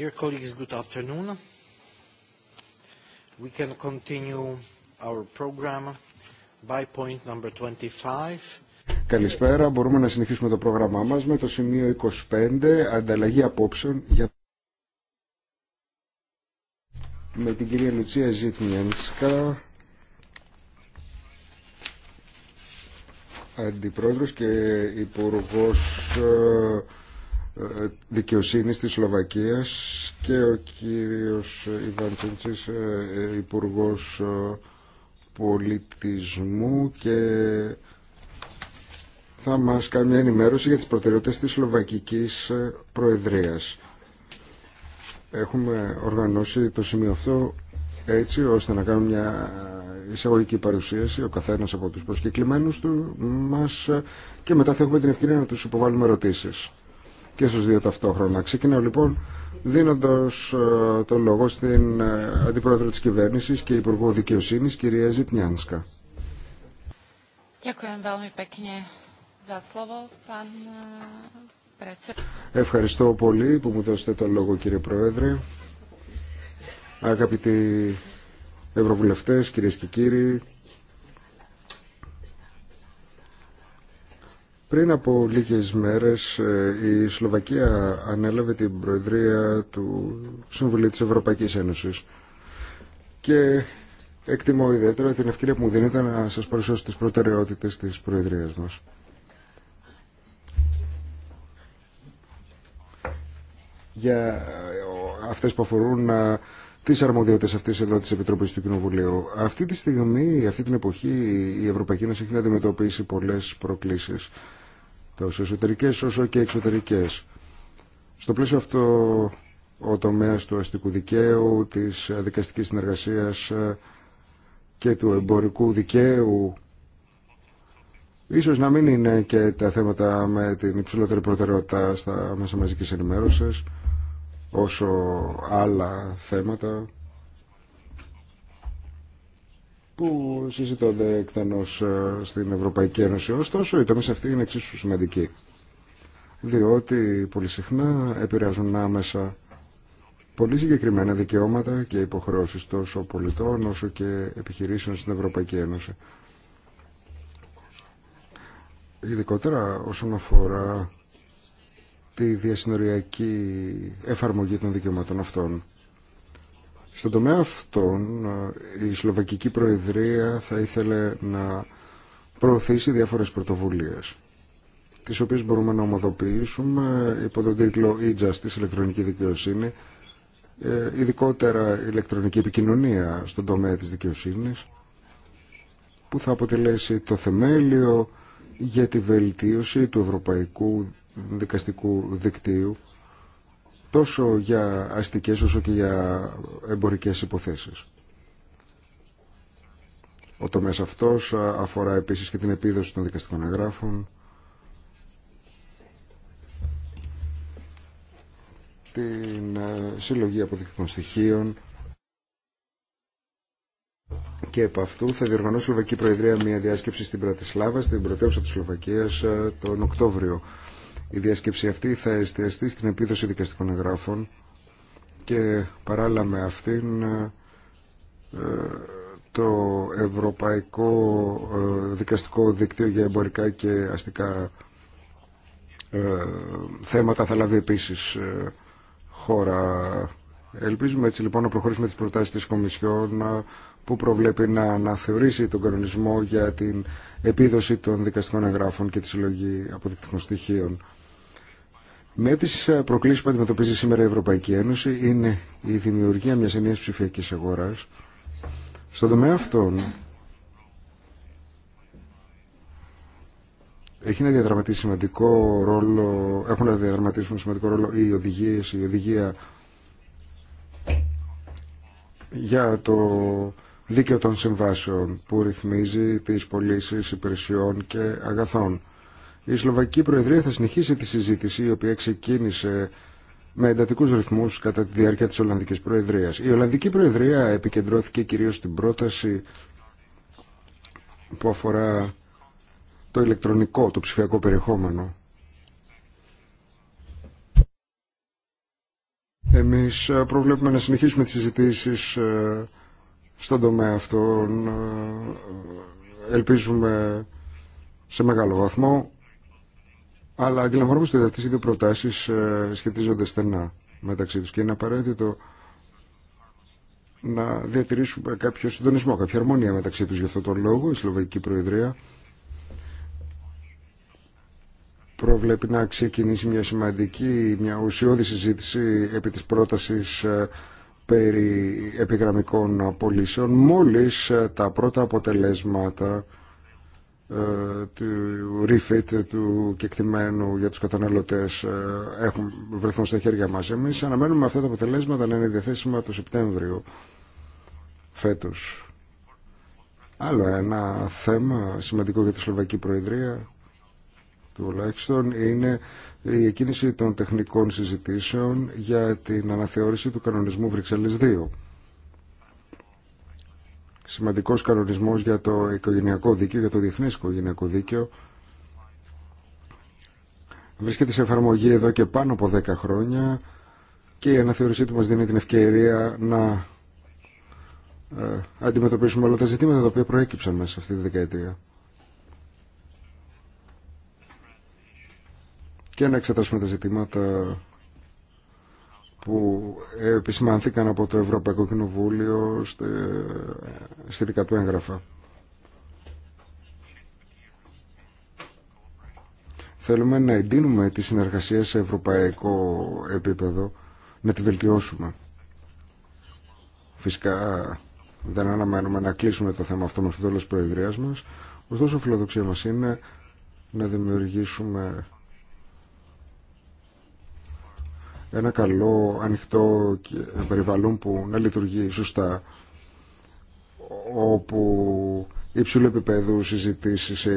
Dear colleagues, good afternoon. We can continue our program by point number 25. Καλησπέρα, μπορούμε να συνεχίσουμε το πρόγραμμά μας με το σημείο 25, ανταλλαγή απόψεων για με την κυρία Λουτσία Ζήτνιανσκα, αντιπρόεδρος και υπουργός ε, ε, Δικαιοσύνης της Σλοβακίας και ο κύριος Ιβάν Τσέντσης, ε, Υπουργός ε, Πολιτισμού και θα μας κάνει μια ενημέρωση για τις προτεραιότητες της Σλοβακικής Προεδρίας. Έχουμε οργανώσει το σημείο αυτό έτσι ώστε να κάνουμε μια εισαγωγική παρουσίαση ο καθένας από τους προσκεκλημένους του μας και μετά θα έχουμε την ευκαιρία να τους υποβάλουμε ερωτήσεις και στους δύο ταυτόχρονα. Ξεκινάω λοιπόν δίνοντας ε, το λόγο στην ε, Αντιπρόεδρο της Κυβέρνησης και Υπουργό Δικαιοσύνης, κυρία Ζητνιάνσκα. E, Ευχαριστώ πολύ που μου δώσετε το λόγο κύριε Πρόεδρε. Αγαπητοί Ευρωβουλευτές, κυρίες και κύριοι, Πριν από λίγες μέρες ε, η Σλοβακία ανέλαβε την Προεδρία του Συμβουλίου της Ευρωπαϊκής Ένωσης και εκτιμώ ιδιαίτερα την ευκαιρία που μου δίνεται να σας παρουσιάσω τις προτεραιότητες της Προεδρίας μας. Για ε, αυτές που αφορούν ε, τι αρμοδιότητε αυτής εδώ της Επιτροπής του Κοινοβουλίου. Αυτή τη στιγμή, αυτή την εποχή, η Ευρωπαϊκή Ένωση έχει να αντιμετωπίσει πολλέ προκλήσει τόσο εσωτερικές όσο και εξωτερικές. Στο πλαίσιο αυτό ο τομέας του αστικού δικαίου, της δικαστικής συνεργασίας και του εμπορικού δικαίου ίσως να μην είναι και τα θέματα με την υψηλότερη προτεραιότητα στα μέσα μαζικής ενημέρωσης όσο άλλα θέματα που συζητώνται εκτενώς ε, στην Ευρωπαϊκή Ένωση. Ωστόσο, οι τομείς αυτοί είναι εξίσου σημαντικοί, διότι πολύ συχνά επηρεάζουν άμεσα πολύ συγκεκριμένα δικαιώματα και υποχρεώσεις τόσο πολιτών όσο και επιχειρήσεων στην Ευρωπαϊκή Ένωση. Ειδικότερα όσον αφορά τη διασυνοριακή εφαρμογή των δικαιωμάτων αυτών. Στον τομέα αυτών ε, η Σλοβακική Προεδρία θα ήθελε να προωθήσει διάφορες πρωτοβουλίες τις οποίες μπορούμε να ομοδοποιήσουμε υπό τον τίτλο e-justice, ηλεκτρονική δικαιοσύνη, ε, ειδικότερα ηλεκτρονική επικοινωνία στον τομέα της δικαιοσύνης, που θα αποτελέσει το θεμέλιο για τη βελτίωση του ευρωπαϊκού δικαστικού δικτύου τόσο για αστικές όσο και για εμπορικές υποθέσεις. Ο τομέας αυτός αφορά επίσης και την επίδοση των δικαστικών εγγράφων, την ε, συλλογή αποδεικτικών στοιχείων και επ' αυτού θα διοργανώσει η Σλοβακή Προεδρία μια διάσκεψη στην Πρατισλάβα, στην πρωτεύουσα της Σλοβακίας, ε, τον Οκτώβριο. Η διασκέψη αυτή θα εστιαστεί στην επίδοση δικαστικών εγγράφων και παράλληλα με αυτήν ε, το Ευρωπαϊκό ε, Δικαστικό Δίκτυο για Εμπορικά και Αστικά ε, θέματα θα λάβει επίσης χώρα. Ελπίζουμε έτσι λοιπόν να προχωρήσουμε τις προτάσεις της Κομισιόν που προβλέπει να αναθεωρήσει τον κανονισμό για την επίδοση των δικαστικών εγγράφων και τη συλλογή αποδεικτικών στοιχείων. Με τι ε, προκλήσει που αντιμετωπίζει σήμερα η Ευρωπαϊκή Ένωση είναι η δημιουργία μια ενιαίας ψηφιακή αγορά. Στον τομέα αυτόν έχει να σημαντικό ρόλο, έχουν να διαδραματίσουν σημαντικό ρόλο οι οδηγίε ή η οδηγία για το δίκαιο των συμβάσεων που ρυθμίζει τις πωλήσει υπηρεσιών και αγαθών. Η Σλοβακική Προεδρία θα συνεχίσει τη συζήτηση η οποία ξεκίνησε με εντατικού ρυθμού κατά τη διάρκεια τη Ολλανδική Προεδρία. Η Ολλανδική Προεδρία επικεντρώθηκε κυρίω στην πρόταση που αφορά το ηλεκτρονικό, το ψηφιακό περιεχόμενο. Εμείς ε, προβλέπουμε να συνεχίσουμε τις συζητήσεις ε, στον τομέα αυτόν. Ε, ελπίζουμε σε μεγάλο βαθμό αλλά αντιλαμβανόμαστε ότι αυτέ οι δύο προτάσεις ε, σχετίζονται στενά μεταξύ του. και είναι απαραίτητο να διατηρήσουμε κάποιο συντονισμό, κάποια αρμονία μεταξύ του Γι' αυτό τον λόγο η Σλοβακική Προεδρία προβλέπει να ξεκινήσει μια σημαντική, μια ουσιώδη συζήτηση επί της πρότασης ε, περί επιγραμμικών πωλήσεων μόλις ε, τα πρώτα αποτελέσματα ε, του refit του κεκτημένου για τους καταναλωτές ε, έχουν βρεθούν στα χέρια μας. Εμείς αναμένουμε αυτά τα αποτελέσματα να είναι διαθέσιμα το Σεπτέμβριο φέτος. Άλλο ένα θέμα σημαντικό για τη Σλοβακή Προεδρία τουλάχιστον είναι η εκκίνηση των τεχνικών συζητήσεων για την αναθεώρηση του κανονισμού Βρυξέλλες 2 σημαντικός κανονισμός για το οικογενειακό δίκαιο, για το διεθνές οικογενειακό δίκαιο. Βρίσκεται σε εφαρμογή εδώ και πάνω από 10 χρόνια και η αναθεωρησή του μας δίνει την ευκαιρία να ε, αντιμετωπίσουμε όλα τα ζητήματα τα οποία προέκυψαν μέσα σε αυτή τη δεκαετία. Και να εξετάσουμε τα ζητήματα που επισημανθήκαν από το Ευρωπαϊκό Κοινοβούλιο σχετικά του έγγραφα. Θέλουμε να εντείνουμε τη συνεργασία σε ευρωπαϊκό επίπεδο, να τη βελτιώσουμε. Φυσικά δεν αναμένουμε να κλείσουμε το θέμα αυτό με το τέλος της Προεδρίας μας, ωστόσο η φιλοδοξία μας είναι να δημιουργήσουμε ένα καλό ανοιχτό περιβάλλον που να λειτουργεί σωστά όπου υψηλού επίπεδου συζητήσει σε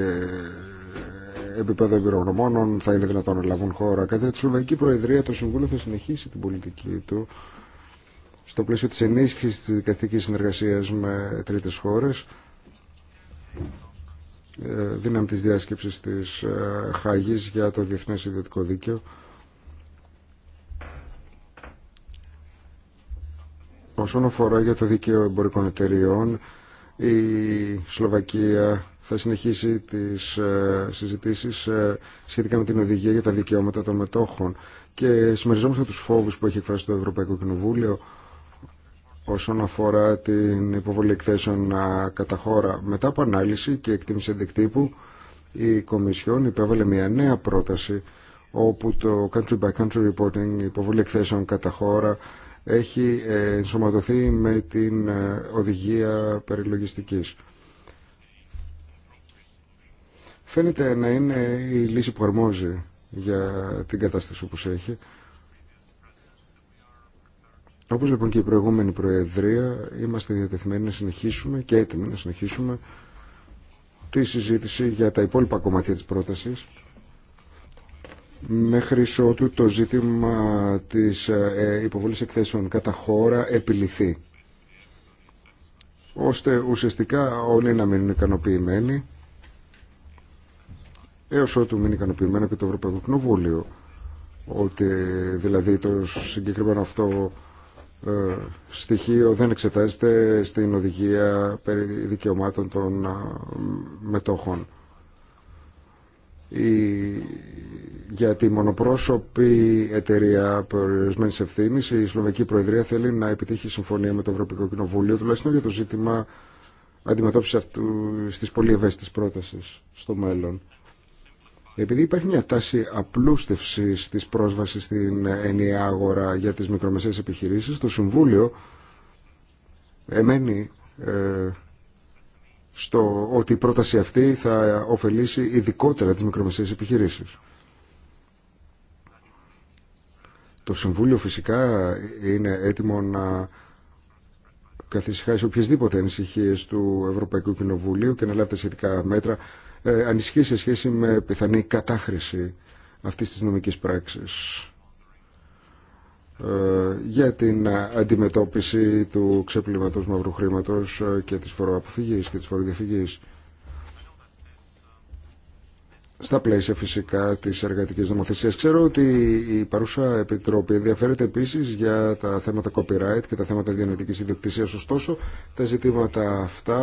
επίπεδο εμπειρογνωμόνων θα είναι δυνατόν να λαβούν χώρα. Κατά τη Σλοβακική Προεδρία το Συμβούλιο θα συνεχίσει την πολιτική του στο πλαίσιο της ενίσχυσης της δικαστικής συνεργασίας με τρίτες χώρες ε, δύναμη της διάσκεψης της ε, Χάγης για το Διεθνές Ιδιωτικό Δίκαιο Όσον αφορά για το δίκαιο εμπορικών εταιριών, η Σλοβακία θα συνεχίσει τις ε, συζητήσεις ε, σχετικά με την οδηγία για τα δικαιώματα των μετόχων και συμμεριζόμαστε τους φόβους που έχει εκφράσει το Ευρωπαϊκό Κοινοβούλιο όσον αφορά την υποβολή εκθέσεων κατά χώρα. Μετά από ανάλυση και εκτίμηση αντικτύπου, η Κομισιόν υπέβαλε μια νέα πρόταση όπου το country by country reporting, η υποβολή εκθέσεων κατά χώρα, έχει ε, ενσωματωθεί με την ε, οδηγία περιλογιστικής. Φαίνεται να είναι η λύση που αρμόζει για την κατάσταση όπως έχει. Όπως λοιπόν και η προηγούμενη Προεδρία, είμαστε διατεθειμένοι να συνεχίσουμε και έτοιμοι να συνεχίσουμε τη συζήτηση για τα υπόλοιπα κομμάτια της πρότασης μέχρι ότου το ζήτημα της ε, υποβολής εκθέσεων κατά χώρα επιληθεί ώστε ουσιαστικά όλοι να μείνουν ικανοποιημένοι έως ότου μείνει ικανοποιημένο και το Ευρωπαϊκό Κοινοβούλιο ότι δηλαδή το συγκεκριμένο αυτό ε, στοιχείο δεν εξετάζεται στην οδηγία περί δικαιωμάτων των ε, μετόχων για τη μονοπρόσωπη εταιρεία περιορισμένη ευθύνη, η Σλοβακή Προεδρία θέλει να επιτύχει συμφωνία με το Ευρωπαϊκό Κοινοβούλιο, τουλάχιστον για το ζήτημα αντιμετώπιση αυτού τη πολύ ευαίσθητη πρόταση στο μέλλον. Επειδή υπάρχει μια τάση απλούστευση τη πρόσβαση στην ενιαία αγορά για τι μικρομεσαίες επιχειρήσει, το Συμβούλιο εμένει ε, ότι η πρόταση αυτή θα ωφελήσει ειδικότερα τις μικρομεσαίες επιχειρήσεις. Το Συμβούλιο φυσικά είναι έτοιμο να καθησυχάσει οποιασδήποτε ανησυχίε του Ευρωπαϊκού Κοινοβουλίου και να λάβει τα σχετικά μέτρα ε, σε σχέση με πιθανή κατάχρηση αυτής της νομικής πράξης ε, για την αντιμετώπιση του ξεπλήματος μαύρου χρήματος ε, και της φοροαποφυγής και της φοροδιαφυγής στα πλαίσια φυσικά της εργατικής νομοθεσίας. Ξέρω ότι η παρούσα Επιτροπή ενδιαφέρεται επίσης για τα θέματα copyright και τα θέματα διανοητικής ιδιοκτησίας. Ωστόσο, τα ζητήματα αυτά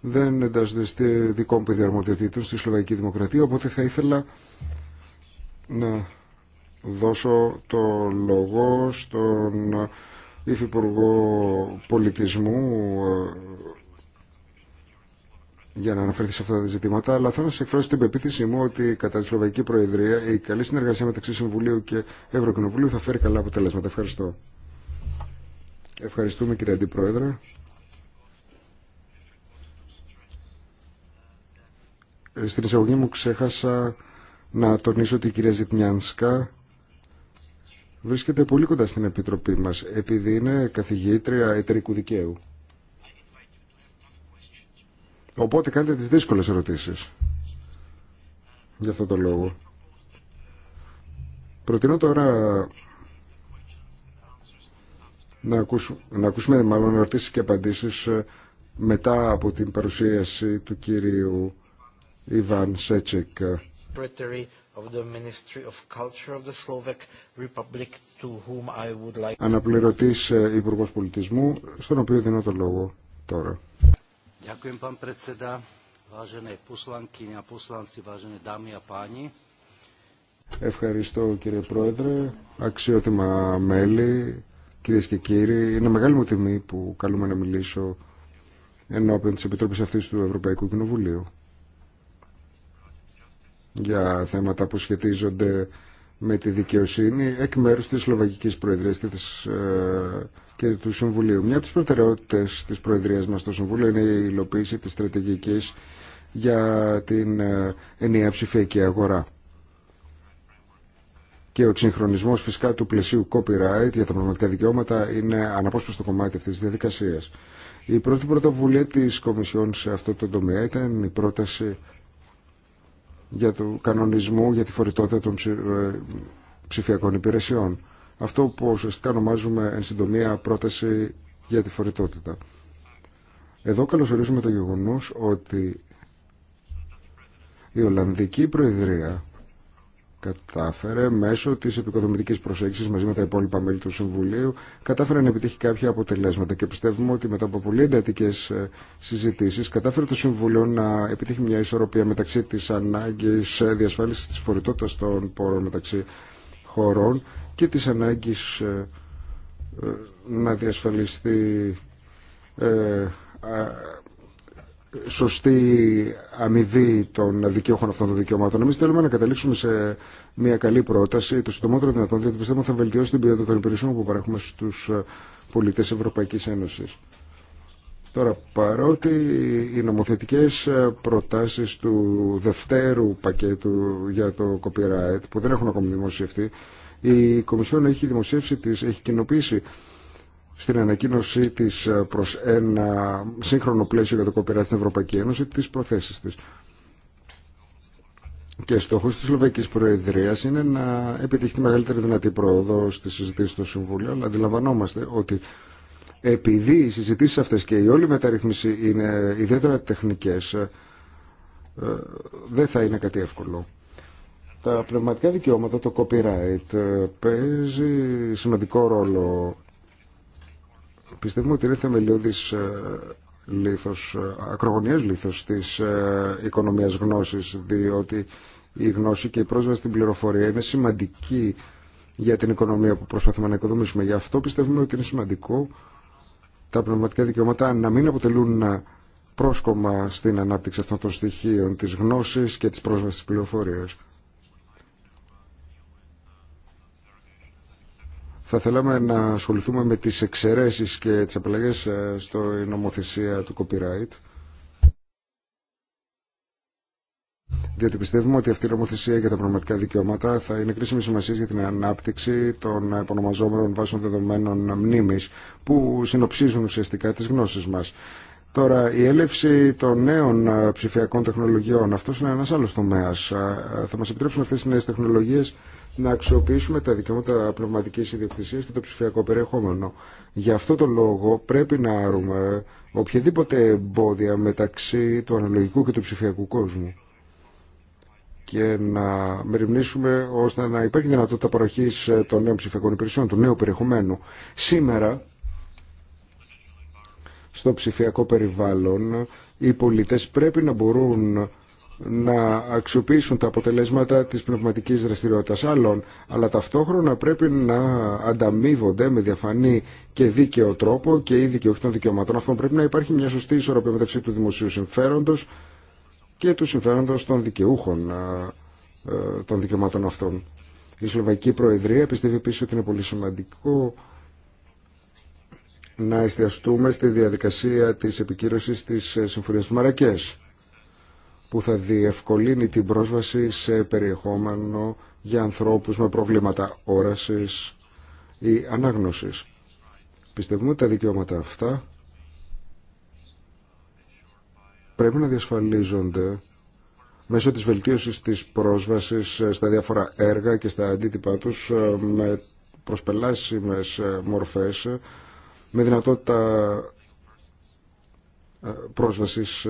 δεν εντάσσονται στη δικό μου στη Σλοβακική Δημοκρατία, οπότε θα ήθελα να δώσω το λόγο στον Υφυπουργό Πολιτισμού για να αναφερθεί σε αυτά τα ζητήματα, αλλά θέλω να σα εκφράσω την πεποίθησή μου ότι κατά τη Σλοβακική Προεδρία η καλή συνεργασία μεταξύ Συμβουλίου και Ευρωκοινοβουλίου θα φέρει καλά αποτελέσματα. Ευχαριστώ. Ευχαριστούμε κύριε Αντιπρόεδρε. Ε, στην εισαγωγή μου ξέχασα να τονίσω ότι η κυρία Ζητνιάνσκα βρίσκεται πολύ κοντά στην Επιτροπή μας επειδή είναι καθηγήτρια εταιρικού δικαίου. Οπότε κάνετε τις δύσκολες ερωτήσεις. Γι' αυτό το λόγο. Προτείνω τώρα να ακούσουμε, να μάλλον ερωτήσεις και απαντήσεις ε, μετά από την παρουσίαση του κύριου Ιβάν Σέτσεκ. Αναπληρωτής ε, Υπουργός Πολιτισμού, στον οποίο δίνω το λόγο τώρα. Ευχαριστώ κύριε Πρόεδρε, αξιότιμα μέλη, κυρίες και κύριοι. Είναι μεγάλη μου τιμή που καλούμε να μιλήσω ενώπιον της Επιτροπής αυτής του Ευρωπαϊκού Κοινοβουλίου για θέματα που σχετίζονται με τη δικαιοσύνη εκ μέρους της Σλοβακικής Προεδρίας και της ε, και του Συμβουλίου. Μια από τι προτεραιότητε τη Προεδρία μα στο Συμβούλιο είναι η υλοποίηση τη στρατηγική για την ε, ενιαία ψηφιακή αγορά και ο εξυγχρονισμό φυσικά του πλαισίου copyright για τα πνευματικά δικαιώματα είναι αναπόσπαστο κομμάτι αυτή τη διαδικασία. Η πρώτη πρωτοβουλία τη Κομισιόν σε αυτό το τομέα ήταν η πρόταση για του κανονισμού για τη φορητότητα των ε, ψηφιακών υπηρεσιών αυτό που ουσιαστικά ονομάζουμε εν συντομία πρόταση για τη φορητότητα. Εδώ καλωσορίζουμε το γεγονός ότι η Ολλανδική Προεδρία κατάφερε μέσω τη επικοδομητική προσέγγιση μαζί με τα υπόλοιπα μέλη του Συμβουλίου, κατάφερε να επιτύχει κάποια αποτελέσματα και πιστεύουμε ότι μετά από πολύ εντατικέ ε, συζητήσει, κατάφερε το Συμβουλίο να επιτύχει μια ισορροπία μεταξύ της ανάγκης ε, διασφάλισης της φορητότητας των πόρων μεταξύ χωρών και της ανάγκης ε, ε, να διασφαλιστεί ε, σωστή αμοιβή των δικαιούχων αυτών των δικαιωμάτων. Εμεί θέλουμε να καταλήξουμε σε μια καλή πρόταση, το συντομότερο δυνατόν, διότι πιστεύω θα βελτιώσει την ποιότητα των υπηρεσιών που παρέχουμε στου πολίτε Ευρωπαϊκή Ένωση. Τώρα, παρότι οι νομοθετικές προτάσεις του δευτέρου πακέτου για το copyright, που δεν έχουν ακόμη δημοσιευτεί, η Κομισιόν έχει δημοσίευσει, της, έχει κοινοποίησει στην ανακοίνωσή της ε, προς ένα σύγχρονο πλαίσιο για το κοπηρά στην Ευρωπαϊκή Ένωση τις προθέσεις της. Και στόχος της Σλοβακικής Προεδρίας είναι να επιτύχει τη μεγαλύτερη δυνατή πρόοδο στη συζήτηση στο Συμβούλιο, αλλά αντιλαμβανόμαστε ότι επειδή οι συζητήσεις αυτές και η όλη μεταρρύθμιση είναι ιδιαίτερα τεχνικές, ε, ε, δεν θα είναι κάτι εύκολο τα πνευματικά δικαιώματα, το copyright, ε, παίζει σημαντικό ρόλο. Πιστεύουμε ότι είναι θεμελιώδης ε, λήθος, ε, ακρογωνιές λήθος της οικονομίας γνώσης, διότι η γνώση και η πρόσβαση στην πληροφορία είναι σημαντική για την οικονομία που προσπαθούμε να οικοδομήσουμε. Γι' αυτό πιστεύουμε ότι είναι σημαντικό τα πνευματικά δικαιώματα να μην αποτελούν πρόσκομα στην ανάπτυξη αυτών των στοιχείων της γνώσης και της πρόσβασης της πληροφορίας. θα θέλαμε να ασχοληθούμε με τις εξαιρέσεις και τις απαλλαγές ε, στο νομοθεσία του copyright. Διότι πιστεύουμε ότι αυτή η νομοθεσία για τα πραγματικά δικαιώματα θα είναι κρίσιμη σημασία για την ανάπτυξη των επωνομαζόμενων βάσεων δεδομένων μνήμης που συνοψίζουν ουσιαστικά τις γνώσεις μας. Τώρα, η έλευση των νέων ε, ψηφιακών τεχνολογιών, αυτό είναι ένας άλλος τομέας. Ε, θα μας επιτρέψουν αυτές οι νέε τεχνολογίε να αξιοποιήσουμε τα δικαιώματα πνευματική ιδιοκτησία και το ψηφιακό περιεχόμενο. Γι' αυτό το λόγο πρέπει να άρουμε οποιαδήποτε εμπόδια μεταξύ του αναλογικού και του ψηφιακού κόσμου και να μεριμνήσουμε ώστε να υπάρχει δυνατότητα παροχή των νέων ψηφιακών υπηρεσιών, του νέου περιεχομένου. Σήμερα, στο ψηφιακό περιβάλλον, οι πολίτες πρέπει να μπορούν να αξιοποιήσουν τα αποτελέσματα της πνευματικής δραστηριότητας άλλων, αλλά ταυτόχρονα πρέπει να ανταμείβονται με διαφανή και δίκαιο τρόπο και η όχι των δικαιωμάτων αυτών. Πρέπει να υπάρχει μια σωστή ισορροπία μεταξύ του δημοσίου συμφέροντος και του συμφέροντος των δικαιούχων ε, ε, των δικαιωμάτων αυτών. Η Σλοβακική Προεδρία πιστεύει επίσης ότι είναι πολύ σημαντικό να εστιαστούμε στη διαδικασία της επικύρωσης της ε, Συμφωνίας του Μαρακές που θα διευκολύνει την πρόσβαση σε περιεχόμενο για ανθρώπους με προβλήματα όρασης ή ανάγνωσης. Πιστεύουμε ότι τα δικαιώματα αυτά πρέπει να διασφαλίζονται μέσω της βελτίωσης της πρόσβασης στα διάφορα έργα και στα αντίτυπά τους ε, με προσπελάσιμες ε, μορφές ε, με δυνατότητα πρόσβασης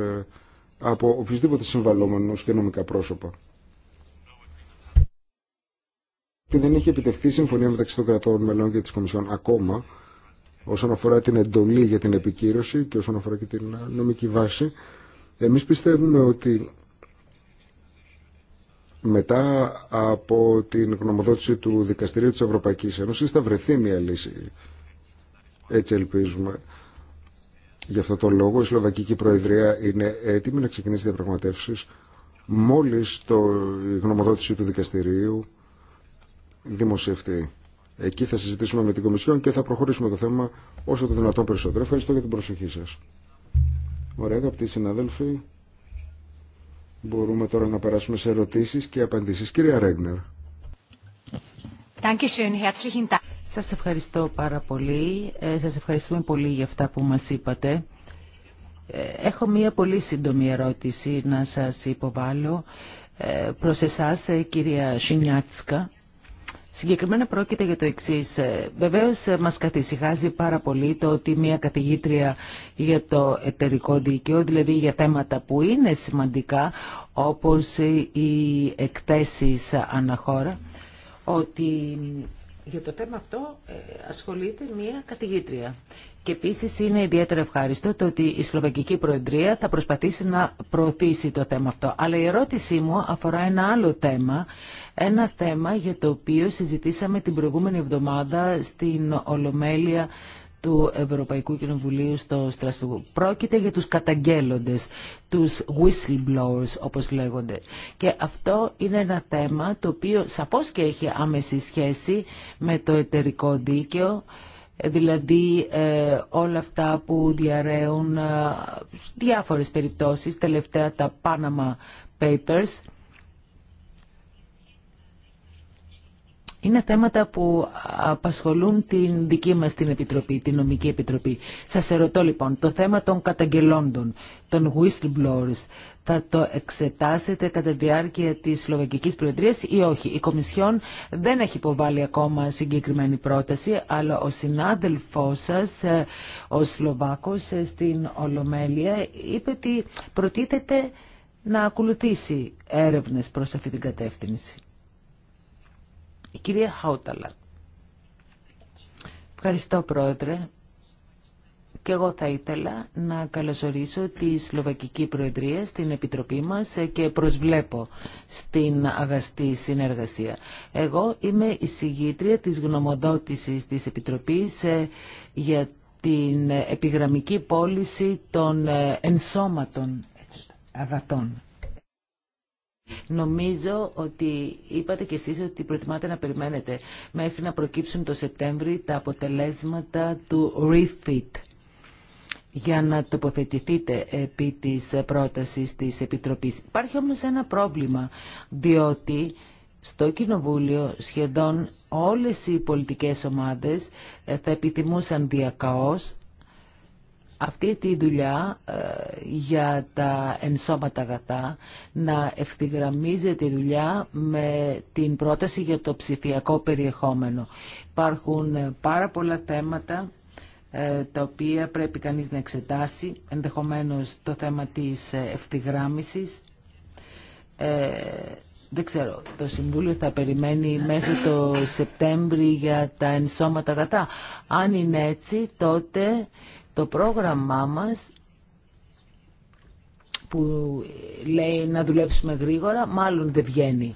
από οποιουσδήποτε συμβαλόμενος και νομικά πρόσωπα. Και δεν έχει επιτευχθεί συμφωνία μεταξύ των κρατών μελών και της Κομισιόν ακόμα όσον αφορά την εντολή για την επικύρωση και όσον αφορά και την νομική βάση. Εμείς πιστεύουμε ότι μετά από την γνωμοδότηση του Δικαστηρίου της Ευρωπαϊκής Ένωσης θα βρεθεί μια λύση. Έτσι ελπίζουμε. Γι' αυτό το λόγο η Σλοβακική Προεδρία είναι έτοιμη να ξεκινήσει διαπραγματεύσεις μόλις το, η γνωμοδότηση του δικαστηρίου δημοσιευτεί. Εκεί θα συζητήσουμε με την Κομισιόν και θα προχωρήσουμε το θέμα όσο το δυνατόν περισσότερο. Ευχαριστώ για την προσοχή σας. Ωραία, αγαπητοί συναδέλφοι. Μπορούμε τώρα να περάσουμε σε ερωτήσεις και απαντήσεις. Κυρία Ρέγνερ. Σας ευχαριστώ πάρα πολύ. Ε, σας ευχαριστούμε πολύ για αυτά που μας είπατε. Ε, έχω μία πολύ σύντομη ερώτηση να σας υποβάλω ε, προς εσάς, κυρία Σινιάτσκα. Συγκεκριμένα πρόκειται για το εξή. Βεβαίω μας καθησυχάζει πάρα πολύ το ότι μια καθηγήτρια για το εταιρικό δίκαιο, δηλαδή για θέματα που είναι σημαντικά, όπω οι εκτέσει αναχώρα, ότι για το θέμα αυτό ε, ασχολείται μία κατηγήτρια. Και επίση είναι ιδιαίτερα ευχάριστο το ότι η Σλοβακική Προεδρία θα προσπαθήσει να προωθήσει το θέμα αυτό. Αλλά η ερώτησή μου αφορά ένα άλλο θέμα, ένα θέμα για το οποίο συζητήσαμε την προηγούμενη εβδομάδα στην Ολομέλεια του Ευρωπαϊκού Κοινοβουλίου στο Στρασβούργο. Πρόκειται για τους καταγγέλλοντες, τους whistleblowers όπως λέγονται. Και αυτό είναι ένα θέμα το οποίο σαφώς και έχει άμεση σχέση με το εταιρικό δίκαιο, δηλαδή ε, όλα αυτά που διαρρέουν ε, διάφορες περιπτώσεις, τελευταία τα Panama Papers, είναι θέματα που απασχολούν την δική μας την Επιτροπή, την Νομική Επιτροπή. Σας ερωτώ λοιπόν, το θέμα των καταγγελόντων, των whistleblowers, θα το εξετάσετε κατά τη διάρκεια της Σλοβακικής Προεδρίας ή όχι. Η Κομισιόν δεν έχει υποβάλει ακόμα συγκεκριμένη πρόταση, αλλά ο συνάδελφός σας, ε, ο Σλοβάκος ε, στην Ολομέλεια, είπε ότι προτίθεται να ακολουθήσει έρευνες προς αυτή την κατεύθυνση. Η κυρία Χάουταλα. Ευχαριστώ πρόεδρε. Και εγώ θα ήθελα να καλωσορίσω τη Σλοβακική Προεδρία στην Επιτροπή μας και προσβλέπω στην αγαστή συνεργασία. Εγώ είμαι η συγγήτρια της γνωμοδότησης της Επιτροπής ε, για την επιγραμμική πώληση των ε, ενσώματων αγατών. Νομίζω ότι είπατε κι εσείς ότι προτιμάτε να περιμένετε μέχρι να προκύψουν το Σεπτέμβρη τα αποτελέσματα του REFIT για να τοποθετηθείτε επί της πρότασης της Επιτροπής. Υπάρχει όμως ένα πρόβλημα, διότι στο Κοινοβούλιο σχεδόν όλες οι πολιτικές ομάδες θα επιθυμούσαν διακαώς αυτή τη δουλειά ε, για τα ενσώματα αγατά να ευθυγραμμίζεται η δουλειά με την πρόταση για το ψηφιακό περιεχόμενο. Υπάρχουν ε, πάρα πολλά θέματα ε, τα οποία πρέπει κανείς να εξετάσει, ενδεχομένως το θέμα της ευθυγράμμισης. δεν ξέρω, το Συμβούλιο θα περιμένει μέχρι το Σεπτέμβρη για τα ενσώματα αγατά. Αν είναι έτσι, τότε το πρόγραμμά μας που λέει να δουλέψουμε γρήγορα, μάλλον δεν βγαίνει.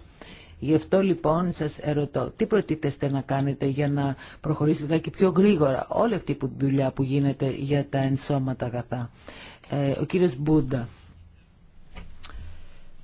Γι' αυτό λοιπόν σας ερωτώ, τι προτίθεστε να κάνετε για να προχωρήσετε και πιο γρήγορα όλη αυτή η δουλειά που γίνεται για τα ενσώματα αγαθά. Ε, ο κύριος Μπούντα.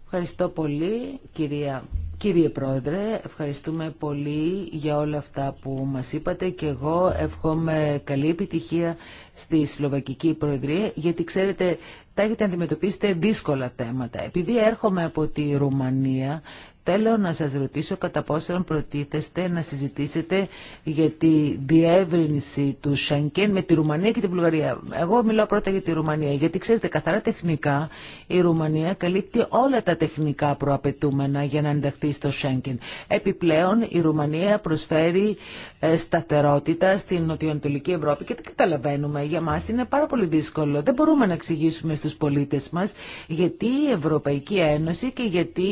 Ευχαριστώ πολύ κυρία Κύριε Πρόεδρε, ευχαριστούμε πολύ για όλα αυτά που μας είπατε και εγώ εύχομαι καλή επιτυχία στη Σλοβακική Προεδρία γιατί ξέρετε τα έχετε αντιμετωπίσετε δύσκολα θέματα. Επειδή έρχομαι από τη Ρουμανία Θέλω να σας ρωτήσω κατά πόσον προτίθεστε να συζητήσετε για τη διεύρυνση του Σανκέν με τη Ρουμανία και τη Βουλγαρία. Εγώ μιλάω πρώτα για τη Ρουμανία, γιατί ξέρετε καθαρά τεχνικά η Ρουμανία καλύπτει όλα τα τεχνικά προαπαιτούμενα για να ενταχθεί στο Σανκέν. Επιπλέον η Ρουμανία προσφέρει ε, σταθερότητα στην νοτιοανατολική Ευρώπη και δεν καταλαβαίνουμε. Για μας είναι πάρα πολύ δύσκολο. Δεν μπορούμε να εξηγήσουμε στους πολίτες μας γιατί η Ευρωπαϊκή Ένωση και γιατί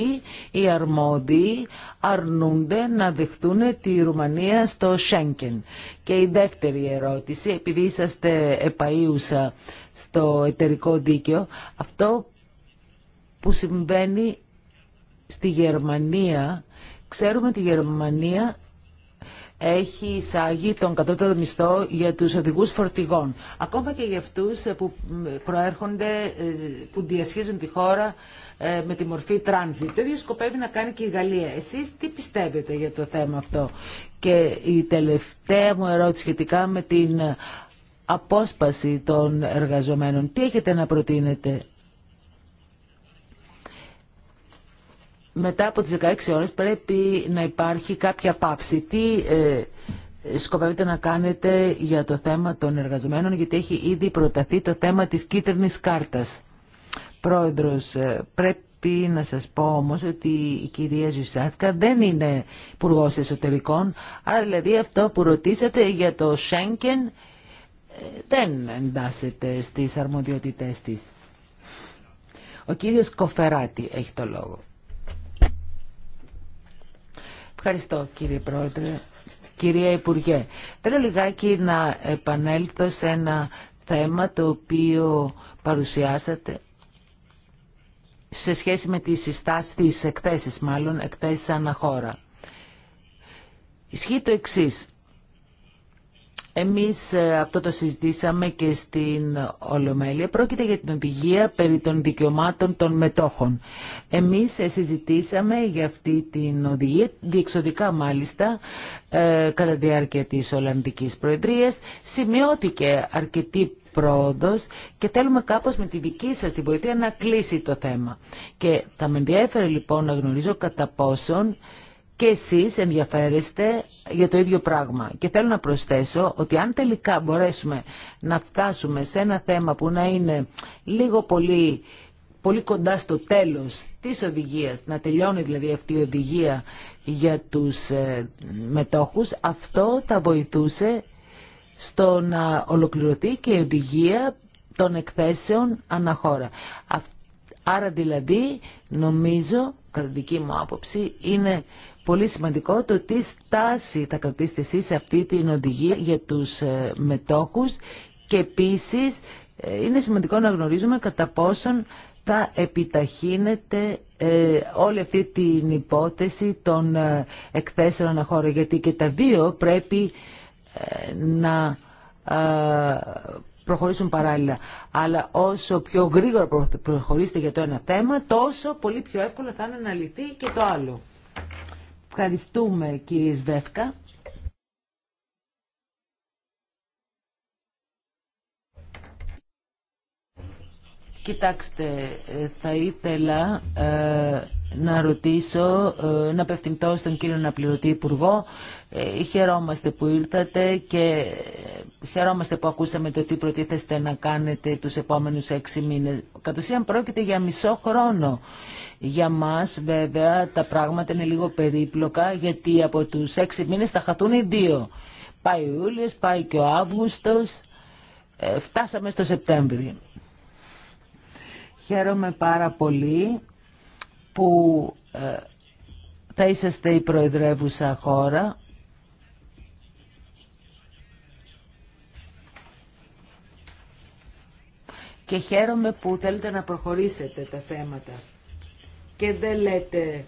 η αρμόδια αρμόδιοι αρνούνται να δεχτούν τη Ρουμανία στο Σέγγεν. Και η δεύτερη ερώτηση, επειδή είσαστε επαΐουσα στο εταιρικό δίκαιο, αυτό που συμβαίνει στη Γερμανία, ξέρουμε ότι η Γερμανία έχει εισάγει τον κατώτατο μισθό για τους οδηγούς φορτηγών. Ακόμα και για αυτούς ε, που προέρχονται, ε, που διασχίζουν τη χώρα ε, με τη μορφή τράνζιτ. Το ίδιο σκοπεύει να κάνει και η Γαλλία. Εσείς τι πιστεύετε για το θέμα αυτό. Και η τελευταία μου ερώτηση σχετικά με την απόσπαση των εργαζομένων. Τι έχετε να προτείνετε μετά από τις 16 ώρες πρέπει να υπάρχει κάποια πάψη. Τι ε, ε, σκοπεύετε να κάνετε για το θέμα των εργαζομένων, γιατί έχει ήδη προταθεί το θέμα της κίτρινης κάρτας. Πρόεδρος, ε, πρέπει να σας πω όμως ότι η κυρία Ζουσάτκα δεν είναι υπουργό εσωτερικών, άρα δηλαδή αυτό που ρωτήσατε για το Σέγκεν ε, δεν εντάσσεται στις αρμοδιότητές της. Ο κύριος Κοφεράτη έχει το λόγο. Ευχαριστώ κύριε Πρόεδρε. Κυρία Υπουργέ, θέλω λιγάκι να επανέλθω σε ένα θέμα το οποίο παρουσιάσατε σε σχέση με τις συστάσεις, τις εκθέσεις μάλλον, εκθέσεις αναχώρα. Ισχύει το εξής. Εμείς ε, αυτό το συζητήσαμε και στην Ολομέλεια. Πρόκειται για την οδηγία περί των δικαιωμάτων των μετόχων. Εμείς ε, συζητήσαμε για αυτή την οδηγία, διεξοδικά μάλιστα, ε, κατά διάρκεια της Ολλανδικής Προεδρίας. Σημειώθηκε αρκετή πρόοδος και θέλουμε κάπως με τη δική σας τη βοήθεια να κλείσει το θέμα. Και θα με ενδιαφέρει λοιπόν να γνωρίζω κατά πόσον και εσείς ενδιαφέρεστε για το ίδιο πράγμα. Και θέλω να προσθέσω ότι αν τελικά μπορέσουμε να φτάσουμε σε ένα θέμα που να είναι λίγο πολύ, πολύ κοντά στο τέλος της οδηγίας, να τελειώνει δηλαδή αυτή η οδηγία για τους ε, μετόχους, αυτό θα βοηθούσε στο να ολοκληρωθεί και η οδηγία των εκθέσεων αναχώρα. Άρα δηλαδή νομίζω, κατά δική μου άποψη, είναι πολύ σημαντικό το τι στάση θα κρατήσετε εσείς σε αυτή την οδηγία για τους ε, μετόχους και επίσης ε, είναι σημαντικό να γνωρίζουμε κατά πόσον θα επιταχύνεται ε, όλη αυτή την υπόθεση των ε, εκθέσεων αναχώρων γιατί και τα δύο πρέπει να προχωρήσουν παράλληλα. Αλλά όσο πιο γρήγορα προχωρήσετε για το ένα θέμα, τόσο πολύ πιο εύκολα θα είναι να λυθεί και το άλλο. Ευχαριστούμε κύριε Σβεύκα. Κοιτάξτε, ε, θα ήθελα... Ε, να ρωτήσω, ε, να απευθυνθώ στον κύριο Ναπληρωτή Υπουργό. Ε, χαιρόμαστε που ήρθατε και ε, χαιρόμαστε που ακούσαμε το τι προτίθεστε να κάνετε τους επόμενους έξι μήνες. Κατ' ουσίαν πρόκειται για μισό χρόνο. Για μας βέβαια τα πράγματα είναι λίγο περίπλοκα γιατί από τους έξι μήνες θα χαθούν οι δύο. Πάει ο Ιούλιος, πάει και ο Αύγουστος. φτάσαμε στο Σεπτέμβριο. Χαίρομαι πάρα πολύ που ε, θα είσαστε η προεδρεύουσα χώρα και χαίρομαι που θέλετε να προχωρήσετε τα θέματα και δεν λέτε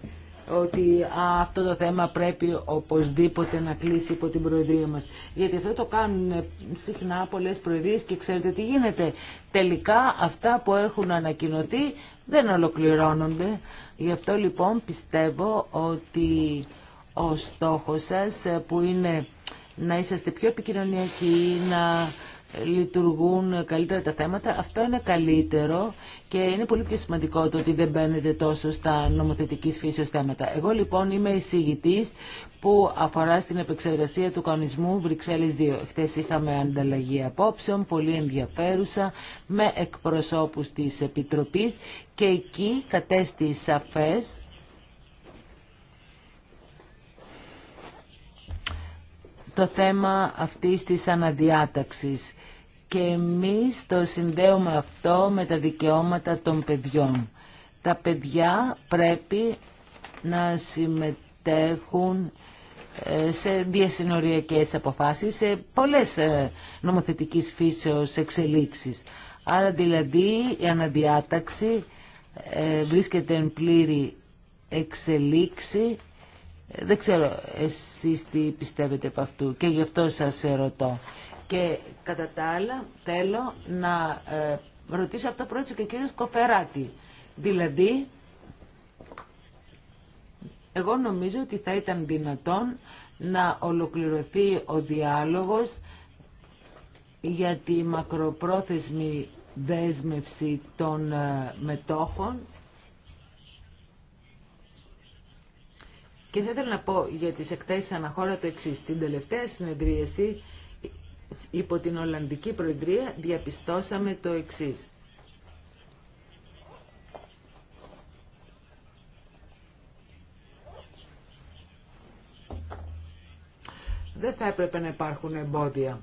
ότι αυτό το θέμα πρέπει οπωσδήποτε να κλείσει υπό την Προεδρία μας. Γιατί αυτό το κάνουν ε, συχνά πολλές Προεδρίες και ξέρετε τι γίνεται. Τελικά αυτά που έχουν ανακοινωθεί δεν ολοκληρώνονται. Γι' αυτό λοιπόν πιστεύω ότι ο στόχος σας ε, που είναι να είσαστε πιο επικοινωνιακοί, να λειτουργούν καλύτερα τα θέματα. Αυτό είναι καλύτερο και είναι πολύ πιο σημαντικό το ότι δεν μπαίνετε τόσο στα νομοθετική φύσεως θέματα. Εγώ λοιπόν είμαι εισηγητή που αφορά στην επεξεργασία του κανονισμού Βρυξέλλες 2. Χθε είχαμε ανταλλαγή απόψεων, πολύ ενδιαφέρουσα, με εκπροσώπους της Επιτροπής και εκεί κατέστη σαφές το θέμα αυτής της αναδιάταξης και εμείς το συνδέουμε αυτό με τα δικαιώματα των παιδιών. Τα παιδιά πρέπει να συμμετέχουν ε, σε διασυνοριακές αποφάσεις, σε πολλές ε, νομοθετικής φύσεως εξελίξεις. Άρα δηλαδή η αναδιάταξη ε, βρίσκεται εν πλήρη εξελίξη. Δεν ξέρω εσείς τι πιστεύετε από αυτού και γι' αυτό σας ερωτώ. Και κατά τα άλλα θέλω να ε, ρωτήσω αυτό πρώτα και ο κύριος Κοφεράτη. Δηλαδή, εγώ νομίζω ότι θα ήταν δυνατόν να ολοκληρωθεί ο διάλογος για τη μακροπρόθεσμη δέσμευση των ε, μετόχων και θα ήθελα να πω για τις εκθέσεις αναχώρα το εξής. Στην τελευταία συνεδρίαση υπό την Ολλανδική Προεδρία διαπιστώσαμε το εξής. Δεν θα έπρεπε να υπάρχουν εμπόδια.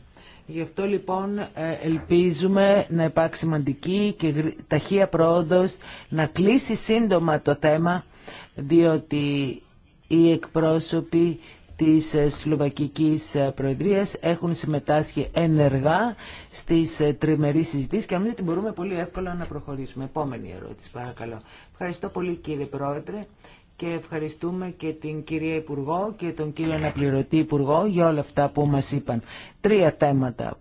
Γι' αυτό λοιπόν ε, ελπίζουμε να υπάρξει σημαντική και ταχεία πρόοδος, να κλείσει σύντομα το θέμα, διότι οι εκπρόσωποι της ε, Σλοβακικής ε, Προεδρίας έχουν συμμετάσχει ενεργά στις ε, τριμερείς συζητήσεις και νομίζω ότι μπορούμε πολύ εύκολα να προχωρήσουμε. Επόμενη ερώτηση παρακαλώ. Ευχαριστώ πολύ κύριε Πρόεδρε και ευχαριστούμε και την κυρία Υπουργό και τον κύριο Αναπληρωτή Υπουργό για όλα αυτά που μας είπαν. Τρία θέματα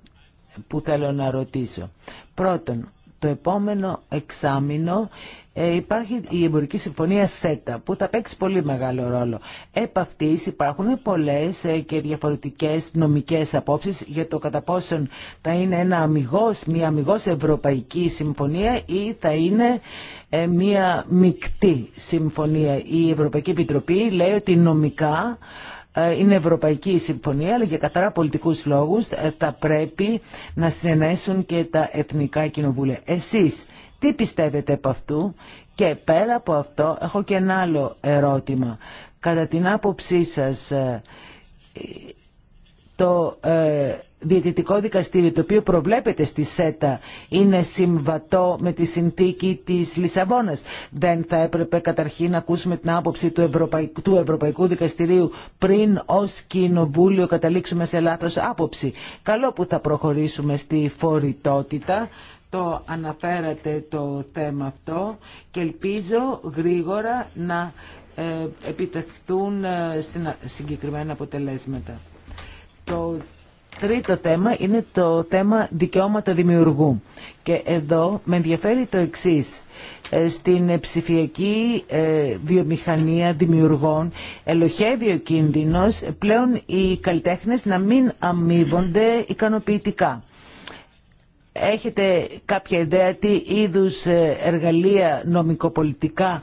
που θέλω να ρωτήσω. Πρώτον, το επόμενο εξάμεινο ε, υπάρχει η εμπορική συμφωνία ΣΕΤΑ που θα παίξει πολύ μεγάλο ρόλο. Επ' αυτής υπάρχουν πολλές ε, και διαφορετικές νομικές απόψεις για το κατά πόσον θα είναι ένα αμυγός, μια αμυγός ευρωπαϊκή συμφωνία ή θα είναι ε, μια μεικτή συμφωνία. Η Ευρωπαϊκή Επιτροπή λέει ότι νομικά ε, είναι ευρωπαϊκή η συμφωνία, αλλά για καθαρά πολιτικούς λόγους ε, θα πρέπει να συνενέσουν και τα εθνικά κοινοβούλια. Εσείς τι πιστεύετε από αυτού και πέρα από αυτό έχω και ένα άλλο ερώτημα. Κατά την άποψή σας ε, το διαιτητικό δικαστήριο το οποίο προβλέπεται στη ΣΕΤΑ είναι συμβατό με τη συνθήκη της Λισαβόνας. Δεν θα έπρεπε καταρχήν να ακούσουμε την άποψη του, Ευρωπαϊκού, του Ευρωπαϊκού Δικαστηρίου πριν ως Κοινοβούλιο καταλήξουμε σε λάθος άποψη. Καλό που θα προχωρήσουμε στη φορητότητα. Το αναφέρατε το θέμα αυτό και ελπίζω γρήγορα να ε, επιτευχθούν ε, συγκεκριμένα αποτελέσματα. Το Τρίτο θέμα είναι το θέμα δικαιώματα δημιουργού. Και εδώ με ενδιαφέρει το εξής. Ε, στην ψηφιακή ε, βιομηχανία δημιουργών ελοχεύει ο κίνδυνος πλέον οι καλλιτέχνες να μην αμείβονται ικανοποιητικά. Έχετε κάποια ιδέα τι είδους ε, εργαλεία νομικοπολιτικά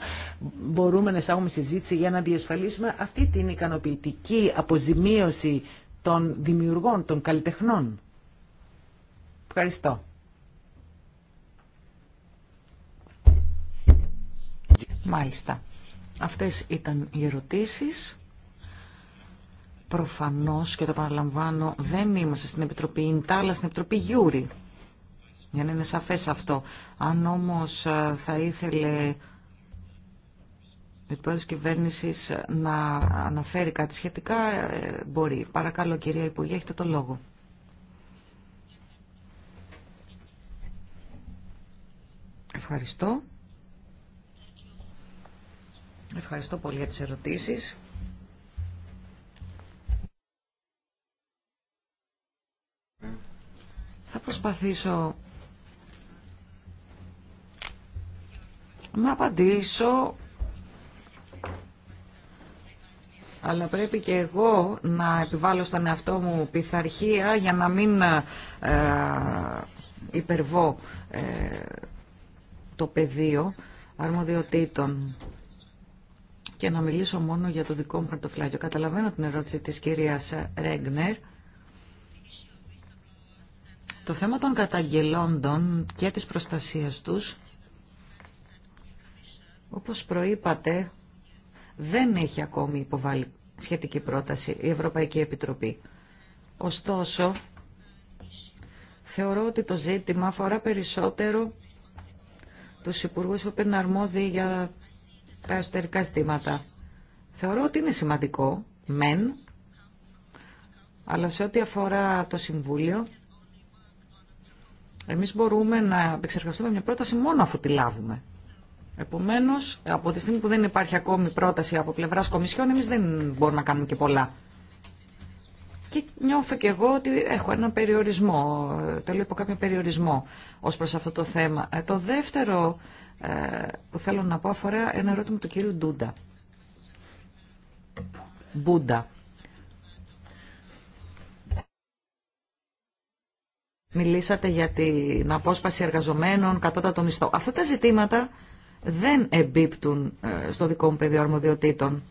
μπορούμε να εισάγουμε συζήτηση για να διασφαλίσουμε αυτή την ικανοποιητική αποζημίωση των δημιουργών, των καλλιτεχνών. Ευχαριστώ. Μάλιστα. Αυτές ήταν οι ερωτήσεις. Προφανώς, και το παραλαμβάνω, δεν είμαστε στην Επιτροπή Ιντα, αλλά στην Επιτροπή Γιούρη. Για να είναι σαφές αυτό. Αν όμως ε, θα ήθελε αντιπρόεδρος κυβέρνησης να αναφέρει κάτι σχετικά, ε, μπορεί. Παρακαλώ κυρία Υπουργέ, έχετε το λόγο. Ευχαριστώ. Ευχαριστώ πολύ για τις ερωτήσεις. Θα προσπαθήσω να απαντήσω αλλά πρέπει και εγώ να επιβάλλω στον εαυτό μου πειθαρχία για να μην ε, υπερβώ ε, το πεδίο αρμοδιοτήτων και να μιλήσω μόνο για το δικό μου πρωτοφυλάκιο. Καταλαβαίνω την ερώτηση της κυρίας Ρέγνερ. Το θέμα των καταγγελόντων και της προστασίας τους, όπως προείπατε, δεν έχει ακόμη υποβάλει σχετική πρόταση η Ευρωπαϊκή Επιτροπή. Ωστόσο, θεωρώ ότι το ζήτημα αφορά περισσότερο τους υπουργούς που είναι αρμόδιοι για τα εσωτερικά ζητήματα. Θεωρώ ότι είναι σημαντικό, μεν, αλλά σε ό,τι αφορά το Συμβούλιο, εμείς μπορούμε να επεξεργαστούμε μια πρόταση μόνο αφού τη λάβουμε. Επομένω, από τη στιγμή που δεν υπάρχει ακόμη πρόταση από πλευρά Κομισιόν, εμεί δεν μπορούμε να κάνουμε και πολλά. Και νιώθω και εγώ ότι έχω έναν περιορισμό, ε, λέω υπό κάποιο περιορισμό ως προς αυτό το θέμα. Ε, το δεύτερο ε, που θέλω να πω αφορά ένα ερώτημα του κύριου Ντούντα. Μπούντα. Μιλήσατε για την απόσπαση εργαζομένων, κατώτατο μισθό. Αυτά τα ζητήματα δεν εμπίπτουν ε, στο δικό μου πεδίο αρμοδιοτήτων.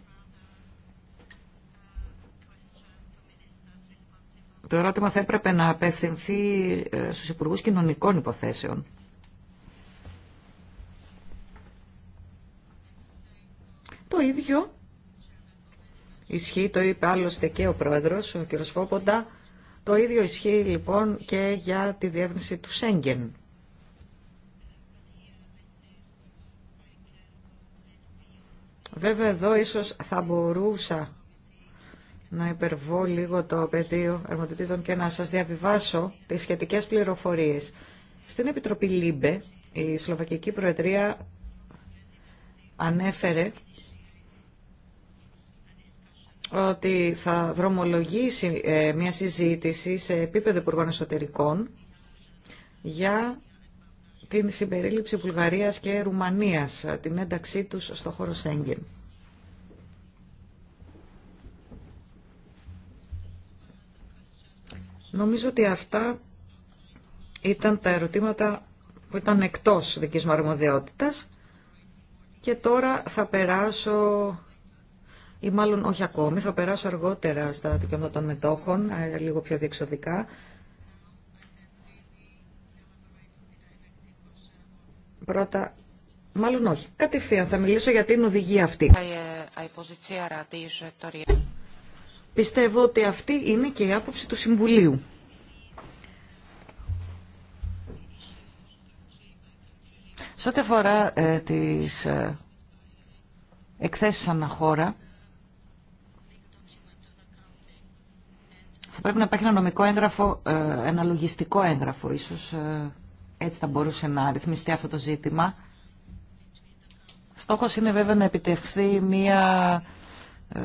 Το ερώτημα θα έπρεπε να απευθυνθεί ε, στους Υπουργούς Κοινωνικών Υποθέσεων. Το ίδιο ισχύει, το είπε άλλωστε και ο πρόεδρος, ο κ. Φόποντα, το ίδιο ισχύει λοιπόν και για τη διεύρυνση του Σέγγεν. Βέβαια εδώ ίσως θα μπορούσα να υπερβώ λίγο το πεδίο αρμοδιοτήτων και να σας διαβιβάσω τις σχετικές πληροφορίες. Στην Επιτροπή ΛΥΜΠΕ η Σλοβακική Προεδρία ανέφερε ότι θα δρομολογήσει ε, μια συζήτηση σε επίπεδο Υπουργών Εσωτερικών για την συμπερίληψη Βουλγαρίας και Ρουμανίας, την ένταξή τους στο χώρο Σέγγεν. Νομίζω ότι αυτά ήταν τα ερωτήματα που ήταν εκτός δικής μου αρμοδιότητας και τώρα θα περάσω ή μάλλον όχι ακόμη, θα περάσω αργότερα στα δικαιώματα των μετόχων, ε, λίγο πιο διεξοδικά. Πρώτα, μάλλον όχι. Κατευθείαν θα μιλήσω για την οδηγία αυτή. Ε, ε, ε, Πιστεύω ότι αυτή είναι και η άποψη του Συμβουλίου. Σε ό,τι αφορά ε, τις εκθέσεις αναχώρα, θα πρέπει να υπάρχει ένα νομικό έγγραφο, ένα λογιστικό έγγραφο, ίσως έτσι θα μπορούσε να ρυθμιστεί αυτό το ζήτημα. Στόχος είναι βέβαια να επιτευχθεί μια, ε,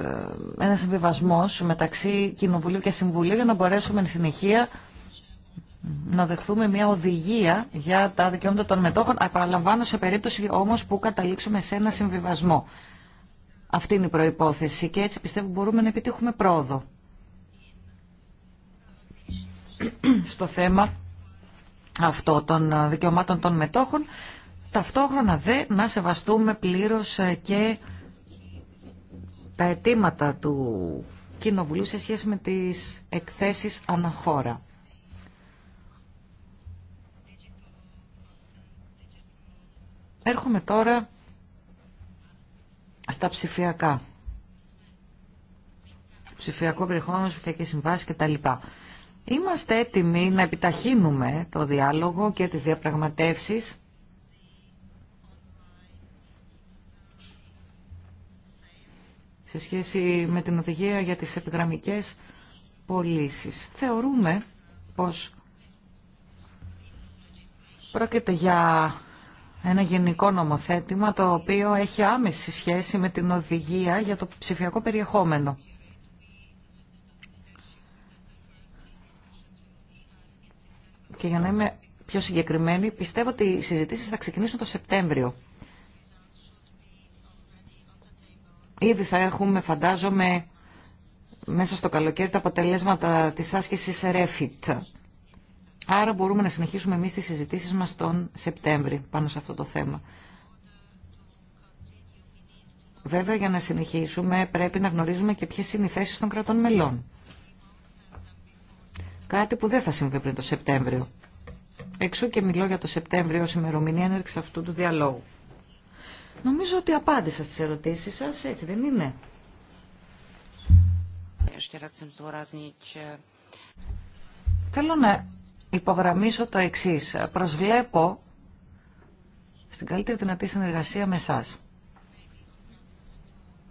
ένα συμβιβασμό μεταξύ Κοινοβουλίου και Συμβουλίου για να μπορέσουμε εν συνεχεία να δεχθούμε μια οδηγία για τα δικαιώματα των μετόχων, επαναλαμβάνω σε περίπτωση όμως που καταλήξουμε σε ένα συμβιβασμό. Αυτή είναι η προϋπόθεση και έτσι πιστεύω μπορούμε να επιτύχουμε πρόοδο στο θέμα αυτό των ε, δικαιωμάτων των μετόχων, ταυτόχρονα δε να σεβαστούμε πλήρως ε, και τα αιτήματα του Κοινοβουλίου σε σχέση με τις εκθέσεις αναχώρα. Έρχομαι τώρα στα ψηφιακά. Ψηφιακό περιεχόμενο, ψηφιακές συμβάσει κτλ. Είμαστε έτοιμοι να επιταχύνουμε το διάλογο και τις διαπραγματεύσεις σε σχέση με την οδηγία για τις επιγραμμικές πωλήσει. Θεωρούμε πως πρόκειται για ένα γενικό νομοθέτημα το οποίο έχει άμεση σχέση με την οδηγία για το ψηφιακό περιεχόμενο. Και για να είμαι πιο συγκεκριμένη, πιστεύω ότι οι συζητήσεις θα ξεκινήσουν το Σεπτέμβριο. Ήδη θα έχουμε, φαντάζομαι, μέσα στο καλοκαίρι τα αποτελέσματα της άσκησης REFIT. Άρα μπορούμε να συνεχίσουμε εμείς τις συζητήσεις μας τον Σεπτέμβρη πάνω σε αυτό το θέμα. Βέβαια για να συνεχίσουμε πρέπει να γνωρίζουμε και ποιες είναι οι θέσεις των κρατών μελών. Κάτι που δεν θα συμβεί πριν το Σεπτέμβριο. Εξού και μιλώ για το Σεπτέμβριο ως ημερομηνία έναρξη αυτού του διαλόγου. Νομίζω ότι απάντησα στις ερωτήσεις σας, έτσι δεν είναι. Θέλω να υπογραμμίσω το εξής. Προσβλέπω στην καλύτερη δυνατή συνεργασία με εσά.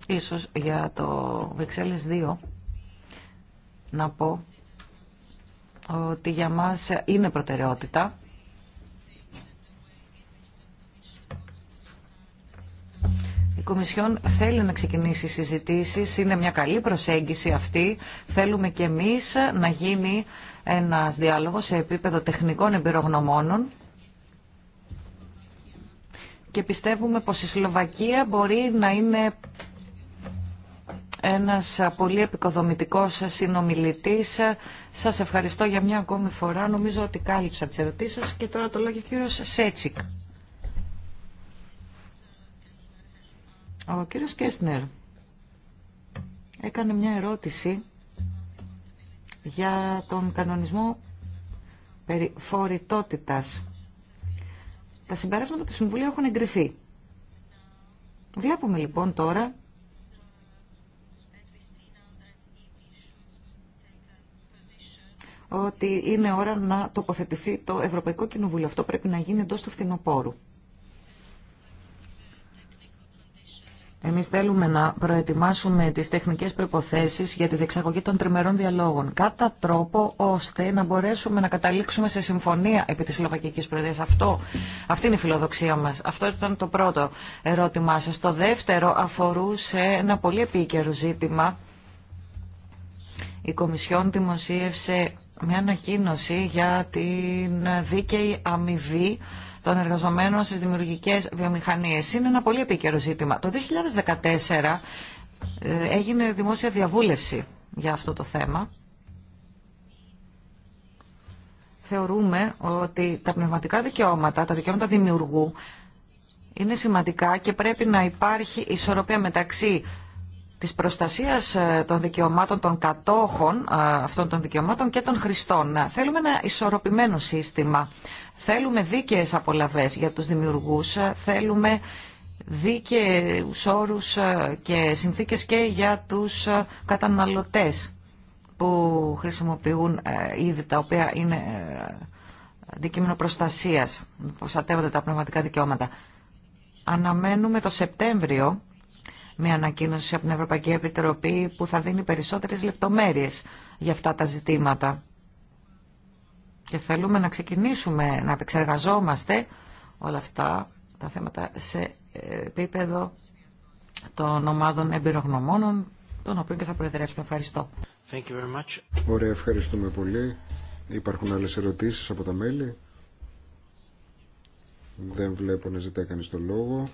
Ίσως για το Βεξέλης 2 να πω ότι για μας είναι προτεραιότητα. Η Κομισιόν θέλει να ξεκινήσει συζητήσεις, είναι μια καλή προσέγγιση αυτή. Θέλουμε και εμείς να γίνει ένας διάλογος σε επίπεδο τεχνικών εμπειρογνωμόνων και πιστεύουμε πως η Σλοβακία μπορεί να είναι ένας πολύ επικοδομητικός συνομιλητής. Σας ευχαριστώ για μια ακόμη φορά. Νομίζω ότι κάλυψα τις ερωτήσεις σας και τώρα το λόγιο ο κύριος Σέτσικ. Ο κύριος Κέστνερ έκανε μια ερώτηση για τον κανονισμό περί Τα συμπεράσματα του Συμβουλίου έχουν εγκριθεί. Βλέπουμε λοιπόν τώρα ότι είναι ώρα να τοποθετηθεί το Ευρωπαϊκό Κοινοβούλιο. Αυτό πρέπει να γίνει εντό του φθινοπόρου. Εμείς θέλουμε να προετοιμάσουμε τις τεχνικές προϋποθέσεις για τη διεξαγωγή των τριμερών διαλόγων, κατά τρόπο ώστε να μπορέσουμε να καταλήξουμε σε συμφωνία επί της Σλοβακικής Προεδρίας. Αυτό, αυτή είναι η φιλοδοξία μας. Αυτό ήταν το πρώτο ερώτημά σας. Το δεύτερο αφορούσε ένα πολύ επίκαιρο ζήτημα. Η Κομισιόν δημοσίευσε μια ανακοίνωση για την δίκαιη αμοιβή των εργαζομένων στις δημιουργικές βιομηχανίες. Είναι ένα πολύ επίκαιρο ζήτημα. Το 2014 ε, έγινε δημόσια διαβούλευση για αυτό το θέμα. Θεωρούμε ότι τα πνευματικά δικαιώματα, τα δικαιώματα δημιουργού, είναι σημαντικά και πρέπει να υπάρχει ισορροπία μεταξύ της προστασίας ε, των δικαιωμάτων των κατόχων ε, αυτών των δικαιωμάτων και των χρηστών. Θέλουμε ένα ισορροπημένο σύστημα. Θέλουμε δίκαιες απολαβές για τους δημιουργούς. Ε, θέλουμε δίκαιους όρους και συνθήκες και για τους καταναλωτές που χρησιμοποιούν είδη τα οποία είναι αντικείμενο προστασίας, προστατεύονται τα πνευματικά δικαιώματα. Αναμένουμε το Σεπτέμβριο μια ανακοίνωση από την Ευρωπαϊκή Επιτροπή που θα δίνει περισσότερες λεπτομέρειες για αυτά τα ζητήματα. Και θέλουμε να ξεκινήσουμε να επεξεργαζόμαστε όλα αυτά τα θέματα σε επίπεδο των ομάδων εμπειρογνωμόνων, τον οποίο και θα προεδρεύσουμε. Ευχαριστώ. Ωραία, ευχαριστούμε πολύ. Υπάρχουν άλλες ερωτήσεις από τα μέλη. Δεν βλέπω να ζητάει κανείς το λόγο.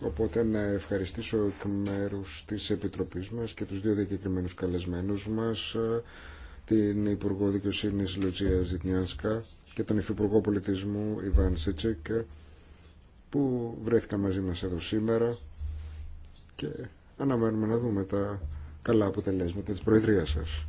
Οπότε να ευχαριστήσω εκ μέρου της επιτροπή μα και τους δύο διακεκριμένου καλεσμένους μας, την Υπουργό Δικαιοσύνη Λουτσία Ζητνιάσκα και τον Υφυπουργό Πολιτισμού Ιβάν Σετσίκ, που βρέθηκαν μαζί μας εδώ σήμερα και αναμένουμε να δούμε τα καλά αποτελέσματα της Προεδρίας σας.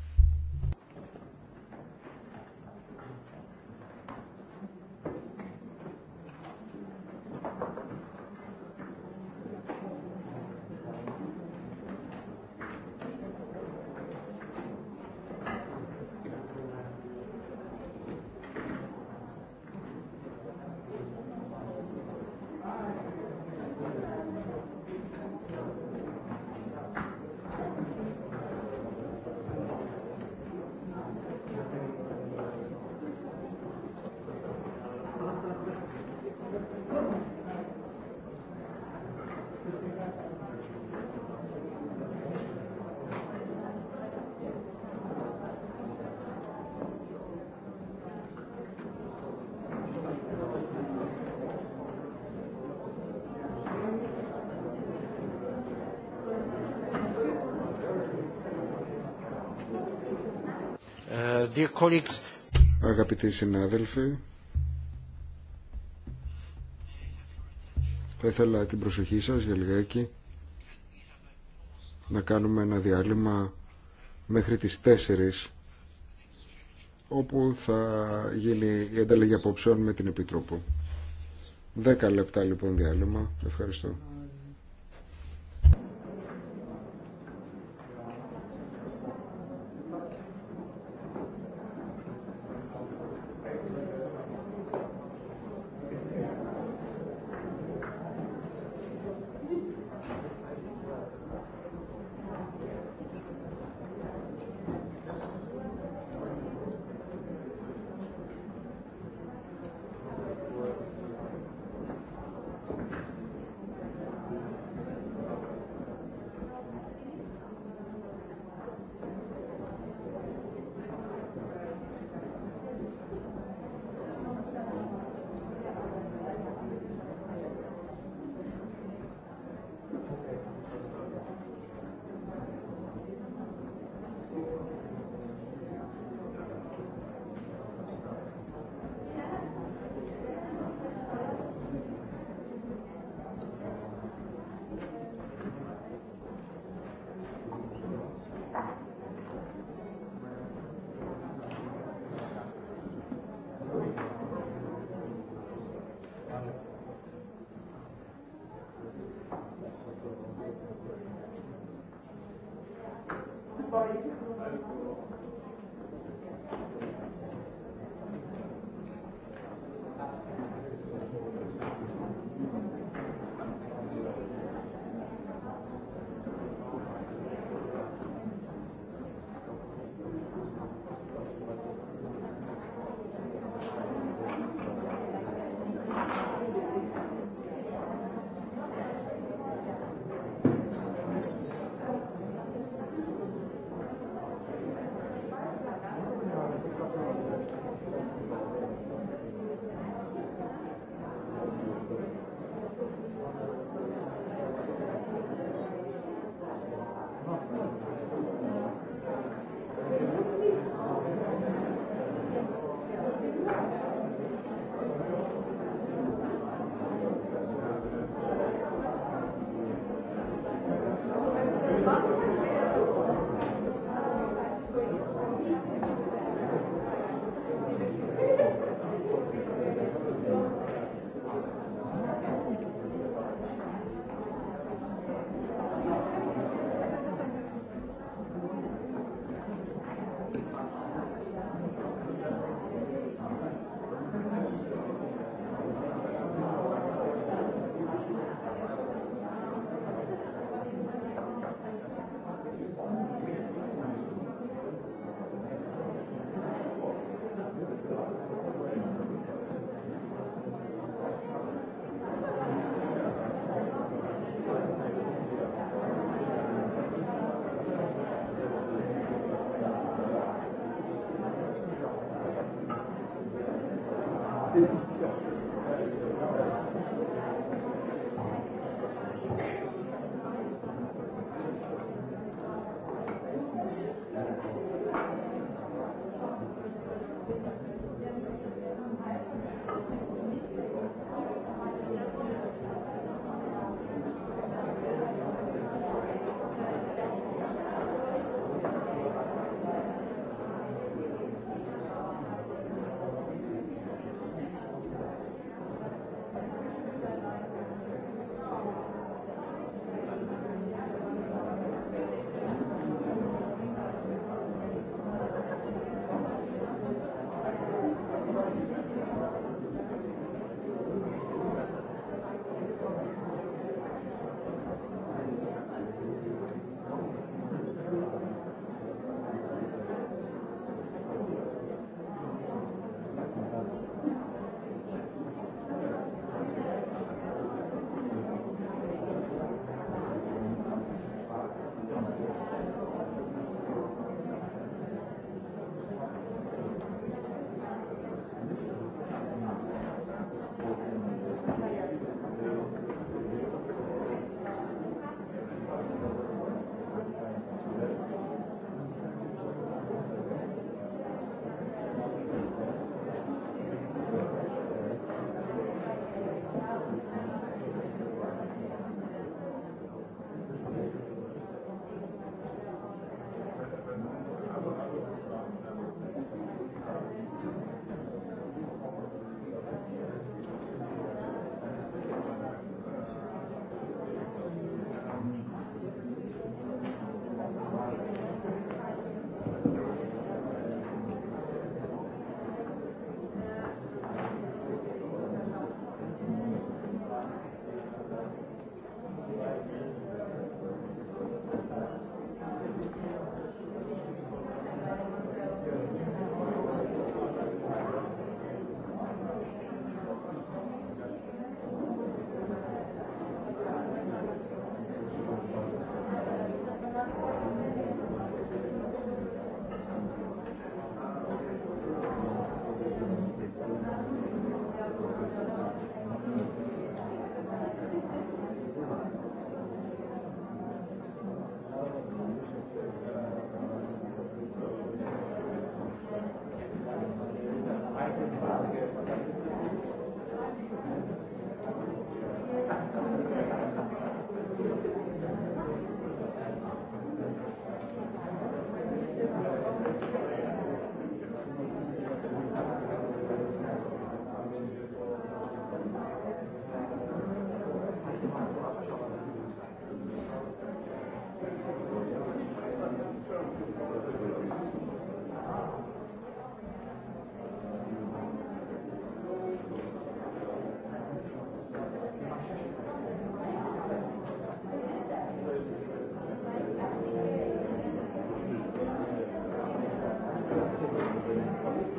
Αγαπητοί συνάδελφοι, θα ήθελα την προσοχή σας για λιγάκι να κάνουμε ένα διάλειμμα μέχρι τις 4 όπου θα γίνει η ανταλλαγή απόψεων με την Επιτρόπο. 10 λεπτά λοιπόν διάλειμμα. Ευχαριστώ.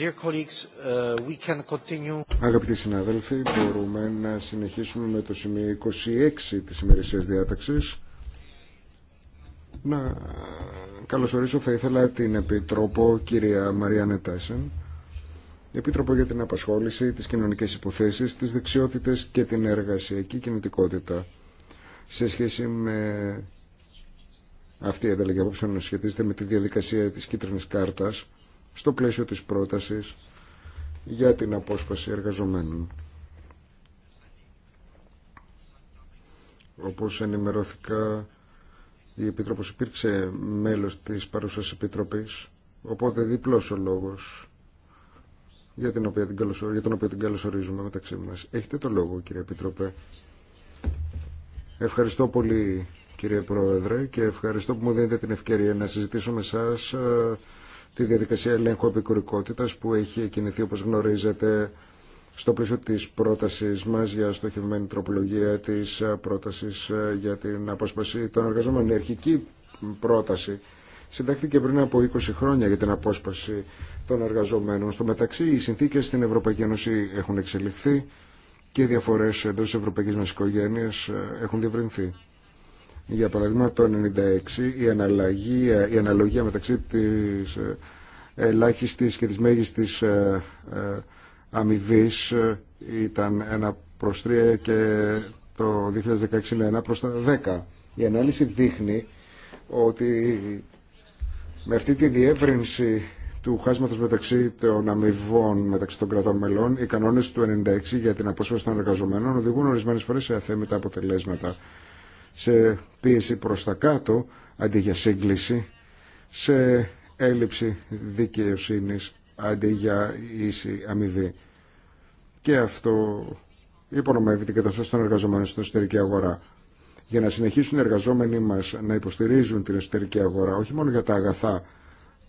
Uh, Αγαπητοί συνάδελφοι, μπορούμε να συνεχίσουμε με το σημείο 26 της ημερησίας διάταξης. Να καλωσορίσω θα ήθελα την Επιτρόπο κυρία Μαρία Νετάσεν, Επίτροπο για την Απασχόληση, τις Κοινωνικές Υποθέσεις, τις Δεξιότητες και την Εργασιακή Κινητικότητα σε σχέση με αυτή η ανταλλαγή απόψεων σχετίζεται με τη διαδικασία της κίτρινης κάρτας στο πλαίσιο της πρότασης για την απόσπαση εργαζομένων. Όπως ενημερώθηκα, η Επίτροπος υπήρξε μέλος της παρούσας Επιτροπής, οπότε διπλός ο λόγος για, για τον οποίο την καλωσορίζουμε μεταξύ μας. Έχετε το λόγο, κύριε Επίτροπε. Ευχαριστώ πολύ, κύριε Πρόεδρε, και ευχαριστώ που μου δίνετε την ευκαιρία να συζητήσω με εσάς ε, τη διαδικασία ελέγχου επικουρικότητα που έχει κινηθεί όπω γνωρίζετε στο πλαίσιο τη πρόταση μα για στοχευμένη τροπολογία τη πρόταση ε, για την απόσπαση των εργαζομένων. Η αρχική πρόταση συντάχθηκε πριν από 20 χρόνια για την απόσπαση των εργαζομένων. Στο μεταξύ οι συνθήκε στην Ευρωπαϊκή Ένωση έχουν εξελιχθεί και οι διαφορέ εντό τη Ευρωπαϊκής μα οικογένεια ε, έχουν διευρυνθεί. Για παράδειγμα, το 1996 η αναλογία, η αναλογία μεταξύ της ε, ελάχιστης και της μέγιστης ε, ε, αμοιβή ήταν ένα προς 3 και το 2016 είναι 1 προς 10. Η ανάλυση δείχνει ότι με αυτή τη διεύρυνση του χάσματος μεταξύ των αμοιβών μεταξύ των κρατών μελών, οι κανόνες του 1996 για την απόσπαση των εργαζομένων οδηγούν ορισμένες φορές σε αθέμητα αποτελέσματα σε πίεση προς τα κάτω αντί για σύγκληση, σε έλλειψη δικαιοσύνης αντί για ίση αμοιβή. Και αυτό υπονομεύει την κατάσταση των εργαζομένων στην εσωτερική αγορά. Για να συνεχίσουν οι εργαζόμενοι μας να υποστηρίζουν την εσωτερική αγορά, όχι μόνο για τα αγαθά,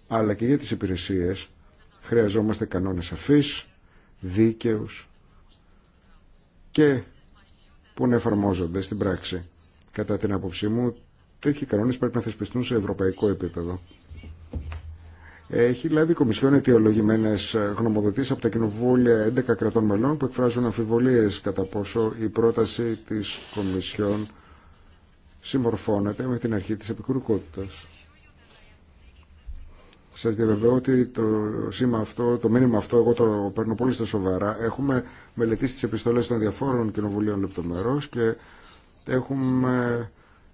αλλά και για τις υπηρεσίες, χρειαζόμαστε κανόνες σαφείς, δίκαιους και που να εφαρμόζονται στην πράξη. Κατά την άποψή μου, τέτοιοι κανόνε πρέπει να θεσπιστούν σε ευρωπαϊκό επίπεδο. Έχει λάβει η Κομισιόν αιτιολογημένε γνωμοδοτήσει από τα κοινοβούλια 11 κρατών μελών που εκφράζουν αμφιβολίε κατά πόσο η πρόταση τη Κομισιόν συμμορφώνεται με την αρχή τη επικουρικότητα. Σα διαβεβαιώ ότι το σήμα αυτό, το μήνυμα αυτό, εγώ το παίρνω πολύ στα σοβαρά. Έχουμε μελετήσει τι επιστολέ των διαφόρων κοινοβουλίων λεπτομερώ και Έχουμε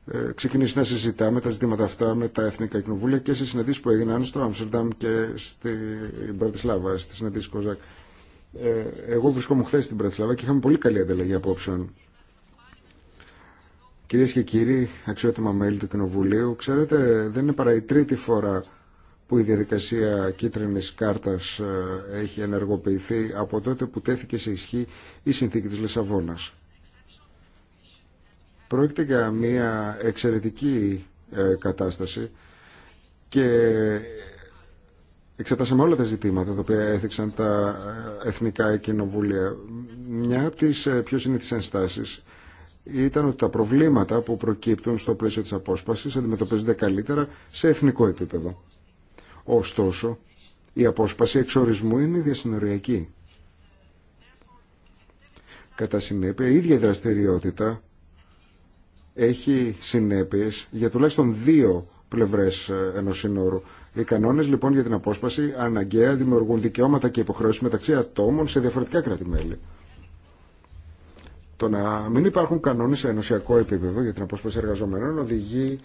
ε, ξεκινήσει να συζητάμε τα ζητήματα αυτά με τα Εθνικά Κοινοβούλια και σε συναντήσεις που έγιναν στο Άμστερνταμ και στην Πρατισλάβα, στη συναντήση Κοζάκ. Ε, εγώ βρισκόμουν χθε στην Πρατισλάβα και είχαμε πολύ καλή ανταλλαγή απόψεων. Κυρίες και κύριοι, αξιότιμα μέλη του Κοινοβουλίου, ξέρετε, δεν είναι παρά η τρίτη φορά που η διαδικασία κίτρινης κάρτας ε, έχει ενεργοποιηθεί από τότε που τέθηκε σε ισχύ η συνθήκη της Λισαβόνας. Πρόκειται για μια εξαιρετική ε, κατάσταση και εξετάσαμε όλα τα ζητήματα τα οποία έθιξαν τα ε, εθνικά κοινοβούλια. Μια από τις ε, πιο συνήθεις ενστάσεις ήταν ότι τα προβλήματα που προκύπτουν στο πλαίσιο της απόσπασης αντιμετωπίζονται καλύτερα σε εθνικό επίπεδο. Ωστόσο, η απόσπαση εξορισμού είναι διασυνοριακή. Κατά συνέπεια, η ίδια δραστηριότητα έχει συνέπειες για τουλάχιστον δύο πλευρές ε, ενός σύνορου. Οι κανόνες λοιπόν για την απόσπαση αναγκαία δημιουργούν δικαιώματα και υποχρεώσεις μεταξύ ατόμων σε διαφορετικά κράτη-μέλη. Το να μην υπάρχουν κανόνες σε ενωσιακό επίπεδο για την απόσπαση εργαζομένων οδηγεί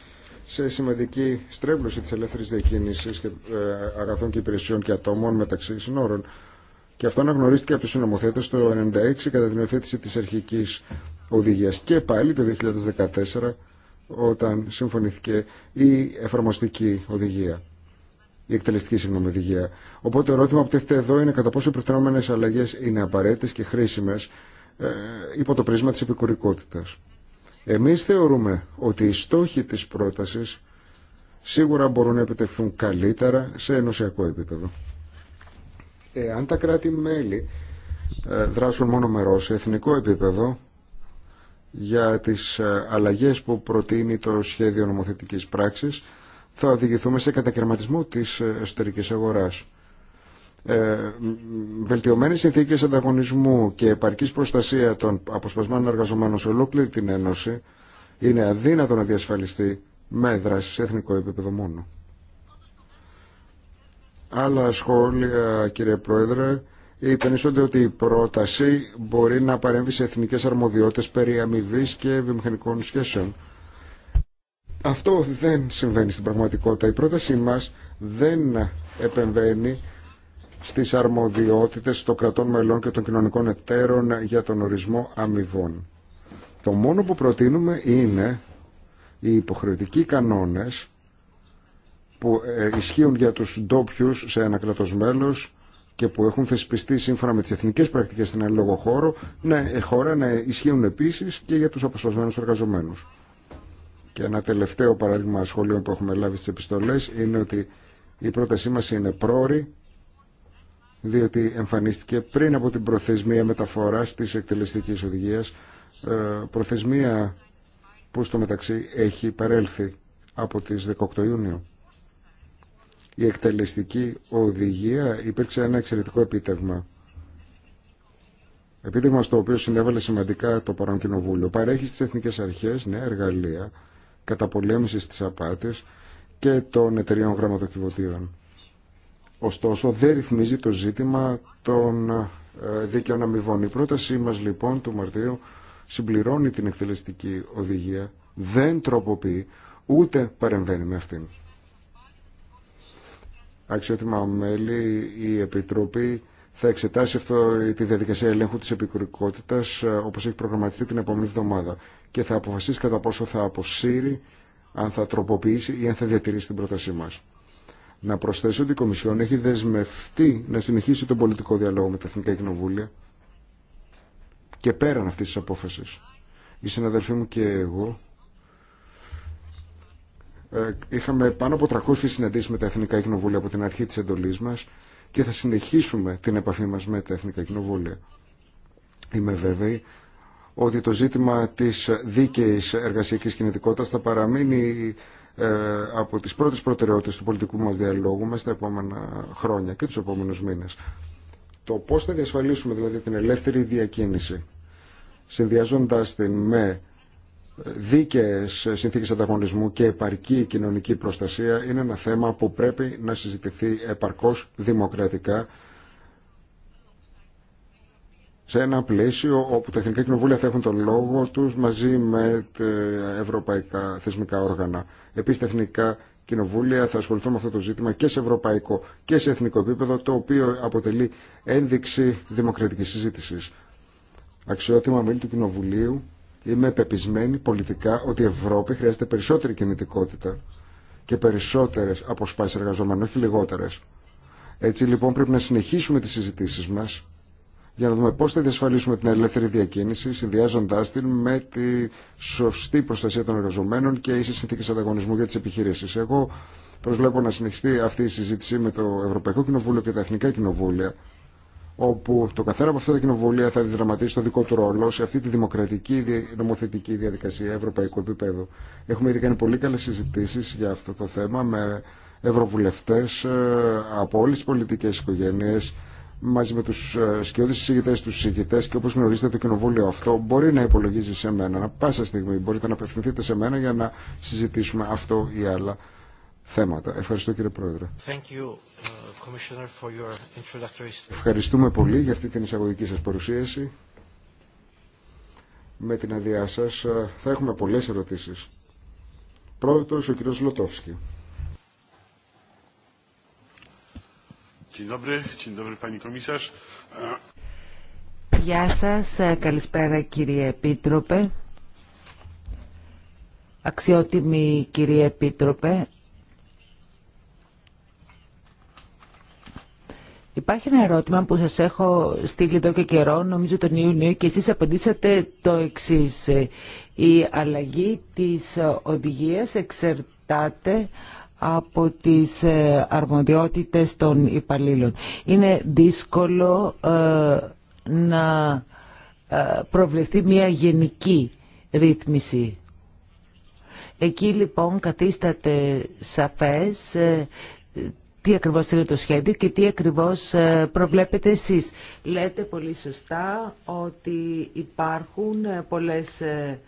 σε σημαντική στρέβλωση της ελεύθερης διακίνησης ε, αγαθών και υπηρεσιών και ατόμων μεταξύ συνόρων. Και αυτό αναγνωρίστηκε από του συνομοθέτε το 1996 κατά την υιοθέτηση τη αρχική οδηγίας. Και πάλι το 2014 όταν συμφωνήθηκε η εφαρμοστική οδηγία, η εκτελεστική συγγνώμη οδηγία. Οπότε το ερώτημα που τίθεται εδώ είναι κατά πόσο οι προτινόμενες αλλαγές είναι απαραίτητες και χρήσιμες ε, υπό το πρίσμα της επικουρικότητας. Εμείς θεωρούμε ότι οι στόχοι της πρότασης σίγουρα μπορούν να επιτευχθούν καλύτερα σε ενωσιακό επίπεδο. Εάν τα κράτη-μέλη ε, δράσουν μόνο μερό σε εθνικό επίπεδο, για τις ε, αλλαγές που προτείνει το σχέδιο νομοθετικής πράξης θα οδηγηθούμε σε κατακαιρματισμό της ε, εσωτερικής αγοράς. Ε, βελτιωμένες συνθήκες ανταγωνισμού και επαρκής προστασία των αποσπασμένων εργαζομένων σε ολόκληρη την Ένωση είναι αδύνατο να διασφαλιστεί με δράση σε εθνικό επίπεδο μόνο. Άλλα σχόλια κύριε Πρόεδρε υπενήσονται ότι η πρόταση μπορεί να παρέμβει σε εθνικές αρμοδιότητες περί αμοιβή και βιομηχανικών σχέσεων. Αυτό δεν συμβαίνει στην πραγματικότητα. Η πρότασή μας δεν επεμβαίνει στις αρμοδιότητες των κρατών μελών και των κοινωνικών εταίρων για τον ορισμό αμοιβών. Το μόνο που προτείνουμε είναι οι υποχρεωτικοί κανόνες που ε, ισχύουν για τους ντόπιου σε ένα κρατος μέλος και που έχουν θεσπιστεί σύμφωνα με τι εθνικέ πρακτικέ στην αλληλόγω χώρο, ναι, ε, χώρα να ισχύουν επίση και για του αποσπασμένου εργαζομένου. Και ένα τελευταίο παράδειγμα σχολείων που έχουμε λάβει στι επιστολέ είναι ότι η πρότασή μα είναι πρόορη, διότι εμφανίστηκε πριν από την προθεσμία μεταφορά τη εκτελεστική οδηγία. Ε, προθεσμία που στο μεταξύ έχει παρέλθει από τις 18 Ιουνίου η εκτελεστική οδηγία υπήρξε ένα εξαιρετικό επίτευγμα. Επίτευγμα στο οποίο συνέβαλε σημαντικά το παρόν κοινοβούλιο. Παρέχει στι εθνικέ αρχέ, νέα εργαλεία πολέμηση τη απάτη και των εταιριών γραμματοκιβωτίων. Ωστόσο, δεν ρυθμίζει το ζήτημα των ε, δίκαιων αμοιβών. Η πρότασή μας λοιπόν του Μαρτίου συμπληρώνει την εκτελεστική οδηγία, δεν τροποποιεί, ούτε παρεμβαίνει με αυτήν αξιότιμα μέλη, η Επιτροπή θα εξετάσει αυτό, τη διαδικασία ελέγχου της επικουρικότητας ε, όπως έχει προγραμματιστεί την επόμενη εβδομάδα και θα αποφασίσει κατά πόσο θα αποσύρει, αν θα τροποποιήσει ή αν θα διατηρήσει την πρότασή μας. Να προσθέσω ότι η Κομισιόν έχει δεσμευτεί να συνεχίσει τον πολιτικό διαλόγο με τα Εθνικά Κοινοβούλια και πέραν αυτής της απόφασης. Οι συναδελφοί μου και εγώ ε, είχαμε πάνω από 300 συναντήσεις με τα Εθνικά Κοινοβούλια από την αρχή της εντολής μας και θα συνεχίσουμε την επαφή μας με τα Εθνικά Κοινοβούλια. Είμαι βέβαιη ότι το ζήτημα της δίκαιης εργασιακής κινητικότητας θα παραμείνει ε, από τις πρώτες προτεραιότητες του πολιτικού μας διαλόγου μέσα στα επόμενα χρόνια και τους επόμενους μήνες. Το πώς θα διασφαλίσουμε δηλαδή την ελεύθερη διακίνηση συνδυάζοντας την με δίκαιες συνθήκες ανταγωνισμού και επαρκή κοινωνική προστασία είναι ένα θέμα που πρέπει να συζητηθεί επαρκώς δημοκρατικά σε ένα πλαίσιο όπου τα Εθνικά Κοινοβούλια θα έχουν τον λόγο τους μαζί με τα ευρωπαϊκά θεσμικά όργανα. Επίσης τα Εθνικά Κοινοβούλια θα ασχοληθούν με αυτό το ζήτημα και σε ευρωπαϊκό και σε εθνικό επίπεδο, το οποίο αποτελεί ένδειξη δημοκρατικής συζήτησης. Αξιότιμα μέλη του Κοινοβουλίου, Είμαι πεπισμένη πολιτικά ότι η Ευρώπη χρειάζεται περισσότερη κινητικότητα και περισσότερε αποσπάσει εργαζομένων, όχι λιγότερε. Έτσι λοιπόν πρέπει να συνεχίσουμε τι συζητήσει μα για να δούμε πώ θα διασφαλίσουμε την ελεύθερη διακίνηση, συνδυάζοντά την με τη σωστή προστασία των εργαζομένων και ίσε συνθήκε ανταγωνισμού για τι επιχειρήσει. Εγώ προσβλέπω να συνεχιστεί αυτή η συζήτηση με το Ευρωπαϊκό Κοινοβούλιο και τα Εθνικά Κοινοβούλια όπου το καθένα από αυτά τα κοινοβουλία θα διδραματίσει το δικό του ρόλο σε αυτή τη δημοκρατική νομοθετική διαδικασία ευρωπαϊκού επίπεδου. Έχουμε ήδη κάνει πολύ καλέ συζητήσει για αυτό το θέμα με ευρωβουλευτέ ε, από όλε τι πολιτικέ οικογένειε, μαζί με του ε, σκιώδει συζητητέ, του συζητητέ και όπω γνωρίζετε το κοινοβούλιο αυτό μπορεί να υπολογίζει σε μένα. να Πάσα στιγμή μπορείτε να απευθυνθείτε σε μένα για να συζητήσουμε αυτό ή άλλα θέματα. Ευχαριστώ κύριε Πρόεδρε. Uh, Ευχαριστούμε πολύ για αυτή την εισαγωγική σας παρουσίαση. Με την αδειά σα. Ε, θα έχουμε πολλές ερωτήσεις. Πρώτος ο κύριος Λοτόφσκι. Γεια σας, ε, καλησπέρα κύριε Επίτροπε. Αξιότιμη κύριε Επίτροπε, Υπάρχει ένα ερώτημα που σας έχω στείλει εδώ και καιρό, νομίζω τον Ιούνιο, και εσείς απαντήσατε το εξής. Η αλλαγή της οδηγίας εξερτάτε από τις ε, αρμοδιότητες των υπαλλήλων. Είναι δύσκολο ε, να ε, προβλεφθεί μια γενική ρύθμιση. Εκεί λοιπόν καθίσταται σαφές τι ακριβώς είναι το σχέδιο και τι ακριβώς ε, προβλέπετε εσείς. Λέτε πολύ σωστά ότι υπάρχουν ε, πολλές ε,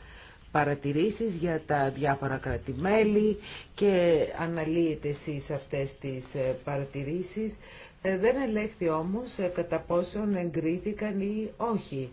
παρατηρήσεις για τα διάφορα κρατημέλη και αναλύετε εσείς αυτές τις παρατηρήσεις. Δεν ελέγχθη όμως κατά πόσον εγκρίθηκαν ή όχι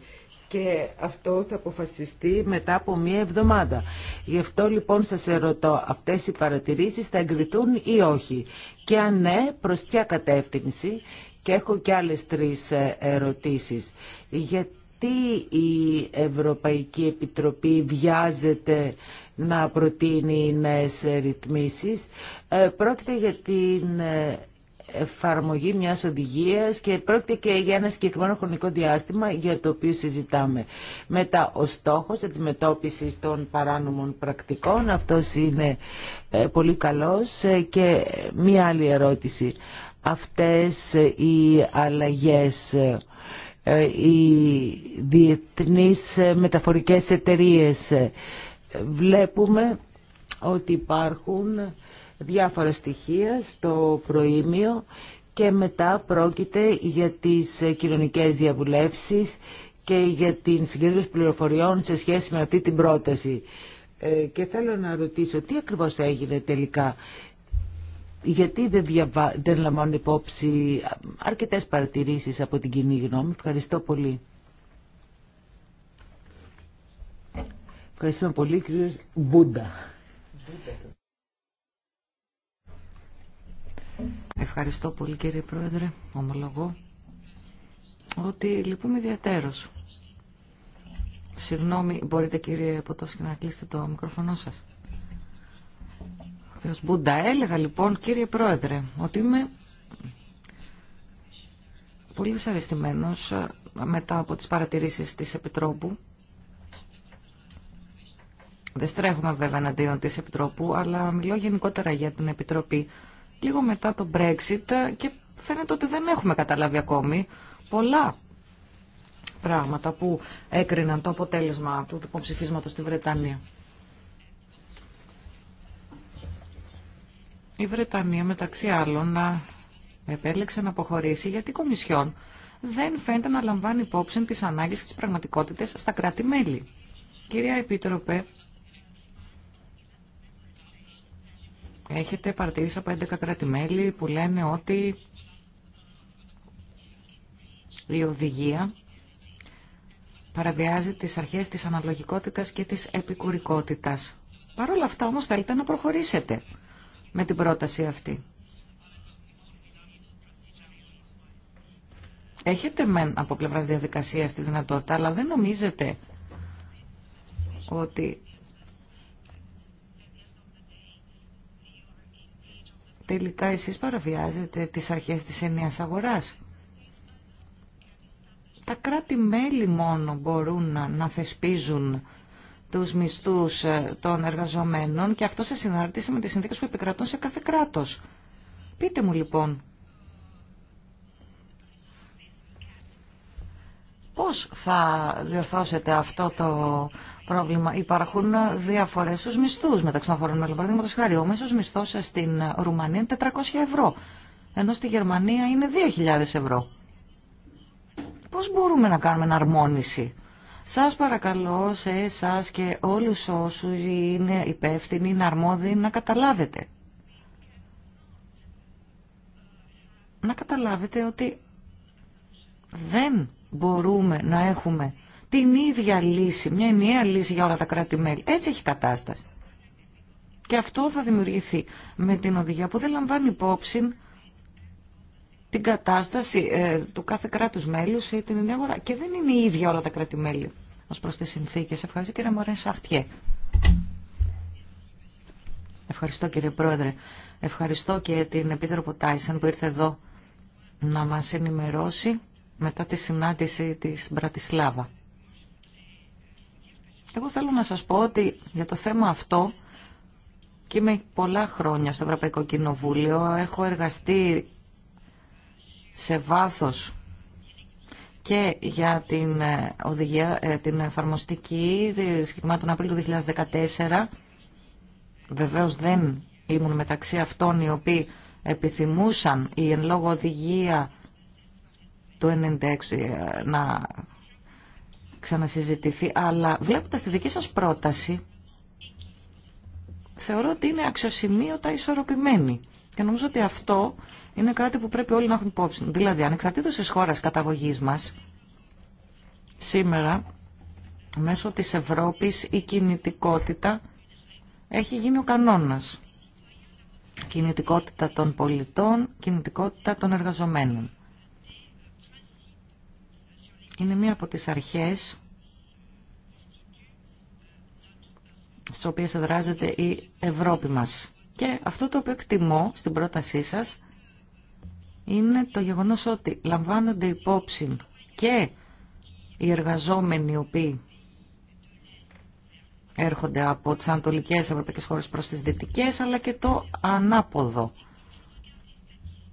και αυτό θα αποφασιστεί μετά από μία εβδομάδα. Γι' αυτό λοιπόν σας ερωτώ, αυτές οι παρατηρήσεις θα εγκριθούν ή όχι. Και αν ναι, προς ποια κατεύθυνση. Και έχω και άλλες τρεις ε, ερωτήσεις. Γιατί η Ευρωπαϊκή Επιτροπή βιάζεται να προτείνει νέες ρυθμίσεις. Ε, πρόκειται για την ε, εφαρμογή μιας οδηγίας και πρόκειται και για ένα συγκεκριμένο χρονικό διάστημα για το οποίο συζητάμε. Μετά ο στόχος αντιμετώπισης των παράνομων πρακτικών, αυτός είναι ε, πολύ καλός ε, και μία άλλη ερώτηση. Αυτές ε, οι αλλαγές οι διεθνείς μεταφορικές εταιρείες βλέπουμε ότι υπάρχουν διάφορα στοιχεία στο προήμιο και μετά πρόκειται για τις ε, κοινωνικές διαβουλεύσεις και για την συγκέντρωση πληροφοριών σε σχέση με αυτή την πρόταση. Ε, και θέλω να ρωτήσω τι ακριβώς έγινε τελικά. Γιατί δεν, διαβα... δεν λαμβάνουν υπόψη αρκετές παρατηρήσεις από την κοινή γνώμη. Ευχαριστώ πολύ. Ευχαριστούμε πολύ κύριε Μπούντα. Ευχαριστώ πολύ κύριε Πρόεδρε, ομολογώ ότι λυπούμε ιδιαίτερος. Συγγνώμη, μπορείτε κύριε Ποτόφσκι να κλείσετε το μικροφωνό σας. Κύριος Μπούντα, έλεγα λοιπόν κύριε Πρόεδρε ότι είμαι πολύ δυσαρεστημένος ε, μετά από τις παρατηρήσεις της Επιτρόπου. Δεν στρέχουμε βέβαια εναντίον της Επιτρόπου, αλλά μιλώ γενικότερα για την Επιτροπή λίγο μετά το Brexit και φαίνεται ότι δεν έχουμε καταλάβει ακόμη πολλά πράγματα που έκριναν το αποτέλεσμα του υποψηφίσματος στη Βρετανία. Η Βρετανία μεταξύ άλλων επέλεξε να αποχωρήσει γιατί η Κομισιόν δεν φαίνεται να λαμβάνει υπόψη τις ανάγκες και πραγματικότητας στα κράτη-μέλη. Κυρία Επίτροπε, Έχετε παρατηρήσει από 11 κράτη-μέλη που λένε ότι η οδηγία παραβιάζει τις αρχές της αναλογικότητας και της επικουρικότητας. Παρ' όλα αυτά όμως θέλετε να προχωρήσετε με την πρόταση αυτή. Έχετε μεν από πλευράς διαδικασίας τη δυνατότητα, αλλά δεν νομίζετε ότι τελικά εσείς παραβιάζετε τις αρχές της ενιαίας αγοράς. Τα κράτη-μέλη μόνο μπορούν να, θεσπίζουν τους μισθούς ε, των εργαζομένων και αυτό σε συνάρτηση με τις συνθήκες που επικρατούν σε κάθε κράτος. Πείτε μου λοιπόν, πώς θα διορθώσετε αυτό το πρόβλημα. Υπάρχουν διαφορέ στου μισθού μεταξύ των χωρών Με Παραδείγματο χάρη, ο μέσο μισθό στην Ρουμανία είναι 400 ευρώ, ενώ στη Γερμανία είναι 2.000 ευρώ. Πώ μπορούμε να κάνουμε εναρμόνιση. Σας παρακαλώ σε εσά και όλους όσους είναι υπεύθυνοι, είναι αρμόδιοι να καταλάβετε. Να καταλάβετε ότι δεν μπορούμε να έχουμε την ίδια λύση, μια ενιαία λύση για όλα τα κράτη-μέλη. Έτσι έχει κατάσταση. Και αυτό θα δημιουργηθεί με την οδηγία που δεν λαμβάνει υπόψη την κατάσταση ε, του κάθε κράτους μέλους ή την ενιαία αγορά. Και δεν είναι η ίδια όλα τα κράτη-μέλη ως προς τις συνθήκες. Ευχαριστώ κύριε Μωρέν Σαχτιέ. Ευχαριστώ κύριε Πρόεδρε. Ευχαριστώ και την Επίτροπο Τάισαν που ήρθε εδώ να μας ενημερώσει μετά τη συνάντηση της Μπρατισλάβα. Εγώ θέλω να σας πω ότι για το θέμα αυτό και είμαι πολλά χρόνια στο Ευρωπαϊκό Κοινοβούλιο, έχω εργαστεί σε βάθος και για την ε, οδηγία, ε, την εφαρμοστική, σχετικά τον Απρίλιο του 2014. Βεβαίως δεν ήμουν μεταξύ αυτών οι οποίοι επιθυμούσαν η εν λόγω οδηγία του 1996 ε, να ξανασυζητηθεί, αλλά βλέποντας τη δική σας πρόταση, θεωρώ ότι είναι αξιοσημείωτα ισορροπημένη. Και νομίζω ότι αυτό είναι κάτι που πρέπει όλοι να έχουν υπόψη. Δηλαδή, ανεξαρτήτως της χώρας καταγωγής μας, σήμερα, μέσω της Ευρώπης, η κινητικότητα έχει γίνει ο κανόνας. Κινητικότητα των πολιτών, κινητικότητα των εργαζομένων είναι μία από τις αρχές στις οποίες εδράζεται η Ευρώπη μας. Και αυτό το οποίο εκτιμώ στην πρότασή σας είναι το γεγονός ότι λαμβάνονται υπόψη και οι εργαζόμενοι οι οποίοι έρχονται από τις ανατολικές ευρωπαϊκές χώρες προς τις δυτικές, αλλά και το ανάποδο.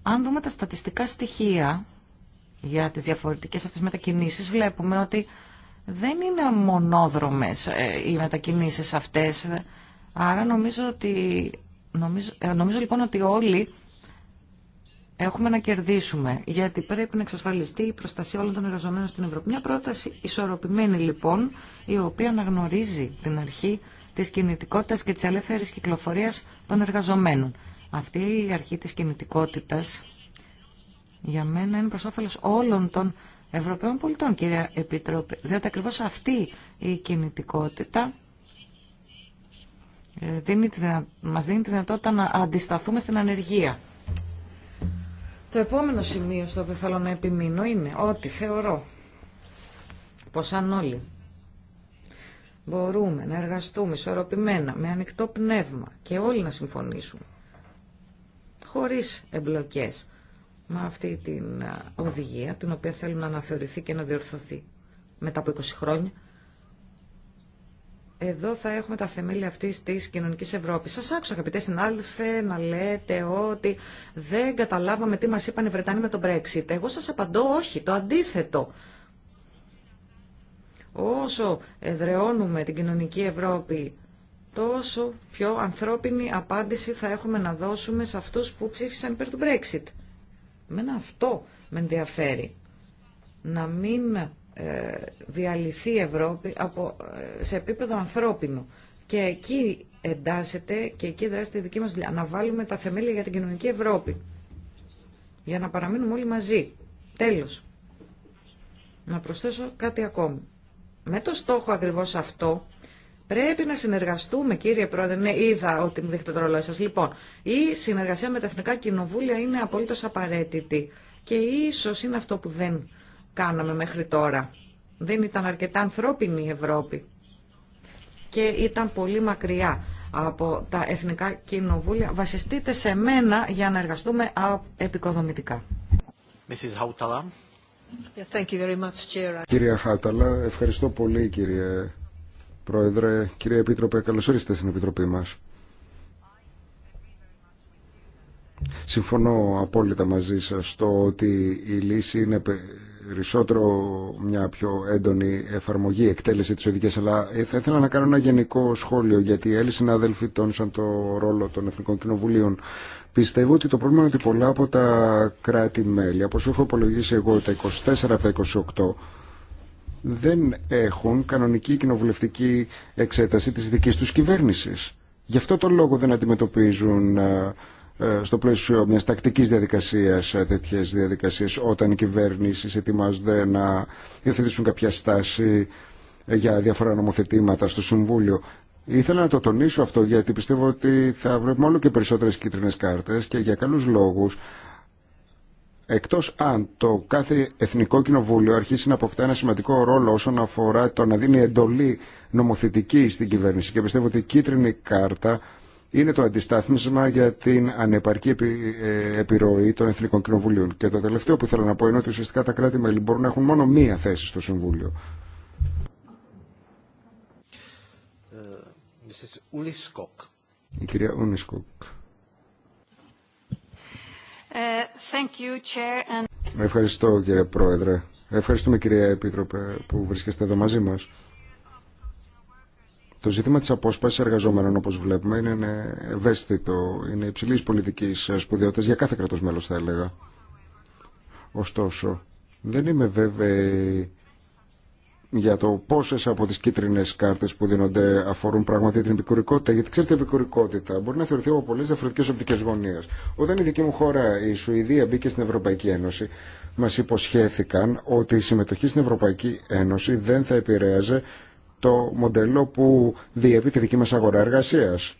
Αν δούμε τα στατιστικά στοιχεία για τις διαφορετικές αυτές μετακινήσεις βλέπουμε ότι δεν είναι μονόδρομες ε, οι μετακινήσεις αυτές. Άρα νομίζω ότι νομίζω, ε, νομίζω λοιπόν ότι όλοι έχουμε να κερδίσουμε γιατί πρέπει να εξασφαλιστεί η προστασία όλων των εργαζομένων στην Ευρώπη. Μια πρόταση ισορροπημένη λοιπόν η οποία αναγνωρίζει την αρχή της κινητικότητας και της ελεύθερης κυκλοφορίας των εργαζομένων. Αυτή η αρχή της κινητικότητας για μένα είναι προς όφελος όλων των Ευρωπαίων πολιτών, κυρία Επιτροπή, διότι ακριβώς αυτή η κινητικότητα μα ε, μας δίνει τη δυνατότητα να αντισταθούμε στην ανεργία. Το επόμενο σημείο στο οποίο θέλω να επιμείνω είναι ότι θεωρώ πως αν όλοι μπορούμε να εργαστούμε ισορροπημένα, με ανοιχτό πνεύμα και όλοι να συμφωνήσουμε, χωρίς εμπλοκές, με αυτή την οδηγία, την οποία θέλουμε να αναθεωρηθεί και να διορθωθεί μετά από 20 χρόνια. Εδώ θα έχουμε τα θεμέλια αυτή τη κοινωνική Ευρώπη. Σα άκουσα, αγαπητέ συνάδελφε, να λέτε ότι δεν καταλάβαμε τι μα είπαν οι Βρετανοί με τον Brexit. Εγώ σα απαντώ όχι, το αντίθετο. Όσο εδρεώνουμε την κοινωνική Ευρώπη, τόσο πιο ανθρώπινη απάντηση θα έχουμε να δώσουμε σε αυτούς που ψήφισαν υπέρ του Brexit. Μένα αυτό με ενδιαφέρει. Να μην ε, διαλυθεί η Ευρώπη από, ε, σε επίπεδο ανθρώπινο. Και εκεί εντάσσεται και εκεί δράσεται η δική μας δουλειά. Να βάλουμε τα θεμέλια για την κοινωνική Ευρώπη. Για να παραμείνουμε όλοι μαζί. Τέλος. Να προσθέσω κάτι ακόμη. Με το στόχο ακριβώς αυτό Πρέπει να συνεργαστούμε, κύριε Πρόεδρε. Ναι, είδα ότι μου δείχνει το ρόλο σα. Λοιπόν, η συνεργασία με τα εθνικά κοινοβούλια είναι απολύτω απαραίτητη. Και ίσω είναι αυτό που δεν κάναμε μέχρι τώρα. Δεν ήταν αρκετά ανθρώπινη η Ευρώπη. Και ήταν πολύ μακριά από τα εθνικά κοινοβούλια. Βασιστείτε σε μένα για να εργαστούμε επικοδομητικά. Κυρία Χάταλα, ευχαριστώ πολύ κύριε Πρόεδρε, κύριε Επίτροπε, καλώς ήρθατε στην Επιτροπή μας. Συμφωνώ απόλυτα μαζί σας στο ότι η λύση είναι περισσότερο μια πιο έντονη εφαρμογή, εκτέλεση της οδηγίας, αλλά θα ήθελα να κάνω ένα γενικό σχόλιο, γιατί οι άλλοι συνάδελφοι τόνισαν το ρόλο των Εθνικών Κοινοβουλίων. Πιστεύω ότι το πρόβλημα είναι ότι πολλά από τα κράτη-μέλη, όπως έχω υπολογίσει εγώ, τα 24 από τα 28, δεν έχουν κανονική κοινοβουλευτική εξέταση της δικής τους κυβέρνησης. Γι' αυτό τον λόγο δεν αντιμετωπίζουν ε, ε, στο πλαίσιο μιας τακτικής διαδικασίας ε, τέτοιες διαδικασίες όταν οι κυβέρνησεις ετοιμάζονται να υιοθετήσουν κάποια στάση για διάφορα νομοθετήματα στο Συμβούλιο. Ήθελα να το τονίσω αυτό γιατί πιστεύω ότι θα βρούμε όλο και περισσότερες κίτρινες κάρτες και για καλούς λόγους Εκτός αν το κάθε Εθνικό Κοινοβούλιο αρχίσει να αποκτά ένα σημαντικό ρόλο όσον αφορά το να δίνει εντολή νομοθετική στην κυβέρνηση και πιστεύω ότι η κίτρινη κάρτα είναι το αντιστάθμισμα για την ανεπαρκή ε, επιρροή των Εθνικών Κοινοβουλίων. Και το τελευταίο που θέλω να πω είναι ότι ουσιαστικά τα κράτη-μέλη μπορούν να έχουν μόνο μία θέση στο Συμβούλιο. Ε, η κυρία Ουνισκοκ. Ευχαριστώ κύριε Πρόεδρε. Ευχαριστούμε κυρία Επίτροπε που βρίσκεστε εδώ μαζί μας. Το ζήτημα της απόσπασης εργαζομένων όπως βλέπουμε είναι ευαίσθητο, είναι υψηλής πολιτικής σπουδαιότητας για κάθε κρατός μέλος θα έλεγα. Ωστόσο, δεν είμαι βέβαιη για το πόσες από τις κίτρινες κάρτες που δίνονται αφορούν πραγματικά την επικουρικότητα. Γιατί ξέρετε, η επικουρικότητα μπορεί να θεωρηθεί από πολλές διαφορετικές οπτικές γωνίες. Όταν η δική μου χώρα, η Σουηδία, μπήκε στην Ευρωπαϊκή Ένωση, μας υποσχέθηκαν ότι η συμμετοχή στην Ευρωπαϊκή Ένωση δεν θα επηρέαζε το μοντέλο που διέπει τη δική μας αγορά εργασίας.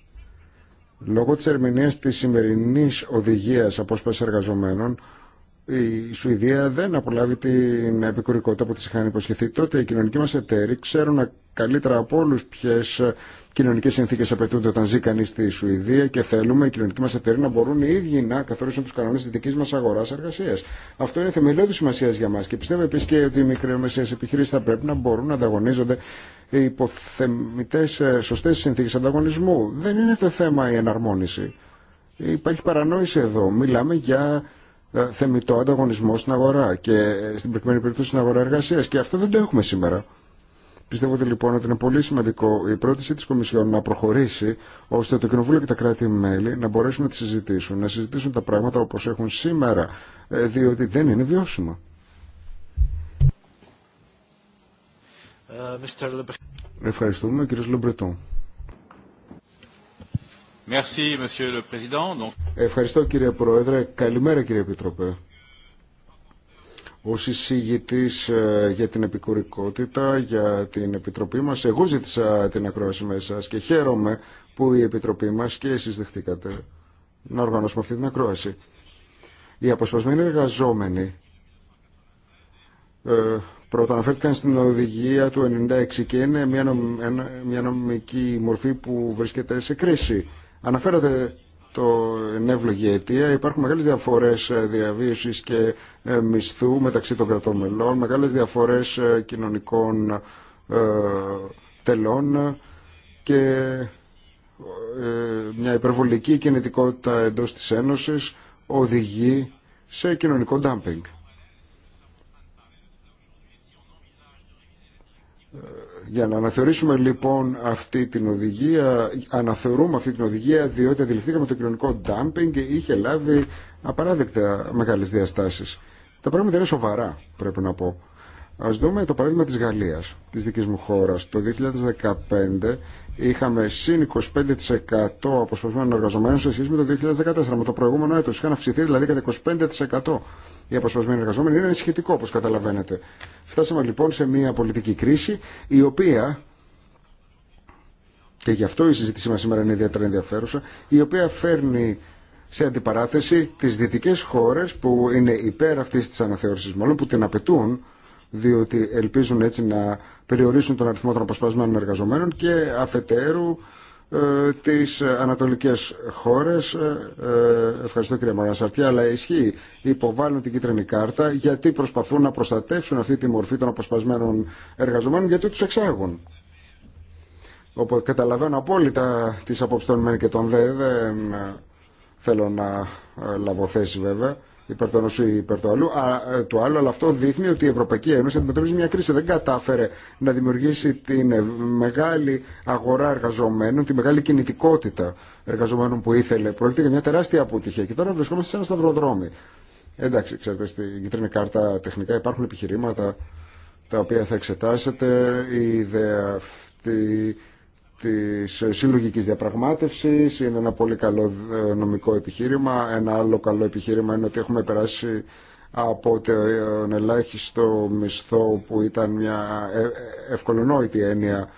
Λόγω της ερμηνείας της σημερινής οδηγίας απόσπασης εργαζομένων, η Σουηδία δεν απολάβει την επικουρικότητα που τη είχαν υποσχεθεί. Τότε οι κοινωνικοί μα εταίροι ξέρουν καλύτερα από όλου ποιε κοινωνικέ συνθήκε απαιτούνται όταν ζει κανεί στη Σουηδία και θέλουμε οι κοινωνικοί μα εταίροι να μπορούν οι ίδιοι να καθορίσουν του κανόνες τη δική μα αγορά εργασία. Αυτό είναι θεμελιώδη σημασία για μα και πιστεύω επίση και ότι οι μικρομεσαίε επιχειρήσει θα πρέπει να μπορούν να ανταγωνίζονται υποθεμητέ, ε, σωστέ συνθήκε ανταγωνισμού. Δεν είναι το θέμα η εναρμόνιση. Υπάρχει παρανόηση εδώ. Μιλάμε για ε, θεμητό ανταγωνισμό στην αγορά και ε, στην προκειμένη περίπτωση στην αγορά εργασία. Και αυτό δεν το έχουμε σήμερα. Πιστεύω λοιπόν ότι είναι πολύ σημαντικό η πρόταση τη Κομισιόν να προχωρήσει ώστε το Κοινοβούλιο και τα κράτη-μέλη να μπορέσουν να τη συζητήσουν, να συζητήσουν τα πράγματα όπω έχουν σήμερα, ε, διότι δεν είναι βιώσιμα. Ευχαριστούμε, κύριε Λεμπρετό. Ευχαριστώ κύριε Πρόεδρε. Καλημέρα κύριε Επιτροπέ. Ως εισηγητής ε, για την επικουρικότητα, για την Επιτροπή μας, εγώ ζήτησα την ακρόαση μέσα και χαίρομαι που η Επιτροπή μας και εσείς δεχτήκατε να οργανώσουμε αυτή την ακρόαση. Οι αποσπασμένοι εργαζόμενοι ε, πρώτα αναφέρθηκαν στην οδηγία του 96 και είναι μια, νομική μορφή που βρίσκεται σε κρίση. Αναφέρατε το ενεύλογη αιτία. Υπάρχουν μεγάλες διαφορές ε, διαβίωση και ε, μισθού μεταξύ των κρατών μελών, μεγάλες διαφορές ε, κοινωνικών τελών και μια υπερβολική κινητικότητα εντό της Ένωσης οδηγεί σε κοινωνικό ντάμπινγκ. Για να αναθεωρήσουμε λοιπόν αυτή την οδηγία, αναθεωρούμε αυτή την οδηγία διότι αντιληφθήκαμε το κοινωνικό dumping και είχε λάβει απαράδεκτα μεγάλες διαστάσεις. Τα πράγματα είναι σοβαρά, πρέπει να πω. Α δούμε το παράδειγμα τη Γαλλία, τη δική μου χώρα. Το 2015 είχαμε συν 25% αποσπασμένων εργαζομένων σε σχέση με το 2014. Με το προηγούμενο έτο είχαν αυξηθεί δηλαδή κατά 25% οι απασπασμένοι εργαζόμενοι είναι σχετικό όπως καταλαβαίνετε. Φτάσαμε λοιπόν σε μια πολιτική κρίση η οποία και γι' αυτό η συζήτησή μας σήμερα είναι ιδιαίτερα ενδιαφέρουσα η οποία φέρνει σε αντιπαράθεση τις δυτικές χώρες που είναι υπέρ αυτής της αναθεώρησης μάλλον που την απαιτούν διότι ελπίζουν έτσι να περιορίσουν τον αριθμό των αποσπασμένων εργαζομένων και αφετέρου ε, τις ανατολικές χώρες ε, ε, ευχαριστώ κύριε Μαρασαρτιά αλλά ισχύει υποβάλλουν την κίτρινη κάρτα γιατί προσπαθούν να προστατεύσουν αυτή τη μορφή των αποσπασμένων εργαζομένων γιατί τους εξάγουν οπότε καταλαβαίνω απόλυτα τις απόψεις των μεν και των δε δεν θέλω να λαβω θέση βέβαια υπέρ η υπερ του αλλου Ένωση αντιμετωπίζει μια κρίση. Δεν κατάφερε να δημιουργήσει την ε, μεγάλη αγορά εργαζομένων, τη μεγάλη κινητικότητα εργαζομένων που ήθελε. Πρόκειται για μια τεράστια αποτυχία. Και τώρα βρισκόμαστε σε ένα σταυροδρόμι. Εντάξει, ξέρετε, στην κίτρινη κάρτα τεχνικά υπάρχουν επιχειρήματα τα οποία θα εξετάσετε. Η ιδέα αυτή της συλλογικής διαπραγμάτευσης, είναι ένα πολύ καλό ε, νομικό επιχείρημα. Ένα άλλο καλό επιχείρημα είναι ότι έχουμε περάσει από τον ελάχιστο μισθό που ήταν μια ε, ε, ευκολονόητη έννοια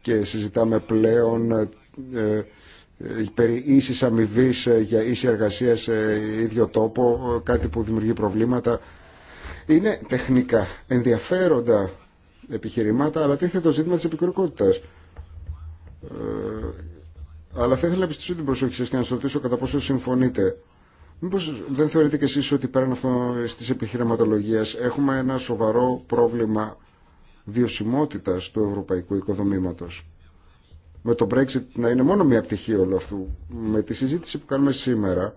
και συζητάμε πλέον περί ίσης αμοιβή για ίση εργασία σε ίδιο τόπο, κάτι που δημιουργεί προβλήματα. Είναι τεχνικά ενδιαφέροντα επιχειρημάτα, αλλά τίθεται το ζήτημα της επικουρικότητας. Ε, αλλά θα ήθελα να πιστήσω την προσοχή σας και να σας ρωτήσω κατά πόσο συμφωνείτε. Μήπως δεν θεωρείτε κι εσείς ότι πέραν αυτό στις επιχειρηματολογίες έχουμε ένα σοβαρό πρόβλημα βιωσιμότητας του ευρωπαϊκού οικοδομήματος. Με το Brexit να είναι μόνο μια πτυχή όλο αυτού. Με τη συζήτηση που κάνουμε σήμερα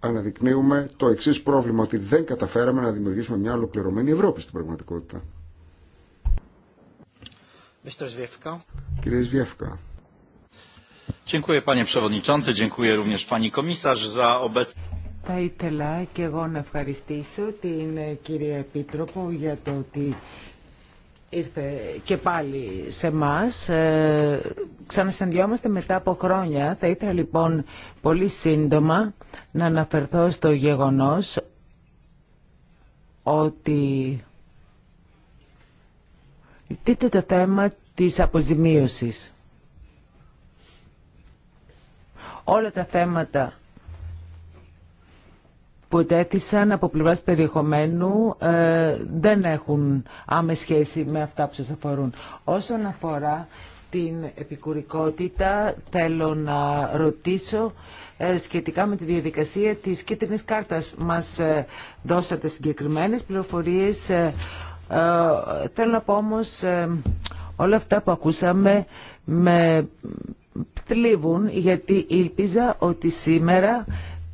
αναδεικνύουμε το εξής πρόβλημα ότι δεν καταφέραμε να δημιουργήσουμε μια ολοκληρωμένη Ευρώπη στην πραγματικότητα. Mr. Zwiefka. Κύριε Zwiefka. Dziękuję panie przewodniczący, dziękuję również pani komisarz za obecność. Θα ήθελα και εγώ να ευχαριστήσω την κυρία Επίτροπο για το ότι ήρθε και πάλι σε εμά. Ξανασυνδυόμαστε μετά από χρόνια. Θα ήθελα λοιπόν πολύ σύντομα να αναφερθώ στο γεγονός ότι Τίτε το θέμα της αποζημίωσης. Όλα τα θέματα που τέθησαν από πλευράς περιεχομένου ε, δεν έχουν άμεση σχέση με αυτά που σας αφορούν. Όσον αφορά την επικουρικότητα θέλω να ρωτήσω ε, σχετικά με τη διαδικασία της κίτρινης κάρτας. Μας ε, δώσατε συγκεκριμένες πληροφορίες ε, ε, θέλω να πω όμως ε, όλα αυτά που ακούσαμε με θλίβουν γιατί ήλπιζα ότι σήμερα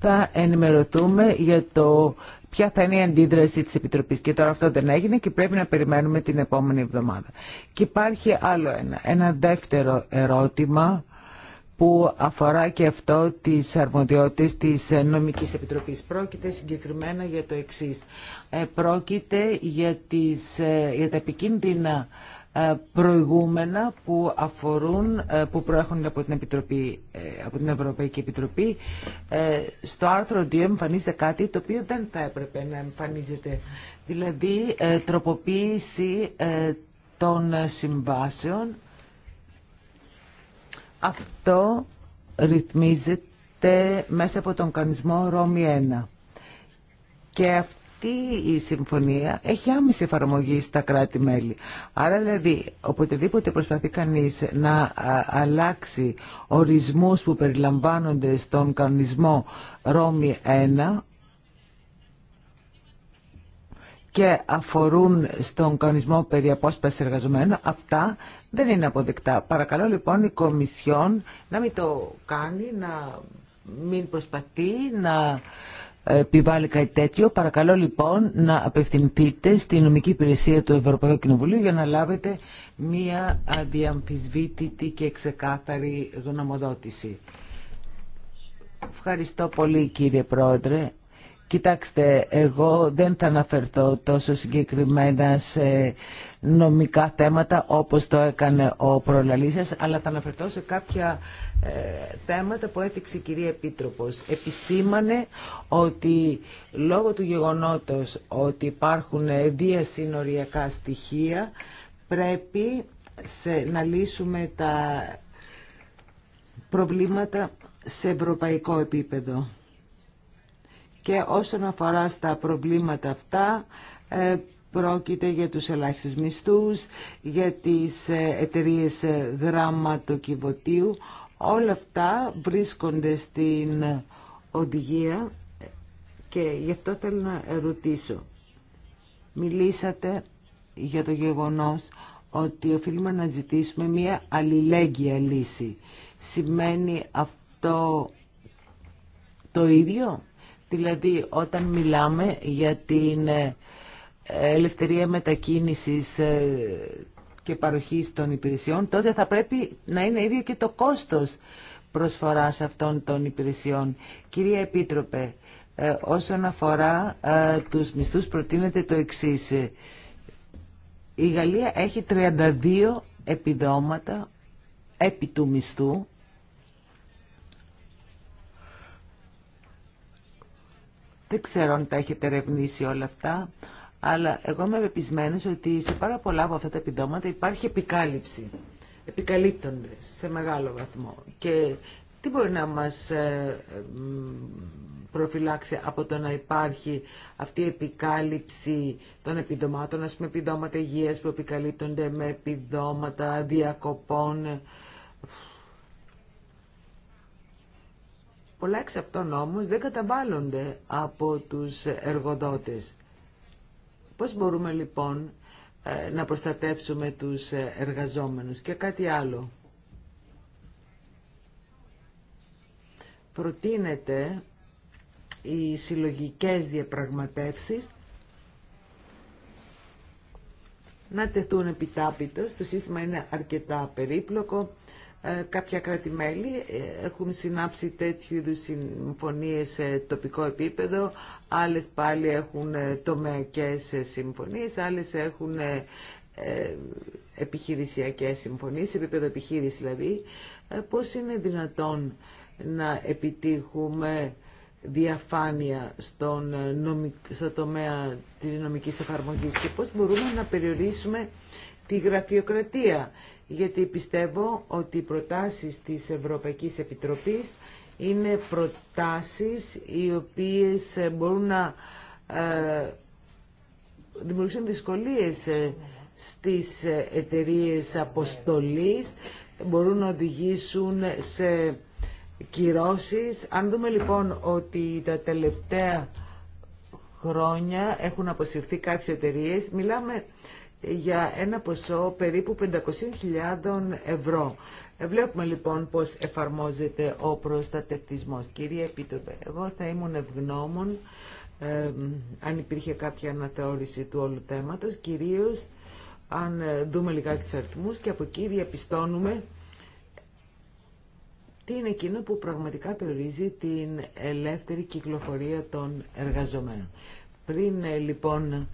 θα ενημερωθούμε για το ποια θα είναι η αντίδραση της Επιτροπής. Και τώρα αυτό δεν έγινε και πρέπει να περιμένουμε την επόμενη εβδομάδα. Και υπάρχει άλλο ένα, ένα δεύτερο ερώτημα που αφορά και αυτό τις αρμοδιότητες της Νομικής Επιτροπής. Πρόκειται συγκεκριμένα για το εξής. Ε, πρόκειται για, τις, ε, για τα επικίνδυνα ε, προηγούμενα που αφορούν, που προέχουν από την, Επιτροπή, από την Ευρωπαϊκή Επιτροπή. Στο άρθρο 2 εμφανίζεται κάτι το οποίο δεν θα έπρεπε να εμφανίζεται. Δηλαδή τροποποίηση των συμβάσεων αυτό ρυθμίζεται μέσα από τον κανισμό Ρώμη 1. Και αυτή η συμφωνία έχει άμεση εφαρμογή στα κράτη-μέλη. Άρα δηλαδή, οποτεδήποτε προσπαθεί κανείς να αλλάξει ορισμούς που περιλαμβάνονται στον κανονισμό Ρώμη 1, και αφορούν στον κανονισμό περί απόσπασης εργαζομένων, αυτά δεν είναι αποδεκτά. Παρακαλώ λοιπόν η Κομισιόν να μην το κάνει, να μην προσπαθεί να επιβάλλει κάτι τέτοιο. Παρακαλώ λοιπόν να απευθυνθείτε στην νομική υπηρεσία του Ευρωπαϊκού Κοινοβουλίου για να λάβετε μία αδιαμφισβήτητη και ξεκάθαρη γνωμοδότηση. Ευχαριστώ πολύ κύριε Πρόεδρε. Κοιτάξτε, εγώ δεν θα αναφερθώ τόσο συγκεκριμένα σε νομικά θέματα όπως το έκανε ο Προλαλήσιας αλλά θα αναφερθώ σε κάποια ε, θέματα που έθιξε η κυρία Επίτροπος. Επισήμανε ότι λόγω του γεγονότος ότι υπάρχουν συνοριακά στοιχεία πρέπει να λύσουμε τα προβλήματα σε ευρωπαϊκό επίπεδο. Και όσον αφορά στα προβλήματα αυτά, ε, πρόκειται για τους ελάχιστους μισθούς, για τις ε, εταιρείες ε, γραμματοκιβωτίου. Όλα αυτά βρίσκονται στην οδηγία και γι' αυτό θέλω να ρωτήσω. Μιλήσατε για το γεγονός ότι οφείλουμε να ζητήσουμε μία αλληλέγγυα λύση. Σημαίνει αυτό το ίδιο Δηλαδή όταν μιλάμε για την ε, ελευθερία μετακίνησης ε, και παροχής των υπηρεσιών, τότε θα πρέπει να είναι ίδιο και το κόστος προσφοράς αυτών των υπηρεσιών. Κυρία Επίτροπε, ε, όσον αφορά τους μισθούς προτείνεται το εξής. Η Γαλλία έχει 32 επιδόματα επί του μισθού Δεν ξέρω αν τα έχετε ερευνήσει όλα αυτά, αλλά εγώ είμαι πεπισμένος ότι σε πάρα πολλά από αυτά τα επιδόματα υπάρχει επικάλυψη. Επικαλύπτονται σε μεγάλο βαθμό. Και τι μπορεί να μας ε, προφυλάξει από το να υπάρχει αυτή η επικάλυψη των επιδομάτων, ας πούμε επιδόματα υγείας που επικαλύπτονται με επιδόματα διακοπών. Πολλά εξ αυτών όμως δεν καταβάλλονται από τους εργοδότες. Πώς μπορούμε λοιπόν ε, να προστατεύσουμε τους ε, εργαζόμενους και κάτι άλλο. Προτείνεται οι συλλογικές διαπραγματεύσεις να τεθούν επιτάπητο. Το σύστημα είναι αρκετά περίπλοκο. Ε, κάποια κράτη-μέλη ε, έχουν συνάψει τέτοιου είδους συμφωνίες σε τοπικό επίπεδο, άλλες πάλι έχουν ε, τομεακές συμφωνίες, άλλες έχουν επιχειρησιακές συμφωνίες, επίπεδο επιχείρηση δηλαδή. Πώς είναι δυνατόν να επιτύχουμε διαφάνεια στον νομικ... στο τομέα της νομικής εφαρμογής και πώς μπορούμε να περιορίσουμε τη γραφειοκρατία γιατί πιστεύω ότι οι προτάσεις της Ευρωπαϊκής Επιτροπής είναι προτάσεις οι οποίες μπορούν να ε, δημιουργήσουν δυσκολίες ε, στις εταιρείες αποστολής, μπορούν να οδηγήσουν σε κυρώσεις. Αν δούμε λοιπόν ότι τα τελευταία χρόνια έχουν αποσυρθεί κάποιες εταιρείε, μιλάμε για ένα ποσό περίπου 500.000 ευρώ. Ε, βλέπουμε λοιπόν πώς εφαρμόζεται ο προστατευτισμός. Κύριε Επίτροπε, εγώ θα ήμουν ευγνώμων αν υπήρχε κάποια αναθεώρηση του όλου θέματος, κυρίως αν ε, δούμε λιγάκι τους αριθμούς και από εκεί διαπιστώνουμε τι είναι εκείνο που πραγματικά περιορίζει την ελεύθερη κυκλοφορία των εργαζομένων. Πριν ε, λοιπόν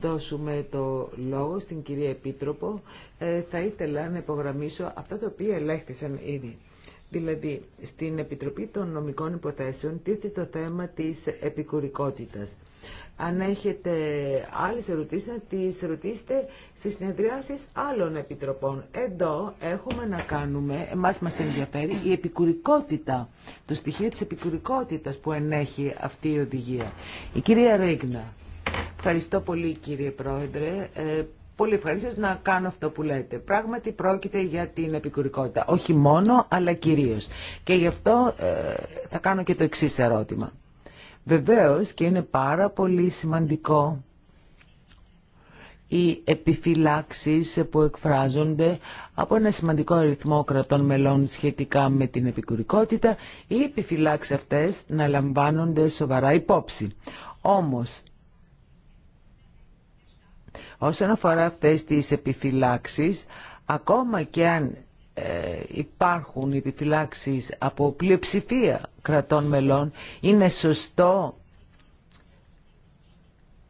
δώσουμε το λόγο στην κυρία Επίτροπο, ε, θα ήθελα να υπογραμμίσω αυτά τα οποία ελέγχθησαν ήδη. Δηλαδή, στην Επιτροπή των Νομικών Υποθέσεων τίθεται το θέμα της επικουρικότητας. Αν έχετε άλλες ερωτήσεις, να τις ρωτήσετε στις συνεδριάσεις άλλων επιτροπών. Εδώ έχουμε να κάνουμε, εμάς μας ενδιαφέρει, η επικουρικότητα, το στοιχείο της επικουρικότητας που ενέχει αυτή η οδηγία. Η κυρία Ρέγνα. Ευχαριστώ πολύ κύριε Πρόεδρε. Ε, πολύ ευχαριστώ να κάνω αυτό που λέτε. Πράγματι πρόκειται για την επικουρικότητα. Όχι μόνο, αλλά κυρίως. Και γι' αυτό ε, θα κάνω και το εξή ερώτημα. Βεβαίως και είναι πάρα πολύ σημαντικό οι επιφυλάξεις που εκφράζονται από ένα σημαντικό αριθμό κρατών μελών σχετικά με την επικουρικότητα, οι επιφυλάξεις αυτές να λαμβάνονται σοβαρά υπόψη. Όμως, Όσον αφορά αυτές τις επιφυλάξεις, ακόμα και αν ε, υπάρχουν επιφυλάξεις από πλειοψηφία κρατών μελών, είναι σωστό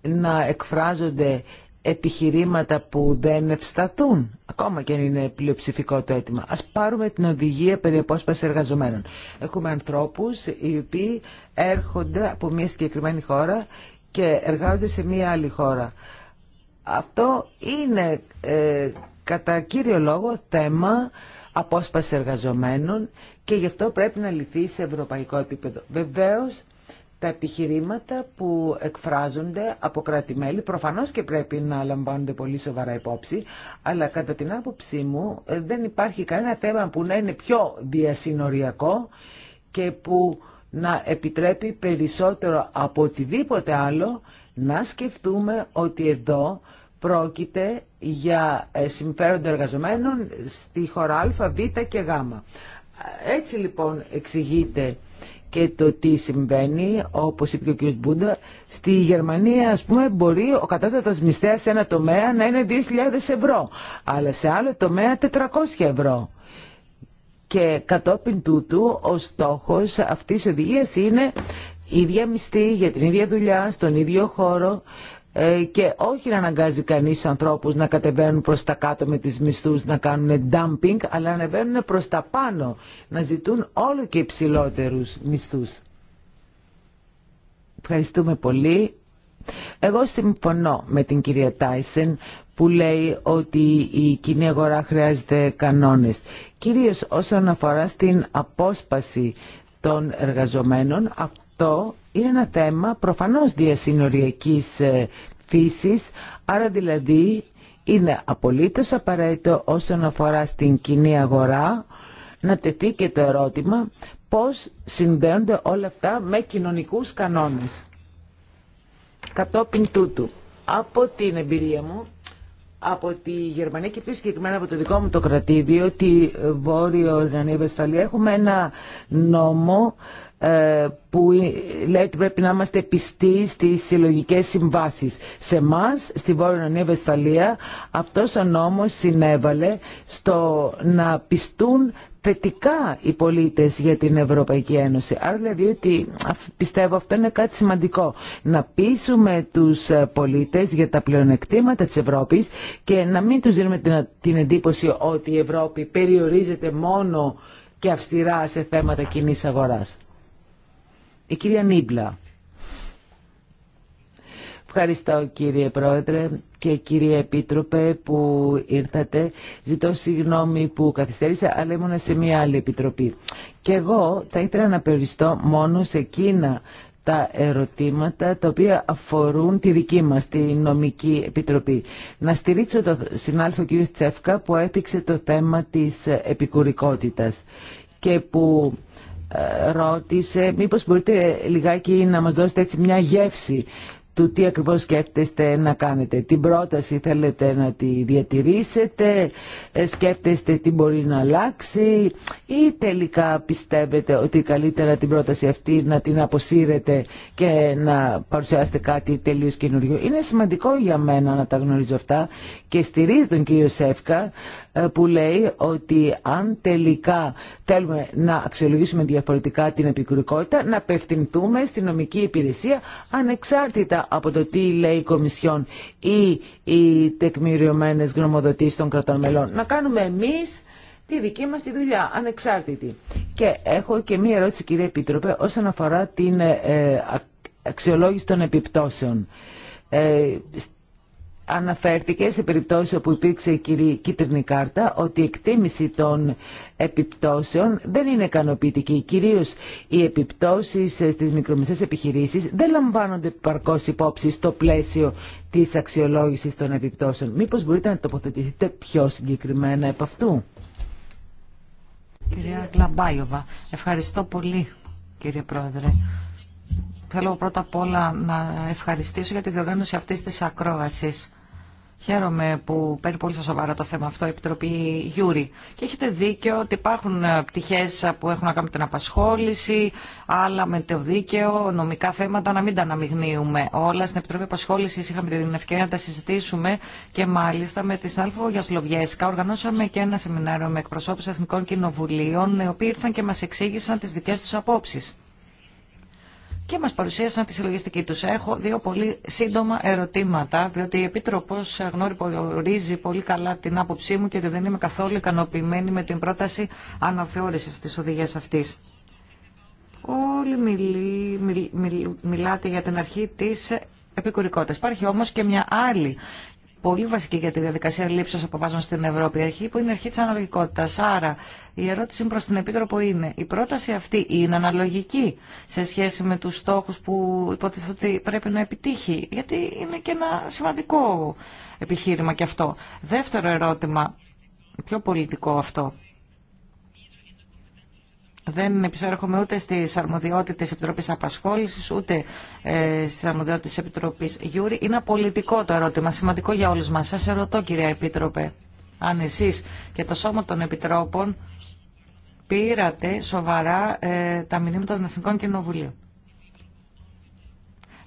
να εκφράζονται επιχειρήματα που δεν ευστατούν, ακόμα και αν είναι πλειοψηφικό το αίτημα. Ας πάρουμε την οδηγία περί απόσπασης εργαζομένων. Έχουμε ανθρώπους οι οποίοι έρχονται από μια συγκεκριμένη χώρα και εργάζονται σε μια άλλη χώρα. Αυτό είναι ε, κατά κύριο λόγο θέμα απόσπαση εργαζομένων και γι' αυτό πρέπει να λυθεί σε ευρωπαϊκό επίπεδο. Βεβαίως τα επιχειρήματα που εκφράζονται από κράτη-μέλη προφανώς και πρέπει να λαμβάνονται πολύ σοβαρά υπόψη, αλλά κατά την άποψή μου ε, δεν υπάρχει κανένα θέμα που να είναι πιο διασυνοριακό και που να επιτρέπει περισσότερο από οτιδήποτε άλλο να σκεφτούμε ότι εδώ πρόκειται για ε, συμφέροντα εργαζομένων στη χώρα Α, Β και Γ. Έτσι λοιπόν εξηγείται και το τι συμβαίνει, όπως είπε και ο κ. Μπούντα, στη Γερμανία ας πούμε μπορεί ο κατώτατος μισθέας σε ένα τομέα να είναι 2.000 ευρώ, αλλά σε άλλο τομέα 400 ευρώ. Και κατόπιν τούτου ο στόχος αυτής της οδηγίας είναι ίδια μισθή για την ίδια δουλειά, στον ίδιο χώρο ε, και όχι να αναγκάζει κανείς ανθρώπους να κατεβαίνουν προς τα κάτω με τις μισθούς, να κάνουν dumping, αλλά να ανεβαίνουν προς τα πάνω, να ζητούν όλο και υψηλότερους μισθούς. Ευχαριστούμε πολύ. Εγώ συμφωνώ με την κυρία Τάισεν που λέει ότι η κοινή αγορά χρειάζεται κανόνες. Κυρίως όσον αφορά στην απόσπαση των εργαζομένων, αυτό είναι ένα θέμα προφανώς διασυνοριακής ε, φύσης, άρα δηλαδή είναι απολύτως απαραίτητο όσον αφορά στην κοινή αγορά να τεθεί και το ερώτημα πώς συνδέονται όλα αυτά με κοινωνικούς κανόνες. Κατόπιν τούτου, από την εμπειρία μου, από τη Γερμανία και πιο συγκεκριμένα από το δικό μου το κρατήδιο, τη Βόρειο Ιρανία έχουμε ένα νόμο ε, που λέει ότι πρέπει να είμαστε πιστοί στις συλλογικέ συμβάσεις. Σε εμά, στη Βόρεια Νέα Βεσφαλία, αυτός ο νόμος συνέβαλε στο να πιστούν θετικά οι πολίτες για την Ευρωπαϊκή Ένωση. Άρα δηλαδή ότι πιστεύω αυτό είναι κάτι σημαντικό. Να πείσουμε τους ε, πολίτες για τα πλεονεκτήματα της Ευρώπης και να μην τους δίνουμε την εντύπωση ότι η Ευρώπη περιορίζεται μόνο και αυστηρά σε θέματα κοινή αγοράς. Η κυρία Νίμπλα. Ευχαριστώ κύριε Πρόεδρε και κύριε Επίτροπε που ήρθατε. Ζητώ συγγνώμη που καθυστέρησα, αλλά ήμουν σε μια άλλη επιτροπή. Και εγώ θα ήθελα να περιστώ μόνο σε εκείνα τα ερωτήματα τα οποία αφορούν τη δική μας, τη νομική επιτροπή. Να στηρίξω το συνάλφο κύριο Τσέφκα που έπιξε το θέμα της επικουρικότητας και που ρώτησε μήπως μπορείτε λιγάκι να μας δώσετε έτσι μια γεύση του τι ακριβώς σκέφτεστε να κάνετε. Την πρόταση θέλετε να τη διατηρήσετε, ε, σκέφτεστε τι μπορεί να αλλάξει ή τελικά πιστεύετε ότι καλύτερα την πρόταση αυτή να την αποσύρετε και να παρουσιάσετε κάτι τελείως καινούριο. Είναι σημαντικό για μένα να τα γνωρίζω αυτά και στηρίζει τον κύριο Σεύκα ε, που λέει ότι αν τελικά θέλουμε να αξιολογήσουμε διαφορετικά την επικουρικότητα να απευθυνθούμε στην νομική υπηρεσία ανεξάρτητα από το τι λέει η Κομισιόν ή οι τεκμηριωμένες γνωμοδοτήσεις των κρατών μελών. Να κάνουμε εμείς τη δική μας τη δουλειά, ανεξάρτητη. Και έχω και μία ερώτηση κύριε Επίτροπε όσον αφορά την ε, ε, αξιολόγηση των επιπτώσεων. Ε, αναφέρθηκε σε περιπτώσεις όπου υπήρξε κυρία κίτρινη κάρτα ότι η εκτίμηση των επιπτώσεων δεν είναι ικανοποιητική. Κυρίως οι επιπτώσεις στις μικρομεσαίες επιχειρήσεις δεν λαμβάνονται παρκώς υπόψη στο πλαίσιο της αξιολόγηση των επιπτώσεων. Μήπως μπορείτε να τοποθετηθείτε πιο συγκεκριμένα επ' αυτού. Κυρία Γλαμπάιωβα, ευχαριστώ πολύ κύριε Πρόεδρε. Θέλω πρώτα απ' όλα να ευχαριστήσω για τη διοργάνωση αυτής της ακρόασης. Χαίρομαι που παίρνει πολύ στα σοβαρά το θέμα αυτό η Επιτροπή Γιούρη. Και έχετε δίκιο ότι υπάρχουν ε, πτυχέ που έχουν να κάνουν την απασχόληση, άλλα με το δίκαιο, νομικά θέματα, να μην τα αναμειγνύουμε όλα. Στην Επιτροπή Απασχόληση είχαμε την ευκαιρία να τα συζητήσουμε και μάλιστα με τη συνάδελφο Γιασλοβιέσκα οργανώσαμε και ένα σεμινάριο με εκπροσώπου Εθνικών Κοινοβουλίων, οι οποίοι ήρθαν και μα εξήγησαν τι δικέ του απόψει και μας παρουσίασαν τη συλλογιστική τους. Έχω δύο πολύ σύντομα ερωτήματα, διότι η Επίτροπος γνωρίζει πολύ καλά την άποψή μου και ότι δεν είμαι καθόλου ικανοποιημένη με την πρόταση αναθεώρησης της οδηγίας αυτής. Όλοι μιλή, μιλάτε για την αρχή της επικουρικότητας. Υπάρχει όμως και μια άλλη πολύ βασική για τη διαδικασία λήψη αποφάσεων στην Ευρώπη. Αρχή που είναι η αρχή τη αναλογικότητα. Άρα, η ερώτηση προ την Επίτροπο είναι, η πρόταση αυτή είναι αναλογική σε σχέση με του στόχου που υποτίθεται ότι πρέπει να επιτύχει. Γιατί είναι και ένα σημαντικό επιχείρημα και αυτό. Δεύτερο ερώτημα, πιο πολιτικό αυτό. Δεν επισέρχομαι ούτε στι αρμοδιότητε Επιτροπή Απασχόληση, ούτε ε, στι αρμοδιότητε Επιτροπή Είναι πολιτικό το ερώτημα, σημαντικό για όλου μα. Σα ερωτώ, κυρία Επίτροπε, αν εσεί και το Σώμα των Επιτρόπων πήρατε σοβαρά ε, τα μηνύματα των Εθνικών Κοινοβουλίων.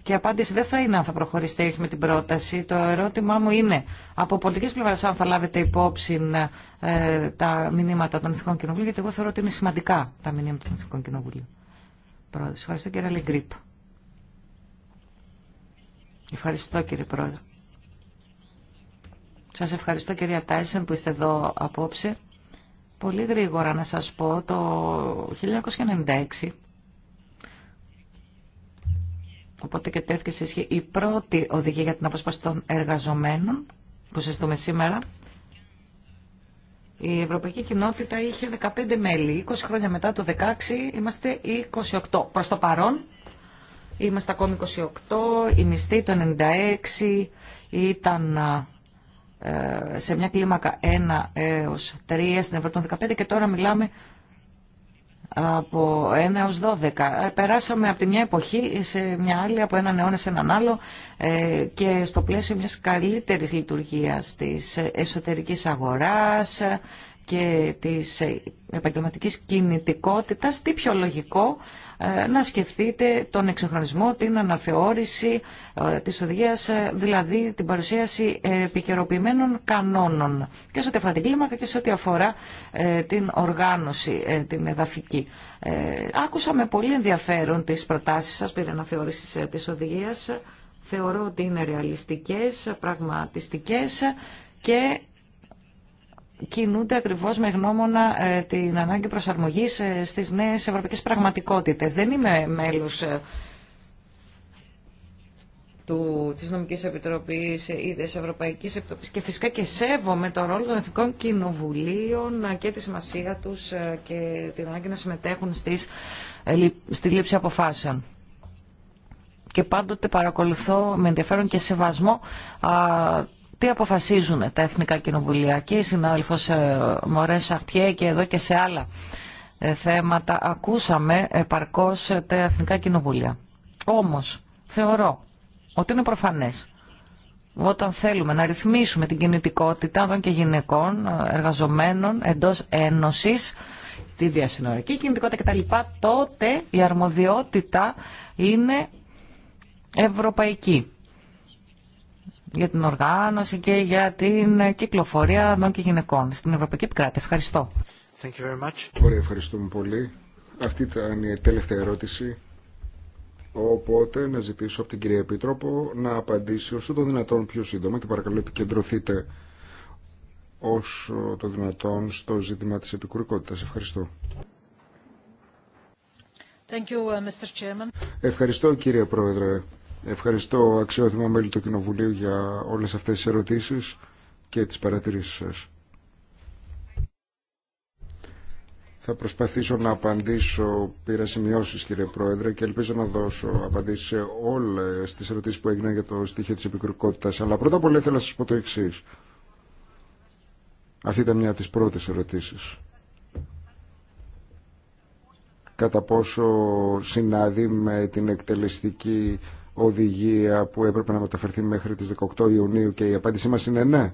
Και η απάντηση δεν θα είναι αν θα προχωρήσετε ή όχι με την πρόταση. Το ερώτημά μου είναι από πολιτική πλευρά αν θα λάβετε υπόψη ε, τα μηνύματα των Εθνικών Κοινοβουλίων, γιατί εγώ θεωρώ ότι είναι σημαντικά τα μηνύματα των Εθνικών Κοινοβουλίων. Πρόεδρε, ευχαριστώ κύριε Λεγκρίπ. Ευχαριστώ κύριε Πρόεδρε. Σας ευχαριστώ κυρία Τάισεν που είστε εδώ απόψε. Πολύ γρήγορα να σας πω, το 1996 Οπότε και τέθηκε σε ισχύ η πρώτη οδηγία για την αποσπάση των εργαζομένων που συζητούμε σήμερα. Η Ευρωπαϊκή Κοινότητα είχε 15 μέλη. 20 χρόνια μετά το 16 είμαστε 28. Προς το παρόν είμαστε ακόμη 28. Η μισθή το 96 ήταν ε, σε μια κλίμακα 1 έως 3 στην Ευρώπη των 15 και τώρα μιλάμε από 1 έως 12. Ε, περάσαμε από τη μια εποχή σε μια άλλη, από έναν αιώνα σε έναν άλλο ε, και στο πλαίσιο μιας καλύτερης λειτουργίας της εσωτερικής αγοράς, και της επαγγελματικής κινητικότητας, τι πιο λογικό ε, να σκεφτείτε τον εξοχρονισμό, την αναθεώρηση ε, της οδηγίας, ε, δηλαδή την παρουσίαση επικαιροποιημένων κανόνων και σε ό,τι αφορά την κλίμακα και σε ό,τι αφορά την οργάνωση, την εδαφική. Άκουσα με πολύ ενδιαφέρον τις προτάσεις σας περί αναθεώρησης της οδηγίας. Θεωρώ ότι είναι ρεαλιστικές, πραγματιστικές και κινούνται ακριβώς με γνώμονα ε, την ανάγκη προσαρμογής ε, στις νέες ευρωπαϊκές πραγματικότητες. Δεν είμαι μέλος ε, του, της Νομικής Επιτροπής ή της Ευρωπαϊκής Επιτροπής και φυσικά και σέβομαι τον ρόλο των Εθνικών Κοινοβουλίων και τη σημασία τους και την ανάγκη να συμμετέχουν στις, στη λήψη αποφάσεων. Και πάντοτε παρακολουθώ με ενδιαφέρον και σεβασμό τι αποφασίζουν τα Εθνικά Κοινοβουλία. Και η συνάδελφος ε, Μωρέ και εδώ και σε άλλα ε, θέματα ακούσαμε επαρκώς τα Εθνικά Κοινοβουλία. Όμως θεωρώ ότι είναι προφανές όταν θέλουμε να ρυθμίσουμε την κινητικότητα των και γυναικών ε, εργαζομένων εντός ένωσης τη διασυνορική κινητικότητα κτλ. Τότε η αρμοδιότητα είναι ευρωπαϊκή για την οργάνωση και για την κυκλοφορία ανδρών και γυναικών στην Ευρωπαϊκή Επικράτη. Ευχαριστώ. Thank you very much. ευχαριστούμε πολύ. Αυτή ήταν η τελευταία ερώτηση. Οπότε να ζητήσω από την κυρία Επίτροπο να απαντήσει όσο το δυνατόν πιο σύντομα και παρακαλώ επικεντρωθείτε όσο το δυνατόν στο ζήτημα της επικουρικότητας. Ευχαριστώ. Thank you, uh, Mr. Ευχαριστώ κύριε Πρόεδρε. Ευχαριστώ αξιότιμα μέλη του Κοινοβουλίου για όλες αυτές τις ερωτήσεις και τις παρατηρήσεις σας. Θα προσπαθήσω να απαντήσω, πήρα σημειώσει κύριε Πρόεδρε και ελπίζω να δώσω απαντήσεις σε όλες τις ερωτήσεις που έγιναν για το στοιχείο της επικουρικότητα. Αλλά πρώτα απ' όλα ήθελα να σα πω το εξή. Αυτή ήταν μια από τι πρώτε ερωτήσει. Κατά πόσο συνάδει με την εκτελεστική οδηγία που έπρεπε να μεταφερθεί μέχρι τις 18 Ιουνίου και η απάντησή μας είναι ναι.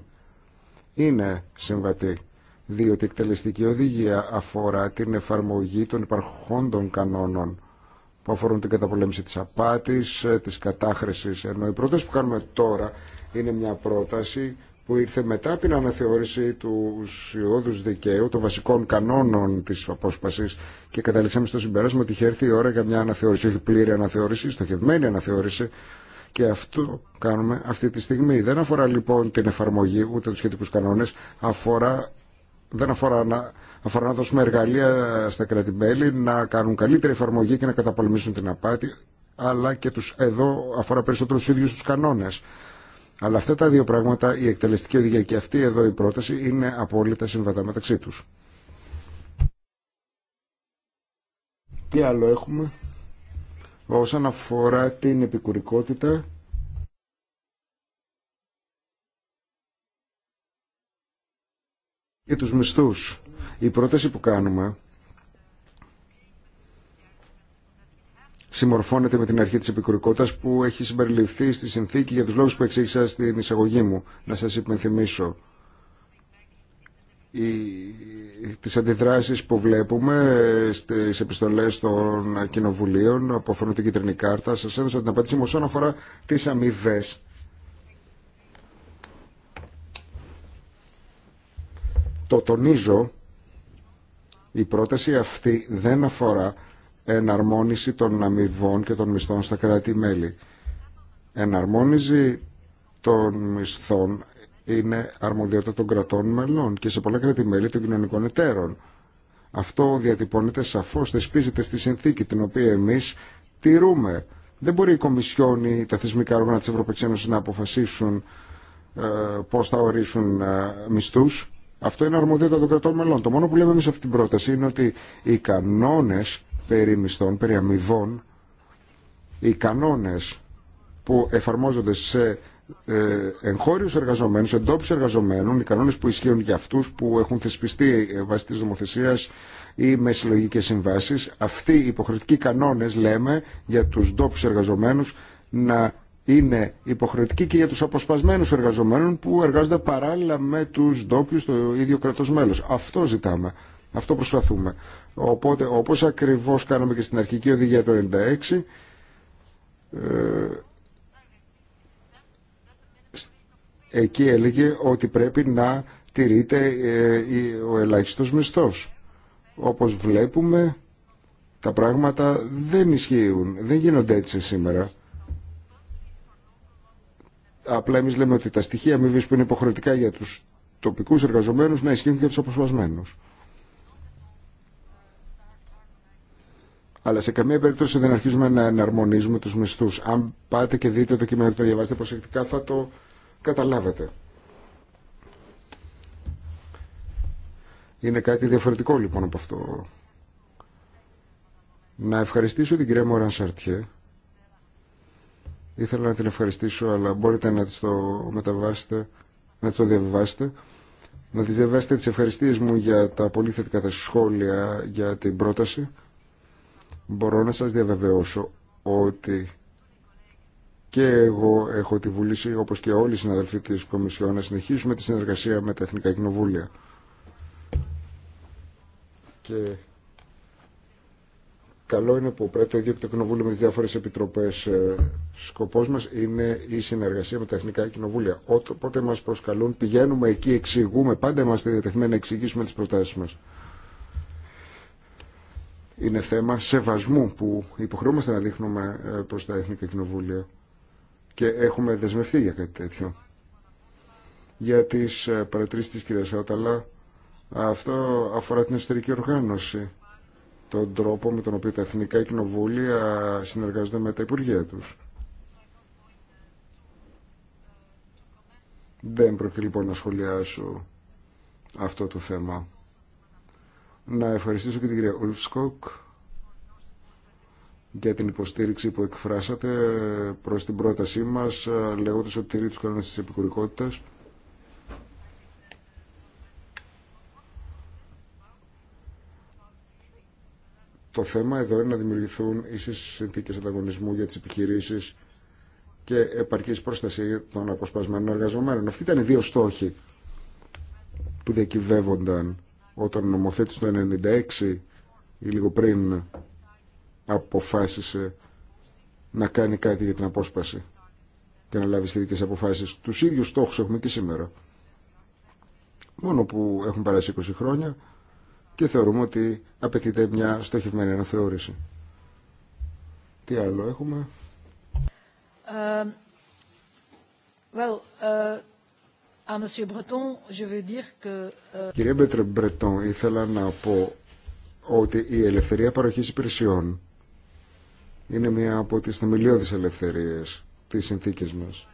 Είναι συμβατή, διότι η εκτελεστική οδηγία αφορά την εφαρμογή των υπαρχόντων κανόνων που αφορούν την καταπολέμηση της απάτης, ε, της κατάχρησης, ενώ η πρόταση που κάνουμε τώρα είναι μια πρόταση που ήρθε μετά την αναθεώρηση του ουσιώδους δικαίου των βασικών κανόνων της απόσπασης και καταλήξαμε στο συμπέρασμα ότι είχε έρθει η ώρα για μια αναθεώρηση, όχι πλήρη αναθεώρηση, στοχευμένη αναθεώρηση και αυτό κάνουμε αυτή τη στιγμή. Δεν αφορά λοιπόν την εφαρμογή ούτε τους σχετικούς κανόνες, αφορά, δεν αφορά να, αφορά να δώσουμε εργαλεία στα κρατημέλη να κάνουν καλύτερη εφαρμογή και να καταπολεμήσουν την απάτη αλλά και τους, εδώ αφορά περισσότερο τους ίδιους τους κανόνες. Αλλά αυτά τα δύο πράγματα, η εκτελεστική οδηγία και αυτή εδώ η πρόταση, είναι απόλυτα συμβατά μεταξύ τους. Τι άλλο έχουμε όσον αφορά την επικουρικότητα. Και τους μισθούς. Η πρόταση που κάνουμε συμμορφώνεται με την αρχή της επικουρικότητας που έχει συμπεριληφθεί στη συνθήκη για τους λόγους που εξήγησα στην εισαγωγή μου. Να σας υπενθυμίσω οι, τις αντιδράσεις που βλέπουμε στις επιστολές των κοινοβουλίων που αφορούν την κίτρινη κάρτα. Σας έδωσα την απάντησή μου όσον αφορά τις αμοιβέ. Το τονίζω, η πρόταση αυτή δεν αφορά εναρμόνιση των αμοιβών και των μισθών στα κράτη-μέλη. Εναρμόνιση των μισθών είναι αρμοδιότητα των κρατών μελών και σε πολλά κράτη-μέλη των κοινωνικών εταίρων. Αυτό διατυπώνεται σαφώς, θεσπίζεται στη συνθήκη την οποία εμείς τηρούμε. Δεν μπορεί η Κομισιόν ή τα θεσμικά όργανα της Ευρωπαϊκής Ένωσης να αποφασίσουν ε, πώς θα ορίσουν ε, μισθούς. Αυτό είναι αρμοδιότητα των κρατών μελών. Το μόνο που λέμε εμείς αυτή την πρόταση είναι ότι οι κανόνες περί μισθών, περί αμοιβών, οι κανόνες που εφαρμόζονται σε ε, εγχώριους εργαζομένους, εντόπους εργαζομένων, οι κανόνες που ισχύουν για αυτούς που έχουν θεσπιστεί ε, βάσει της νομοθεσίας ή με συλλογικέ συμβάσεις. Αυτοί οι υποχρεωτικοί κανόνες, λέμε, για τους ντόπιου εργαζομένους να είναι υποχρεωτικοί και για τους αποσπασμένους εργαζομένους που εργάζονται παράλληλα με τους ντόπιου στο ίδιο κρατός μέλος. Αυτό ζητάμε. Αυτό προσπαθούμε. Οπότε, όπως ακριβώς κάναμε και στην αρχική οδηγία του 96, ε, εκεί έλεγε ότι πρέπει να τηρείται ε, ο ελάχιστος μισθός. Όπως βλέπουμε, τα πράγματα δεν ισχύουν, δεν γίνονται έτσι σήμερα. Απλά εμεί λέμε ότι τα στοιχεία αμοιβή που είναι υποχρεωτικά για τους τοπικούς εργαζομένους να ισχύουν και για τους αποσπασμένους. Αλλά σε καμία περίπτωση δεν αρχίζουμε να εναρμονίζουμε τους μισθούς. Αν πάτε και δείτε το κείμενο και το διαβάσετε προσεκτικά θα το καταλάβετε. Είναι κάτι διαφορετικό λοιπόν από αυτό. Να ευχαριστήσω την κυρία Μωράν Σαρτιέ. Ήθελα να την ευχαριστήσω, αλλά μπορείτε να τη το μεταβάσετε, να το διαβάσετε. Να της διαβάσετε τις ευχαριστίες μου για τα πολύ θετικά τα σχόλια για την πρόταση μπορώ να σας διαβεβαιώσω ότι και εγώ έχω τη βούληση, όπως και όλοι οι συναδελφοί της Κομισιόν, να συνεχίσουμε τη συνεργασία με τα Εθνικά Κοινοβούλια. Και καλό είναι που πρέπει το ίδιο και το Κοινοβούλιο με τις διάφορες επιτροπές. Ε, σκοπός μας είναι η συνεργασία με τα Εθνικά Κοινοβούλια. Όποτε μας προσκαλούν πηγαίνουμε εκεί, εξηγούμε, πάντα είμαστε διατεθειμένοι να εξηγήσουμε τις προτάσεις μας είναι θέμα σεβασμού που υποχρεούμαστε να δείχνουμε ε, προς τα Εθνικά Κοινοβούλια και έχουμε δεσμευτεί για κάτι τέτοιο. Για τις ε, παρατηρήσεις της κυρίας Άταλα, αυτό αφορά την εσωτερική οργάνωση, τον τρόπο με τον οποίο τα Εθνικά Κοινοβούλια συνεργάζονται με τα Υπουργεία τους. Δεν πρόκειται λοιπόν να σχολιάσω αυτό το θέμα να ευχαριστήσω και την κυρία Ουλφσκοκ για την υποστήριξη που εκφράσατε προς την πρότασή μας ε, λέγοντας ότι τηρεί τους κανόνες της επικουρικότητας. Το θέμα εδώ είναι να δημιουργηθούν ίσες συνθήκες ανταγωνισμού για τις επιχειρήσεις και επαρκής πρόσταση των αποσπασμένων εργαζομένων. Αυτοί ήταν οι δύο στόχοι που διακυβεύονταν όταν νομοθέτης το 1996 ή λίγο πριν αποφάσισε να κάνει κάτι για την απόσπαση και να λάβει σχετικές αποφάσει. Του ίδιου στόχου έχουμε και σήμερα. Μόνο που έχουν περάσει 20 χρόνια και θεωρούμε ότι απαιτείται μια στοχευμένη αναθεώρηση. Τι άλλο έχουμε. Uh, well, ε, Ah, euh, Κύριε Μπρετόν, ήθελα να πω ότι η ελευθερία παροχής υπηρεσιών είναι μία από τις θεμελιώδεις ελευθερίες της συνθήκης μας.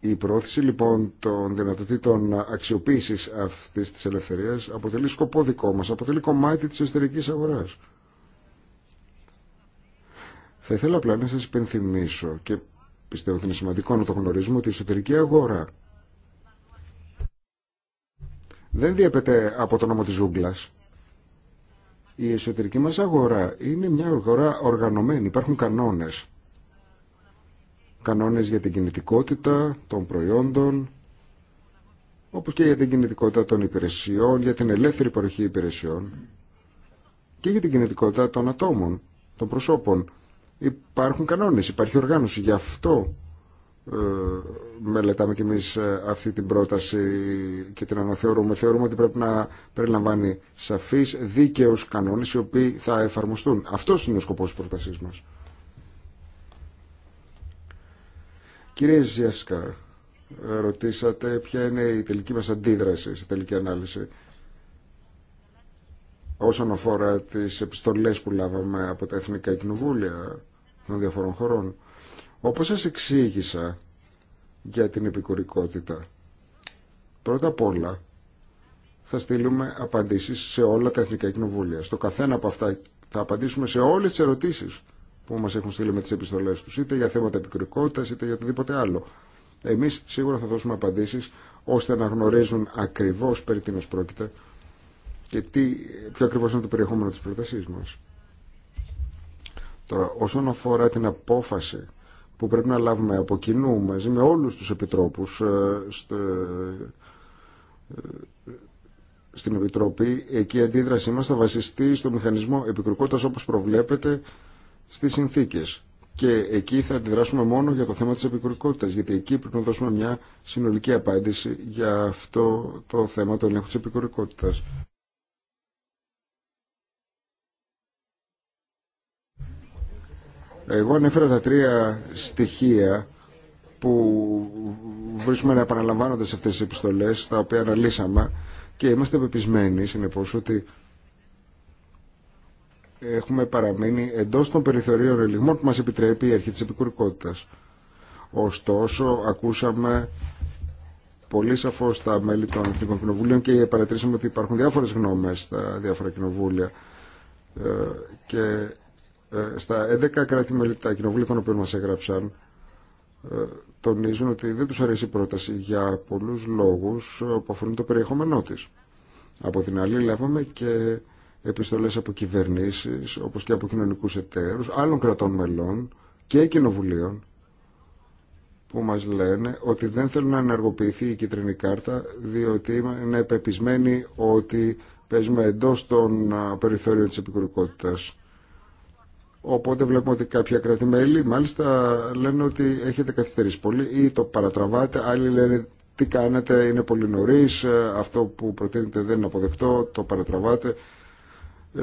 Η πρόθεση λοιπόν των δυνατοτήτων αξιοποίησης αυτής της ελευθερίας αποτελεί σκοπό δικό μας, αποτελεί κομμάτι της εσωτερικής αγοράς. Θα ήθελα απλά να σας υπενθυμίσω και Πιστεύω ότι είναι σημαντικό να το γνωρίζουμε ότι η εσωτερική αγορά δεν διέπεται από το νόμο της ζούγκλας. Η εσωτερική μας αγορά είναι μια αγορά οργανωμένη. Υπάρχουν κανόνες. Κανόνες για την κινητικότητα των προϊόντων, όπως και για την κινητικότητα των υπηρεσιών, για την ελεύθερη παροχή υπηρεσιών και για την κινητικότητα των ατόμων, των προσώπων υπάρχουν κανόνες, υπάρχει οργάνωση. Γι' αυτό ε, μελετάμε κι εμείς ε, αυτή την πρόταση και την αναθεωρούμε. Θεωρούμε ότι πρέπει να περιλαμβάνει σαφείς δίκαιους κανόνες οι οποίοι θα εφαρμοστούν. Αυτός είναι ο σκοπός της πρότασής μας. Κύριε Ζιασκά, ρωτήσατε ποια είναι η τελική μας αντίδραση, σε τελική ανάλυση όσον αφορά τις επιστολές που λάβαμε από τα Εθνικά Κοινοβούλια των διαφορών χωρών. Όπως σας εξήγησα για την επικουρικότητα, πρώτα απ' όλα θα στείλουμε απαντήσεις σε όλα τα Εθνικά Κοινοβούλια. Στο καθένα από αυτά θα απαντήσουμε σε όλες τις ερωτήσεις που μας έχουν στείλει με τις επιστολές τους, είτε για θέματα επικουρικότητας, είτε για οτιδήποτε άλλο. Εμείς σίγουρα θα δώσουμε απαντήσεις ώστε να γνωρίζουν ακριβώς περί τίνος πρόκειται και τι, ποιο ακριβώς είναι το περιεχόμενο της πρότασής μας. Τώρα, όσον αφορά την απόφαση που πρέπει να λάβουμε από κοινού μαζί με όλους τους επιτρόπους ε, ε, στην Επιτροπή, εκεί η αντίδρασή μας θα βασιστεί στο μηχανισμό επικρουκότητας όπως προβλέπεται στις συνθήκες. Και εκεί θα αντιδράσουμε μόνο για το θέμα της επικουρικότητας, γιατί εκεί πρέπει να δώσουμε μια συνολική απάντηση για αυτό το θέμα του ελέγχου της επικουρικότητας. Εγώ ανέφερα τα τρία στοιχεία που βρίσκουμε να επαναλαμβάνονται σε αυτές τις επιστολές, τα οποία αναλύσαμε και είμαστε πεπισμένοι, συνεπώς, ότι έχουμε παραμείνει εντός των περιθωρίων ελιγμών που μας επιτρέπει η αρχή της επικουρικότητας. Ωστόσο, ακούσαμε πολύ σαφώ τα μέλη των Εθνικών Κοινοβουλίων και παρατηρήσαμε ότι υπάρχουν διάφορες γνώμες στα διάφορα κοινοβούλια. Ε, και ε, στα 11 κράτη-μέλη, τα κοινοβούλια των οποίων μας έγραψαν, ε, τονίζουν ότι δεν τους αρέσει η πρόταση για πολλούς λόγους που αφορούν το περιεχόμενό της. Από την άλλη λάβαμε και επιστολές από κυβερνήσεις, όπως και από κοινωνικούς εταίρους, άλλων κρατών μελών και κοινοβουλίων, που μας λένε ότι δεν θέλουν να ενεργοποιηθεί η κίτρινη κάρτα, διότι είναι πεπισμένοι ότι παίζουμε εντός των ε, περιθώριων της επικουρικότητας Οπότε βλέπουμε ότι κάποια κρατημέλη μάλιστα λένε ότι έχετε καθυστερήσει πολύ ή το παρατραβάτε. Άλλοι λένε τι κάνετε, είναι πολύ νωρί, ε, αυτό που προτείνετε δεν είναι αποδεκτό, το παρατραβάτε. Ε,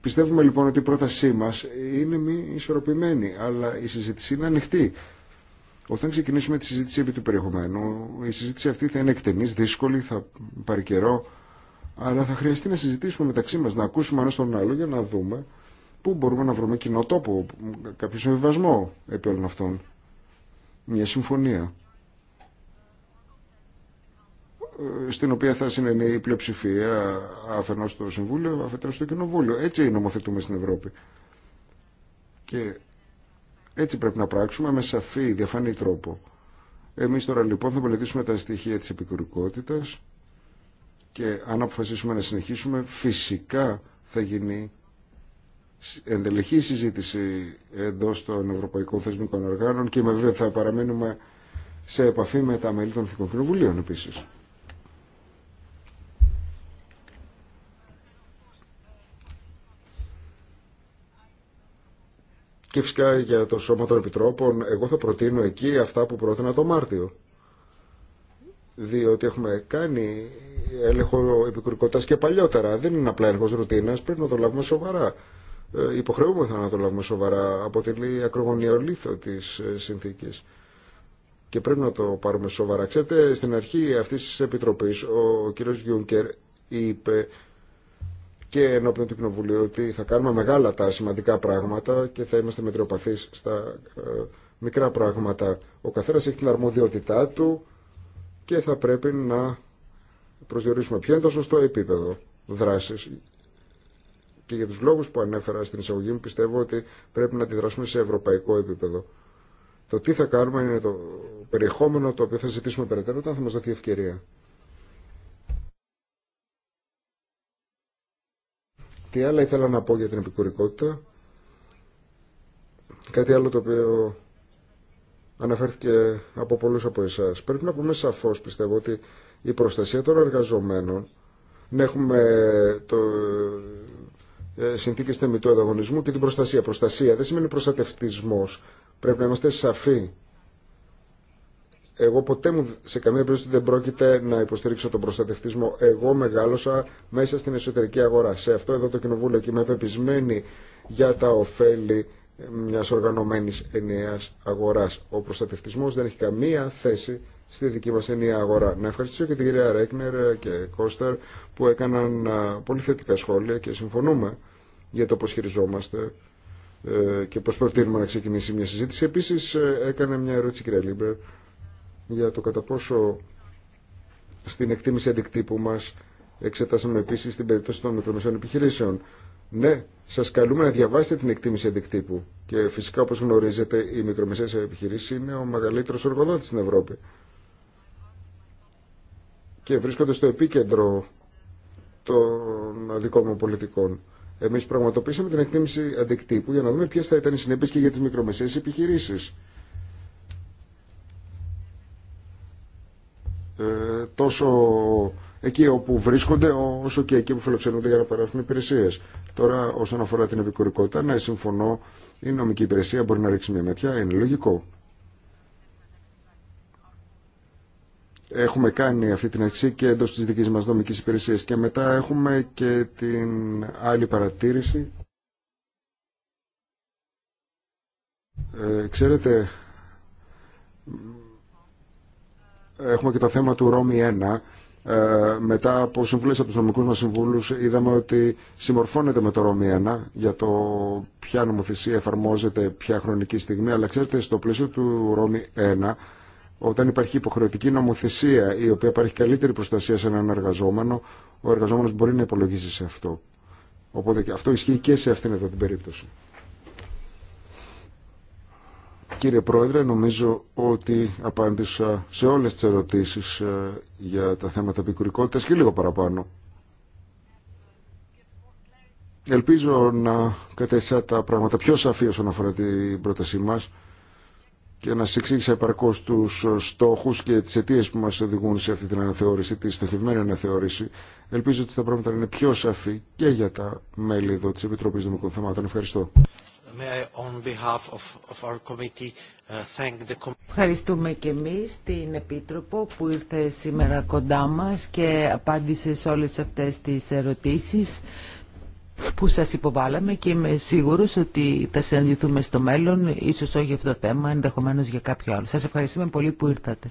πιστεύουμε λοιπόν ότι η πρότασή μα είναι μη ισορροπημένη, αλλά η συζήτηση είναι ανοιχτή. Όταν ξεκινήσουμε τη συζήτηση επί του περιεχομένου, η συζήτηση αυτή θα είναι εκτενής, δύσκολη, θα πάρει καιρό, αλλά θα χρειαστεί να συζητήσουμε μεταξύ μα, να ακούσουμε ένα τον άλλο για να δούμε που μπορούμε να βρούμε κοινό τόπο, κάποιο συμβιβασμό επί όλων αυτών. Μια συμφωνία ε, στην οποία θα συνενεί η πλειοψηφία αφενός στο Συμβούλιο, αφετέρου στο Κοινοβούλιο. Έτσι νομοθετούμε στην Ευρώπη. Και έτσι πρέπει να πράξουμε με σαφή, διαφανή τρόπο. Εμείς τώρα λοιπόν θα μελετήσουμε τα στοιχεία της επικουρικότητας και αν αποφασίσουμε να συνεχίσουμε φυσικά θα γίνει εντελεχή συζήτηση εντός των Ευρωπαϊκών Θεσμικών Οργάνων και με βέβαια θα παραμείνουμε σε επαφή με τα μέλη των Εθνικών Κοινοβουλίων επίσης. Και φυσικά για το Σώμα των Επιτρόπων, εγώ θα προτείνω εκεί αυτά που πρότεινα το Μάρτιο. Διότι έχουμε κάνει έλεγχο επικουρικότητας και παλιότερα. Δεν είναι απλά έλεγχος ρουτίνας, πρέπει να το λάβουμε σοβαρά. Ε, υποχρεούμεθα να το λάβουμε σοβαρά. Αποτελεί ακρογωνιαίο τη της ε, και πρέπει να το πάρουμε σοβαρά. Ξέρετε, στην αρχή αυτής τη επιτροπή, ο κύριος Γιούνκερ είπε και ενώπιον του Κοινοβουλίου ότι θα κάνουμε μεγάλα τα σημαντικά πράγματα και θα είμαστε μετριοπαθείς στα ε, μικρά πράγματα. Ο καθένας έχει την αρμοδιότητά του και θα πρέπει να προσδιορίσουμε ποιο είναι το σωστό επίπεδο δράσης και για τους λόγους που ανέφερα στην εισαγωγή μου πιστεύω ότι πρέπει να αντιδράσουμε σε ευρωπαϊκό επίπεδο. Το τι θα κάνουμε είναι το περιεχόμενο το οποίο θα ζητήσουμε περαιτέρω όταν θα μας δοθεί ευκαιρία. Τι άλλο ήθελα να πω για την επικουρικότητα. Κάτι άλλο το οποίο αναφέρθηκε από πολλούς από εσάς. Πρέπει να πούμε σαφώς πιστεύω ότι η προστασία των εργαζομένων να έχουμε το ε, συνθήκε θεμητού ανταγωνισμού και την προστασία. Προστασία δεν σημαίνει προστατευτισμό. Πρέπει να είμαστε σαφοί. Εγώ ποτέ μου σε καμία περίπτωση δεν πρόκειται να υποστηρίξω τον προστατευτισμό. Εγώ μεγάλωσα μέσα στην εσωτερική αγορά. Σε αυτό εδώ το κοινοβούλιο και είμαι πεπισμένη για τα ωφέλη μια οργανωμένη ενιαία αγορά. Ο προστατευτισμό δεν έχει καμία θέση στη δική μα ενιαία αγορά. Να ευχαριστήσω και την κυρία Ρέκνερ και Κώστερ που έκαναν ε, πολύ θετικά σχόλια και συμφωνούμε για το πώς χειριζόμαστε ε, και πώς προτείνουμε να ξεκινήσει μια συζήτηση. Επίσης ε, έκανε μια ερώτηση κυρία Λίμπερ για το κατά πόσο στην εκτίμηση αντικτύπου μας εξετάσαμε επίσης την περίπτωση των μικρομεσαίων επιχειρήσεων. Ναι, σας καλούμε να διαβάσετε την εκτίμηση αντικτύπου και φυσικά όπως γνωρίζετε η μικρομεσαίες επιχειρήσεις είναι ο μεγαλύτερος εργοδότης στην Ευρώπη και βρίσκονται στο επίκεντρο των δικών μου πολιτικών. Εμεί πραγματοποιήσαμε την εκτίμηση αντικτύπου για να δούμε ποιε θα ήταν οι συνέπειε και για τι μικρομεσαίε επιχειρήσει. Ε, τόσο εκεί όπου βρίσκονται, όσο και εκεί που φιλοξενούνται για να παράγουν υπηρεσίε. Τώρα, όσον αφορά την επικουρικότητα, να συμφωνώ, η νομική υπηρεσία μπορεί να ρίξει μια ματιά, είναι λογικό. Έχουμε κάνει αυτή την αξία και εντός της δικής μας δομικής υπηρεσίας και μετά έχουμε και την άλλη παρατήρηση. Ε, ξέρετε, έχουμε και το θέμα του Ρώμη 1. Ε, μετά από συμβουλές από τους νομικούς μας συμβούλους είδαμε ότι συμμορφώνεται με το Ρώμη 1 για το ποια νομοθεσία εφαρμόζεται, ποια χρονική στιγμή αλλά ξέρετε στο πλαίσιο του Ρώμη 1 όταν υπάρχει υποχρεωτική νομοθεσία η οποία παρέχει καλύτερη προστασία σε έναν εργαζόμενο, ο εργαζόμενος μπορεί να υπολογίζει σε αυτό. Οπότε αυτό ισχύει και σε αυτήν εδώ την περίπτωση. Κύριε Πρόεδρε, νομίζω ότι απάντησα σε όλες τις ερωτήσεις ε, για τα θέματα επικουρικότητας και λίγο παραπάνω. Ελπίζω να κατέστησα τα πράγματα πιο σαφή όσον αφορά την πρότασή μας και να σα εξήγησα επαρκώ του ε, στόχου και τι αιτίε που μα οδηγούν σε αυτή την αναθεώρηση, τη στοχευμένη αναθεώρηση. Ελπίζω ότι τα πράγματα είναι πιο σαφή και για τα μέλη εδώ τη Επιτροπή Δημοκρατικών Θεμάτων. Ευχαριστώ. Uh, Ευχαριστούμε και εμείς την Επίτροπο που ήρθε σήμερα κοντά μας και απάντησε σε όλες αυτές τις ερωτήσεις που σας υποβάλαμε και είμαι σίγουρος ότι θα συναντηθούμε στο μέλλον, ίσως όχι αυτό το θέμα, ενδεχομένως για κάποιο άλλο. Σας ευχαριστούμε πολύ που ήρθατε.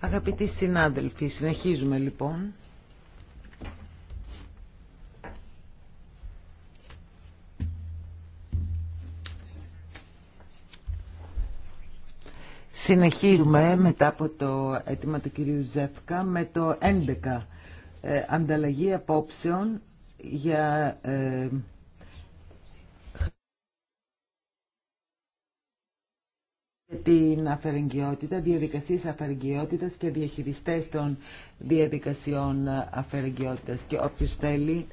Αγαπητοί συνάδελφοι, συνεχίζουμε λοιπόν. Συνεχίζουμε μετά από το αίτημα του κυρίου Ζεύκα με το 11. Ε, ανταλλαγή απόψεων για... Ε, την αφαιρεγγιότητα, διαδικασίες αφαιρεγγιότητας και διαχειριστές των διαδικασιών αφαιρεγγιότητας. Και όποιος θέλει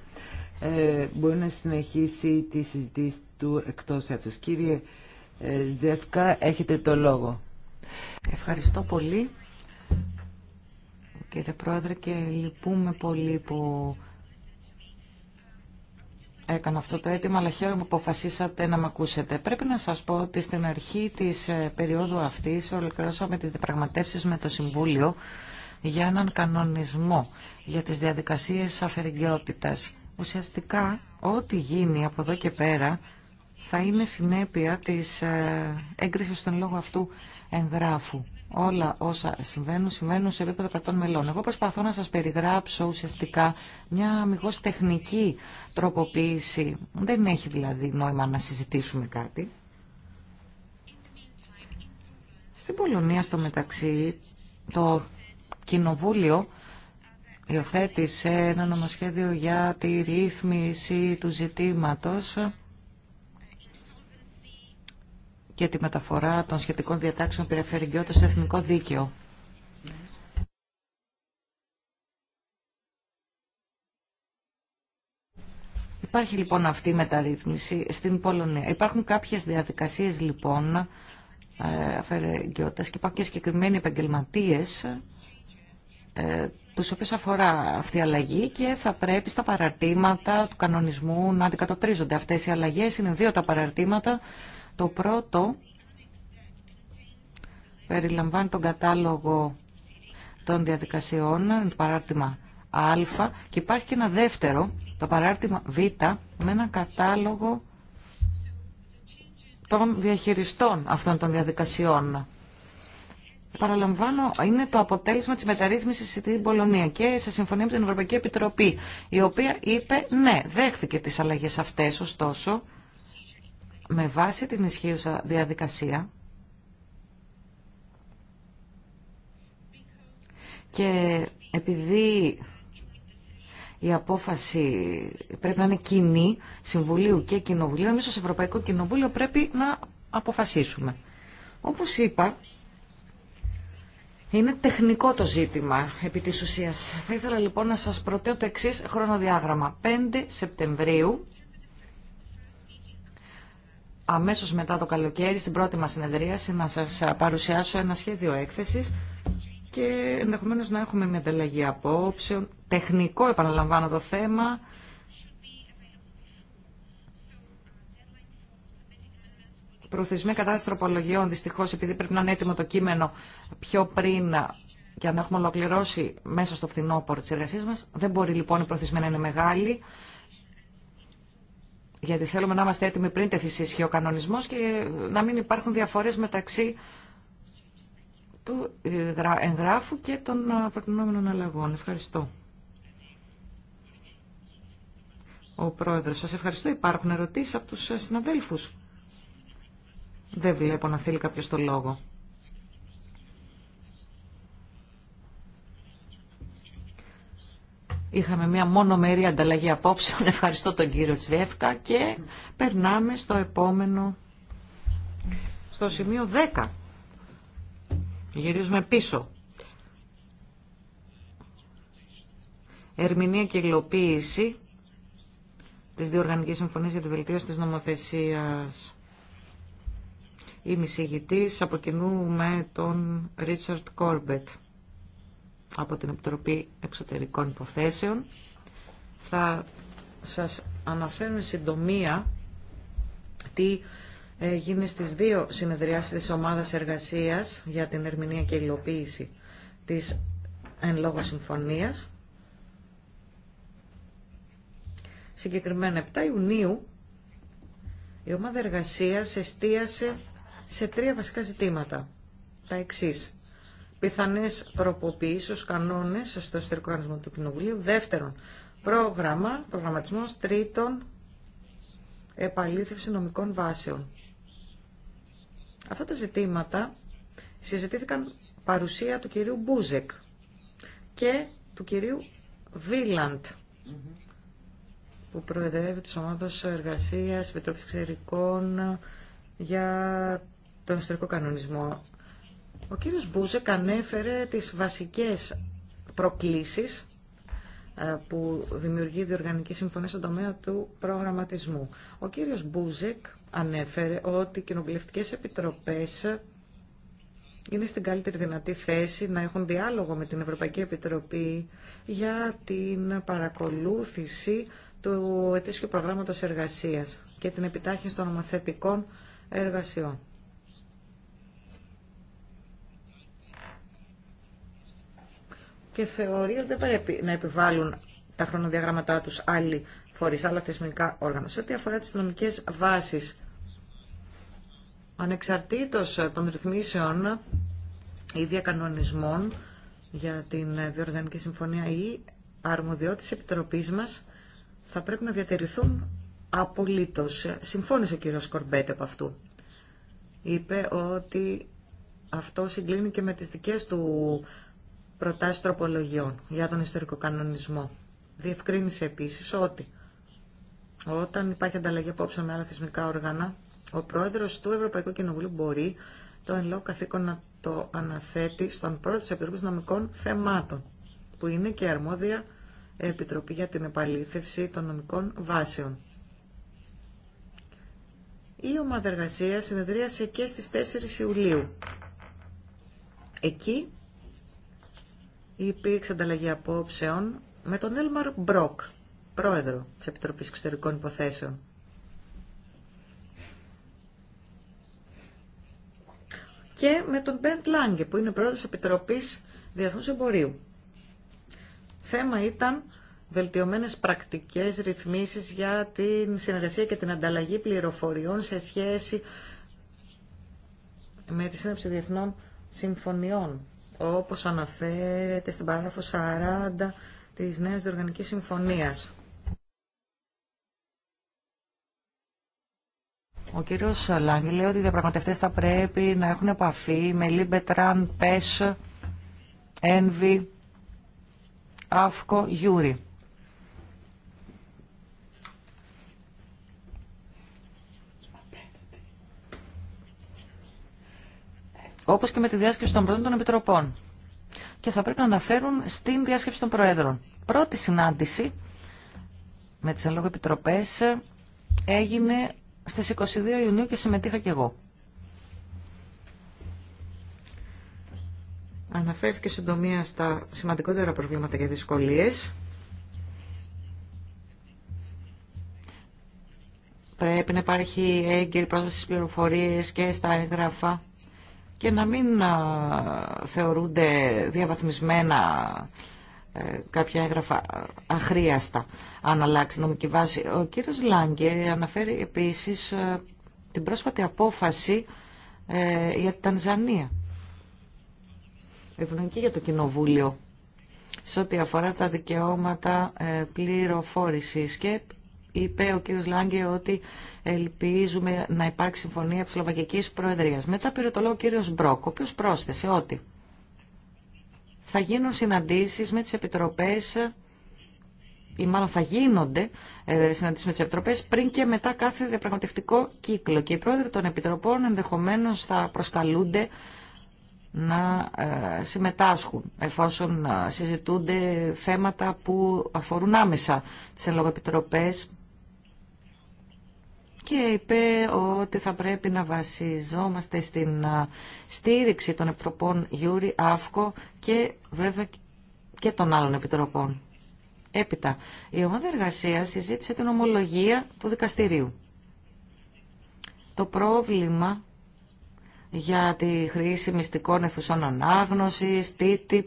ε, μπορεί να συνεχίσει τη συζήτηση του εκτός έτους. Κύριε ε, Ζεύκα, έχετε το λόγο. Ευχαριστώ πολύ, κύριε Πρόεδρε, και λυπούμε πολύ που έκανα αυτό το αίτημα, αλλά χαίρομαι που αποφασίσατε να με ακούσετε. Πρέπει να σας πω ότι στην αρχή της ε, περίοδου αυτής ολοκληρώσαμε τις διαπραγματεύσεις με το Συμβούλιο για έναν κανονισμό για τις διαδικασίες αφαιρεγγιότητας. Ουσιαστικά, ό,τι γίνει από εδώ και πέρα θα είναι συνέπεια της ε, έγκρισης των λόγου αυτού εγγράφου όλα όσα συμβαίνουν, συμβαίνουν σε επίπεδο κρατών μελών. Εγώ προσπαθώ να σας περιγράψω ουσιαστικά μια αμυγός τεχνική τροποποίηση. Δεν έχει δηλαδή νόημα να συζητήσουμε κάτι. Στην Πολωνία στο μεταξύ το Κοινοβούλιο υιοθέτησε ένα νομοσχέδιο για τη ρύθμιση του ζητήματος και τη μεταφορά των σχετικών διατάξεων περιφερειακών στο εθνικό δίκαιο. Υπάρχει λοιπόν αυτή η μεταρρύθμιση στην Πολωνία. Υπάρχουν κάποιες διαδικασίες λοιπόν ε, αφαιρεγκαιότητα και υπάρχουν και συγκεκριμένοι επαγγελματίες ε, τους οποίους αφορά αυτή η αλλαγή και θα πρέπει στα παραρτήματα του κανονισμού να αντικατοπτρίζονται αυτές οι αλλαγές. Είναι δύο τα παραρτήματα το πρώτο περιλαμβάνει τον κατάλογο των διαδικασιών, το παράρτημα Α και υπάρχει και ένα δεύτερο, το παράρτημα Β, με ένα κατάλογο των διαχειριστών αυτών των διαδικασιών. Παραλαμβάνω, είναι το αποτέλεσμα της μεταρρύθμισης στην Πολωνία και σε συμφωνία με την Ευρωπαϊκή Επιτροπή, η οποία είπε ναι, δέχθηκε τις αλλαγές αυτές, ωστόσο, με βάση την ισχύουσα διαδικασία και επειδή η απόφαση πρέπει να είναι κοινή Συμβουλίου και Κοινοβουλίου, εμείς ως Ευρωπαϊκό Κοινοβούλιο πρέπει να αποφασίσουμε. Όπως είπα, είναι τεχνικό το ζήτημα επί της ουσίας. Θα ήθελα λοιπόν να σας προτείνω το εξής χρονοδιάγραμμα. 5 Σεπτεμβρίου αμέσως μετά το καλοκαίρι στην πρώτη μας συνεδρίαση να σας παρουσιάσω ένα σχέδιο έκθεσης και ενδεχομένως να έχουμε μια ανταλλαγή απόψεων. Τεχνικό επαναλαμβάνω το θέμα. Προθεσμία κατάσταση τροπολογιών, δυστυχώς επειδή πρέπει να είναι έτοιμο το κείμενο πιο πριν και αν έχουμε ολοκληρώσει μέσα στο φθινόπωρο τη εργασία μα. Δεν μπορεί λοιπόν η προθεσμία να είναι μεγάλη γιατί θέλουμε να είμαστε έτοιμοι πριν τεθεί σε ισχύ ο κανονισμό και να μην υπάρχουν διαφορές μεταξύ του εγγράφου και των προτινόμενων αλλαγών. Ευχαριστώ. Ο Πρόεδρος, σα ευχαριστώ. Υπάρχουν ερωτήσει από τους ε, συναδέλφου. Δεν βλέπω να θέλει κάποιο το λόγο. Είχαμε μια μονομερή ανταλλαγή απόψεων. Ευχαριστώ τον κύριο Τσβέφκα και περνάμε στο επόμενο, στο σημείο 10. Γυρίζουμε πίσω. Ερμηνεία και υλοποίηση της Διοργανικής Συμφωνίας για τη Βελτίωση της Νομοθεσίας. Είμαι η από κοινού με τον Ρίτσαρτ Κόρμπετ από την Επιτροπή Εξωτερικών Υποθέσεων. Θα σας αναφέρω συντομία τι ε, γίνει στις δύο συνεδριάσεις της Ομάδας Εργασίας για την ερμηνεία και υλοποίηση της εν λόγω συμφωνίας. Συγκεκριμένα 7 Ιουνίου η ομάδα εργασίας εστίασε σε τρία βασικά ζητήματα. Τα εξής πιθανές ω κανόνες στο εσωτερικό οργανισμό του Κοινοβουλίου. Δεύτερον, πρόγραμμα, προγραμματισμό Τρίτον, επαλήθευση νομικών βάσεων. Αυτά τα ζητήματα συζητήθηκαν παρουσία του κυρίου Μπούζεκ και του κυρίου Βίλαντ που προεδρεύει τη Ομάδα εργασίας Επιτροπής για τον εσωτερικό κανονισμό. Ο κύριος Μπούζεκ ανέφερε τις βασικές προκλήσεις ε, που δημιουργεί η Διοργανική Συμφωνία στον τομέα του προγραμματισμού. Ο κύριος Μπούζεκ ανέφερε ότι οι κοινοβουλευτικές επιτροπές είναι στην καλύτερη δυνατή θέση να έχουν διάλογο με την Ευρωπαϊκή Επιτροπή για την παρακολούθηση του ετήσιου προγράμματος εργασίας και την επιτάχυνση των νομοθετικών εργασιών. και θεωρεί ότι δεν πρέπει να επιβάλλουν τα χρονοδιαγράμματά τους άλλοι φορείς, άλλα θεσμικά όργανα. Σε ό,τι αφορά τις νομικές βάσεις, ανεξαρτήτως των ρυθμίσεων ή διακανονισμών για την Διοργανική Συμφωνία ή αρμοδιότητες επιτροπής μας θα πρέπει να διατηρηθούν απολύτως. Συμφώνησε ο κ. Σκορμπέτ από αυτού. Είπε ότι αυτό συγκλίνει και με τις δικές του Προτάσει τροπολογιών για τον ιστορικό κανονισμό. Διευκρίνησε επίσης ότι όταν υπάρχει ανταλλαγή απόψε με άλλα θεσμικά όργανα, ο πρόεδρος του Ευρωπαϊκού Κοινοβουλίου μπορεί το εν λόγω καθήκον να το αναθέτει στον πρόεδρο της Επιτροπή Νομικών Θεμάτων, που είναι και αρμόδια Επιτροπή για την Επαλήθευση των Νομικών Βάσεων. Η ομάδα εργασία συνεδρίασε και στις 4 Ιουλίου. Εκεί υπήρξε ανταλλαγή απόψεων με τον Έλμαρ Μπροκ, πρόεδρο της Επιτροπής Εξωτερικών Υποθέσεων. Και με τον Μπεντ Λάγκε, που είναι πρόεδρος της Επιτροπής Διεθνούς Εμπορίου. Θέμα ήταν βελτιωμένες πρακτικές ρυθμίσεις για την συνεργασία και την ανταλλαγή πληροφοριών σε σχέση με τη σύννεψη διεθνών συμφωνιών όπως αναφέρεται στην παράγραφο 40 της Νέας Διοργανικής Συμφωνίας. Ο κύριος Λάγκη λέει ότι οι διαπραγματευτές θα πρέπει να έχουν επαφή με Λίμπετραν, Πέσ ΕΝΒΙ, ΑΦΚΟ, Γιούρι. όπως και με τη διάσκεψη των πρώτων των Επιτροπών. Και θα πρέπει να αναφέρουν στην διάσκεψη των Προέδρων. Πρώτη συνάντηση με τις Αλόγω Επιτροπές έγινε στις 22 Ιουνίου και συμμετείχα και εγώ. Αναφέρθηκε συντομία στα σημαντικότερα προβλήματα και δυσκολίες. Πρέπει να υπάρχει έγκαιρη πρόσβαση στις πληροφορίες και στα έγγραφα και να μην θεωρούνται διαβαθμισμένα ε, κάποια έγγραφα αχρίαστα αν αλλάξει νομική βάση. Ο κύριος Λάγκε αναφέρει επίσης ε, την πρόσφατη απόφαση ε, για την Τανζανία. Ευνοϊκή για το Κοινοβούλιο σε ό,τι αφορά τα δικαιώματα πληροφόρησης και είπε ο κύριος Λάγκε ότι ελπίζουμε να υπάρξει συμφωνία τη Σλοβακική Προεδρίας. Μετά πήρε το λόγο ο κύριος Μπρόκ, ο οποίο πρόσθεσε ότι θα γίνουν συναντήσεις με τις επιτροπές ή μάλλον θα γίνονται ε, συναντήσει με τι επιτροπέ πριν και μετά κάθε διαπραγματευτικό κύκλο. Και οι πρόεδροι των επιτροπών ενδεχομένω θα προσκαλούνται να ε, συμμετάσχουν εφόσον ε, συζητούνται θέματα που αφορούν άμεσα τις επιτροπές και είπε ότι θα πρέπει να βασιζόμαστε στην στήριξη των επιτροπών Γιούρι, Αύκο και βέβαια και των άλλων επιτροπών. Έπειτα, η ομάδα εργασία συζήτησε την ομολογία του δικαστηρίου. Το πρόβλημα για τη χρήση μυστικών εφουσών ανάγνωσης, TTIP,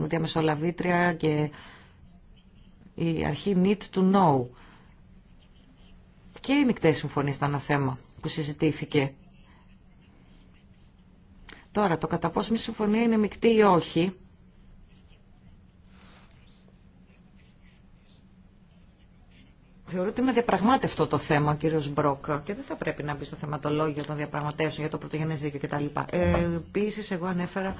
διαμεσολαβήτρια και η αρχή need to know και οι μεικτές συμφωνίες ήταν ένα θέμα που συζητήθηκε. Τώρα, το κατά πόσο συμφωνία είναι μεικτή ή όχι, Θεωρώ ότι είναι διαπραγμάτευτο το θέμα ο κύριο Μπρόκ και δεν θα πρέπει να μπει στο θεματολόγιο των διαπραγματεύσεων για το πρωτογενέ δίκαιο κτλ. Ε, Επίση, εγώ ανέφερα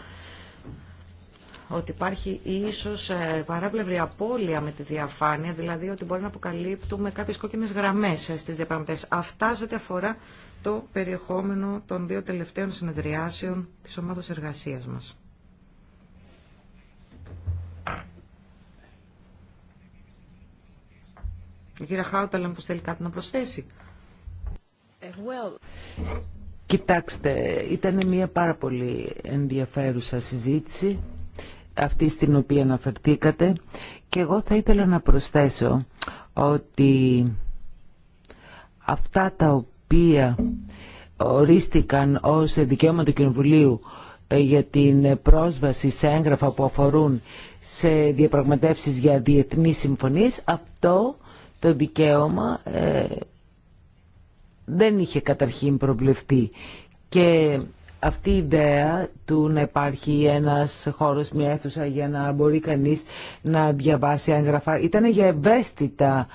ότι υπάρχει ίσως ε, παράπλευρη απώλεια με τη διαφάνεια, δηλαδή ότι μπορεί να αποκαλύπτουμε κάποιες κόκκινες γραμμές ε, στις διαπραγματεύσεις. Αυτά σε ό,τι αφορά το περιεχόμενο των δύο τελευταίων συνεδριάσεων της ομάδος εργασίας μας. Η κυρία λέμε πως θέλει κάτι να προσθέσει. Ε, well. Κοιτάξτε, ήταν μια πάρα πολύ ενδιαφέρουσα συζήτηση αυτή στην οποία αναφερθήκατε και εγώ θα ήθελα να προσθέσω ότι αυτά τα οποία ορίστηκαν ως δικαίωμα του Κοινοβουλίου ε, για την πρόσβαση σε έγγραφα που αφορούν σε διαπραγματεύσεις για διεθνείς συμφωνίες, αυτό το δικαίωμα ε, δεν είχε καταρχήν προβλεφθεί. Και αυτή η ιδέα του να υπάρχει ένας χώρος, μια αίθουσα για να μπορεί κανείς να διαβάσει έγγραφα ήταν για ευαίσθητα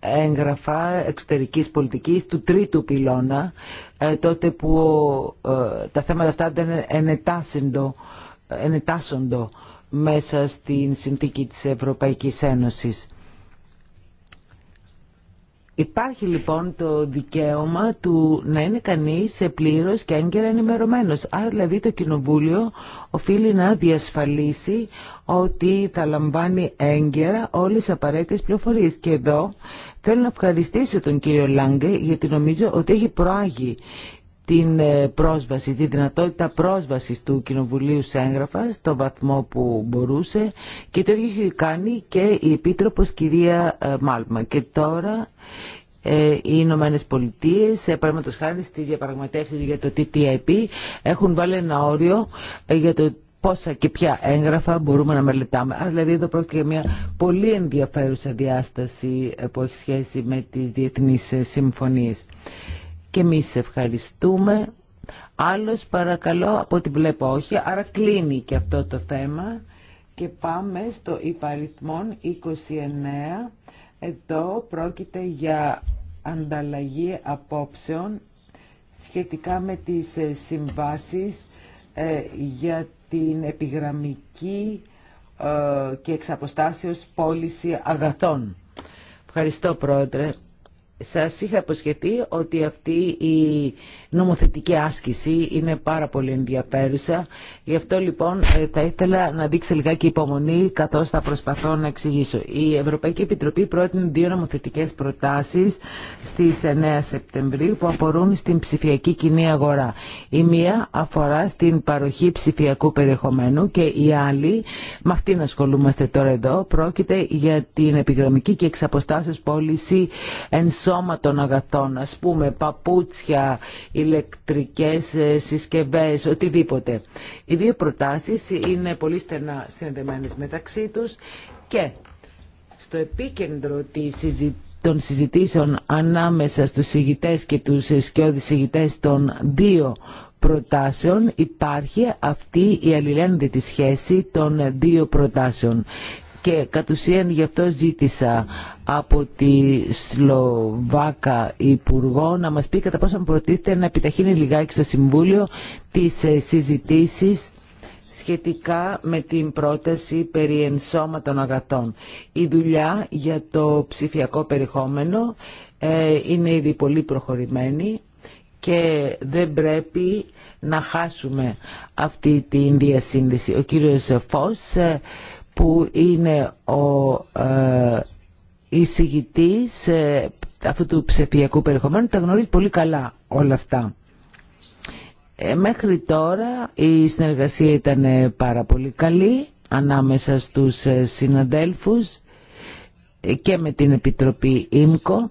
έγγραφα εξωτερικής πολιτικής του τρίτου πυλώνα ε, τότε που ε, τα θέματα αυτά δεν ενετάσοντο μέσα στην συνθήκη της Ευρωπαϊκής Ένωσης. Υπάρχει λοιπόν το δικαίωμα του να είναι κανείς πλήρως και έγκαιρα ενημερωμένος. Άρα δηλαδή το Κοινοβούλιο οφείλει να διασφαλίσει ότι θα λαμβάνει έγκαιρα όλες τις απαραίτητες πληροφορίες. Και εδώ θέλω να ευχαριστήσω τον κύριο Λάγκε γιατί νομίζω ότι έχει προάγει την ε, πρόσβαση, τη δυνατότητα πρόσβασης του Κοινοβουλίου σε έγγραφα στο βαθμό που μπορούσε και το ίδιο είχε κάνει και η Επίτροπος κυρία ε, Μάλμα. Και τώρα ε, οι Ηνωμένε Πολιτείε, παραδείγματο χάρη στι διαπραγματεύσει για το TTIP, έχουν βάλει ένα όριο για το πόσα και ποια έγγραφα μπορούμε να μελετάμε. Άρα δηλαδή εδώ πρόκειται για μια πολύ ενδιαφέρουσα διάσταση που έχει σχέση με τις διεθνείς συμφωνίες. Και εμεί ευχαριστούμε. Άλλος παρακαλώ, από ό,τι βλέπω όχι, άρα κλείνει και αυτό το θέμα και πάμε στο υπαριθμόν 29. Εδώ πρόκειται για ανταλλαγή απόψεων σχετικά με τις ε, συμβάσεις ε, για την επιγραμμική ε, και εξαποστάσεως πώληση αγαθών. Ευχαριστώ πρόεδρε. Σας είχα υποσχεθεί ότι αυτή η νομοθετική άσκηση είναι πάρα πολύ ενδιαφέρουσα. Γι' αυτό λοιπόν ε, θα ήθελα να δείξω λιγάκι υπομονή καθώς θα προσπαθώ να εξηγήσω. Η Ευρωπαϊκή Επιτροπή πρότεινε δύο νομοθετικές προτάσεις στις 9 Σεπτεμβρίου που αφορούν στην ψηφιακή κοινή αγορά. Η μία αφορά στην παροχή ψηφιακού περιεχομένου και η άλλη, με αυτήν ασχολούμαστε τώρα εδώ, πρόκειται για την επιγραμμική και εξαποστάσεως πώληση ενσωματώσεως σώμα των αγαθών, ας πούμε παπούτσια, ηλεκτρικές ε, συσκευές, οτιδήποτε. Οι δύο προτάσεις είναι πολύ στενά συνδεμένες μεταξύ τους και στο επίκεντρο της των συζητήσεων ανάμεσα στους συγητές και τους σκιώδης συγητές των δύο προτάσεων υπάρχει αυτή η αλληλένδετη σχέση των δύο προτάσεων και κατ' ουσίαν γι' αυτό ζήτησα από τη Σλοβάκα Υπουργό να μας πει κατά πόσο προτίθεται να επιταχύνει λιγάκι στο Συμβούλιο τις ε, συζητήσεις σχετικά με την πρόταση περί ενσώματων αγατών. Η δουλειά για το ψηφιακό περιεχόμενο ε, είναι ήδη πολύ προχωρημένη και δεν πρέπει να χάσουμε αυτή την διασύνδεση. Ο κύριος Φως ε, που είναι ο ε, εισηγητής ε, αυτού του ψηφιακού περιεχομένου τα γνωρίζει πολύ καλά όλα αυτά. Ε, μέχρι τώρα η συνεργασία ήταν πάρα πολύ καλή ανάμεσα στους συναδέλφους και με την Επιτροπή ΙΜΚΟ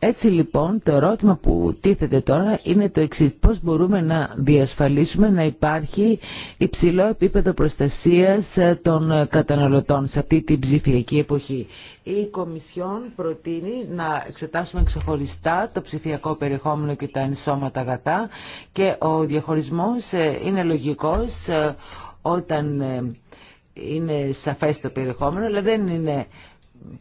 έτσι λοιπόν το ερώτημα που τίθεται τώρα είναι το εξής. Πώς μπορούμε να διασφαλίσουμε να υπάρχει υψηλό επίπεδο προστασίας ε, των ε, καταναλωτών σε αυτή την ψηφιακή εποχή. Η Κομισιόν προτείνει να εξετάσουμε ξεχωριστά το ψηφιακό περιεχόμενο και τα ενσώματα αγατά και ο διαχωρισμός ε, είναι λογικός όταν είναι σαφές το περιεχόμενο, αλλά δεν είναι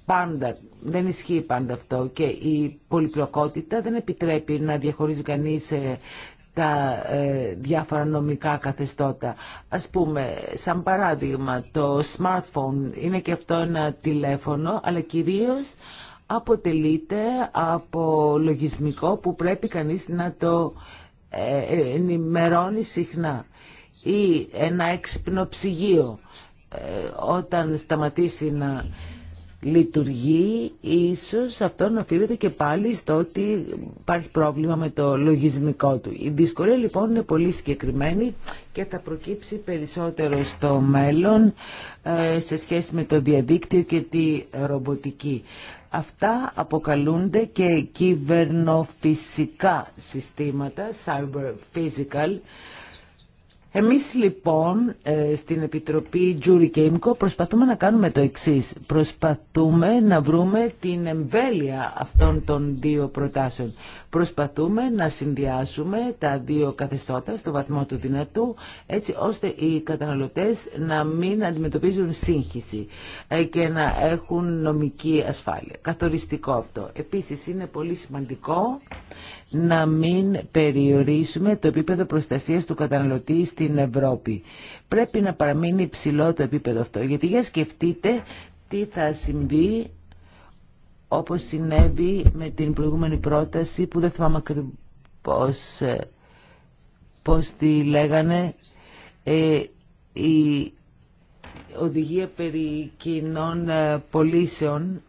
πάντα, δεν ισχύει πάντα αυτό και η πολυπλοκότητα δεν επιτρέπει να διαχωρίζει κανείς ε, τα ε, διάφορα νομικά καθεστώτα. Ας πούμε, σαν παράδειγμα, το smartphone είναι και αυτό ένα τηλέφωνο, αλλά κυρίως αποτελείται από λογισμικό που πρέπει κανείς να το ε, ενημερώνει συχνά. Ή ένα έξυπνο ψυγείο, ε, όταν σταματήσει να λειτουργεί, ίσως αυτό να οφείλεται και πάλι στο ότι υπάρχει πρόβλημα με το λογισμικό του. Η δυσκολία λοιπόν είναι πολύ συγκεκριμένη και θα προκύψει περισσότερο στο μέλλον ε, σε σχέση με το διαδίκτυο και τη ρομποτική. Αυτά αποκαλούνται και κυβερνοφυσικά συστήματα, cyber physical, εμείς λοιπόν ε, στην Επιτροπή Τζούρι και προσπαθούμε να κάνουμε το εξής. Προσπαθούμε να βρούμε την εμβέλεια αυτών των δύο προτάσεων. Προσπαθούμε να συνδυάσουμε τα δύο καθεστώτα στο βαθμό του δυνατού έτσι ώστε οι καταναλωτές να μην αντιμετωπίζουν σύγχυση ε, και να έχουν νομική ασφάλεια. Καθοριστικό αυτό. Επίσης είναι πολύ σημαντικό να μην περιορίσουμε το επίπεδο προστασίας του καταναλωτή στην Ευρώπη. Πρέπει να παραμείνει υψηλό το επίπεδο αυτό, γιατί για σκεφτείτε τι θα συμβεί όπως συνέβη με την προηγούμενη πρόταση που δεν θυμάμαι ακριβώς ε, πώς τη λέγανε ε, η οδηγία περί κοινών ε, πωλήσεων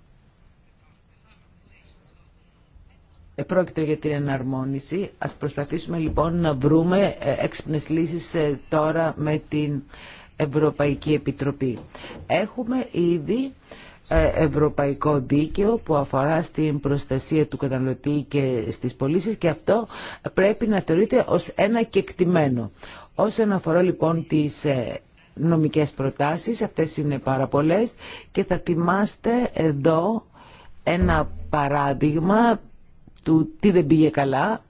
πρόκειται για την εναρμόνιση. Ας προσπαθήσουμε λοιπόν να βρούμε ε, έξυπνες λύσεις ε, τώρα με την Ευρωπαϊκή Επιτροπή. Έχουμε ήδη ε, ευρωπαϊκό δίκαιο που αφορά στην προστασία του καταναλωτή και στις πωλήσει και αυτό πρέπει να θεωρείται ως ένα κεκτημένο. Όσον αφορά λοιπόν τις νομικές προτάσεις, αυτές είναι πάρα και θα θυμάστε εδώ ένα παράδειγμα του τι δεν πήγε καλά.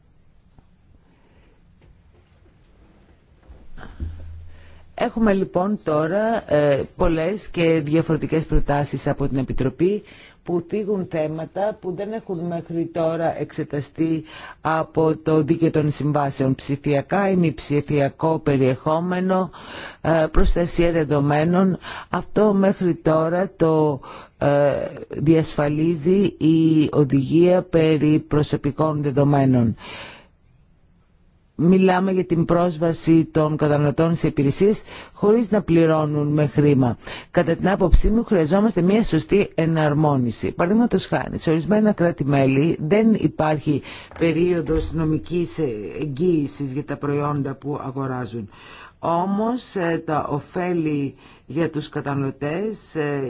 Έχουμε λοιπόν τώρα ε, πολλές και διαφορετικές προτάσεις από την Επιτροπή που θίγουν θέματα που δεν έχουν μέχρι τώρα εξεταστεί από το δίκαιο των συμβάσεων. Ψηφιακά ή μη ψηφιακό περιεχόμενο, ε, προστασία δεδομένων. Αυτό μέχρι τώρα το ε, διασφαλίζει είναι ψηφιακο περιεχομενο προστασια περί προσωπικών δεδομένων μιλάμε για την πρόσβαση των καταναλωτών σε υπηρεσίες χωρί να πληρώνουν με χρήμα. Κατά την άποψή μου χρειαζόμαστε μια σωστή εναρμόνιση. Παραδείγματο χάρη, σε ορισμένα κράτη-μέλη δεν υπάρχει περίοδο νομική εγγύηση για τα προϊόντα που αγοράζουν. Όμω, ε, τα ωφέλη για τους καταναλωτές ε,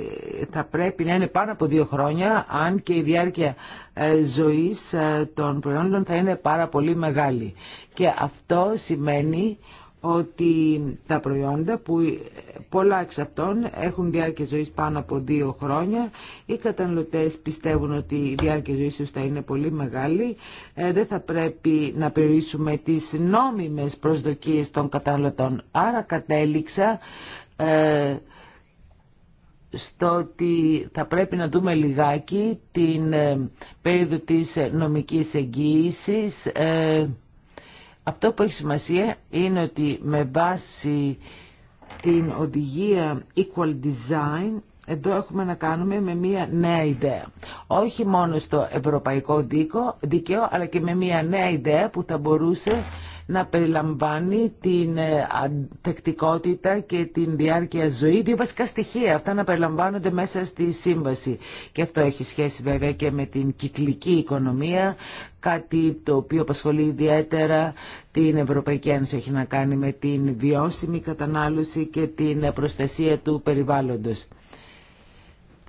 θα πρέπει να είναι πάνω από δύο χρόνια αν και η διάρκεια ε, ζωής ε, των προϊόντων θα είναι πάρα πολύ μεγάλη. Και αυτό σημαίνει ότι τα προϊόντα που πολλά εξ αυτών έχουν διάρκεια ζωής πάνω από δύο χρόνια οι καταναλωτές πιστεύουν ότι η διάρκεια ζωής τους θα είναι πολύ μεγάλη δεν θα πρέπει να περιορίσουμε τις νόμιμες προσδοκίες των καταναλωτών άρα κατέληξα ε, στο ότι θα πρέπει να δούμε λιγάκι την ε, περίοδο της ε, νομικής εγγύησης. Αυτό που έχει σημασία είναι ότι με βάση την οδηγία Equal Design εδώ έχουμε να κάνουμε με μια νέα ιδέα. Όχι μόνο στο ευρωπαϊκό δίκο, δίκαιο, αλλά και με μια νέα ιδέα που θα μπορούσε να περιλαμβάνει την ε, αντεκτικότητα και την διάρκεια ζωή. Δύο βασικά στοιχεία αυτά να περιλαμβάνονται μέσα στη σύμβαση. Και αυτό έχει σχέση βέβαια και με την κυκλική οικονομία, κάτι το οποίο απασχολεί ιδιαίτερα την Ευρωπαϊκή Ένωση. Έχει να κάνει με την βιώσιμη κατανάλωση και την προστασία του περιβάλλοντος.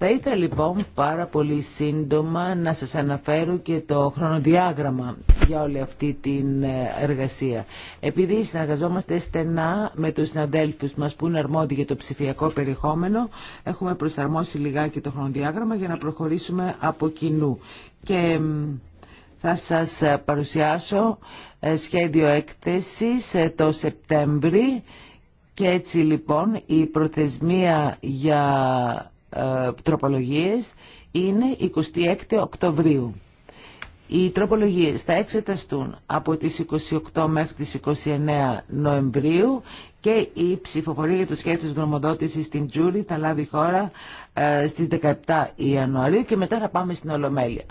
Θα ήθελα λοιπόν πάρα πολύ σύντομα να σας αναφέρω και το χρονοδιάγραμμα για όλη αυτή την ε, εργασία. Επειδή συνεργαζόμαστε στενά με τους συναδέλφους μας που είναι αρμόδιοι για το ψηφιακό περιεχόμενο, έχουμε προσαρμόσει λιγάκι το χρονοδιάγραμμα για να προχωρήσουμε από κοινού. Και θα σας παρουσιάσω ε, σχέδιο έκθεσης ε, το Σεπτέμβρη και έτσι λοιπόν η προθεσμία για ε, τροπολογίες είναι 26 Οκτωβρίου. Οι τροπολογίες θα εξεταστούν από τις 28 μέχρι τις 29 Νοεμβρίου και η ψηφοφορία για το σχέδιο της γνωμοδότησης στην Τζούρι θα λάβει χώρα ε, στις 17 Ιανουαρίου και μετά θα πάμε στην Ολομέλεια.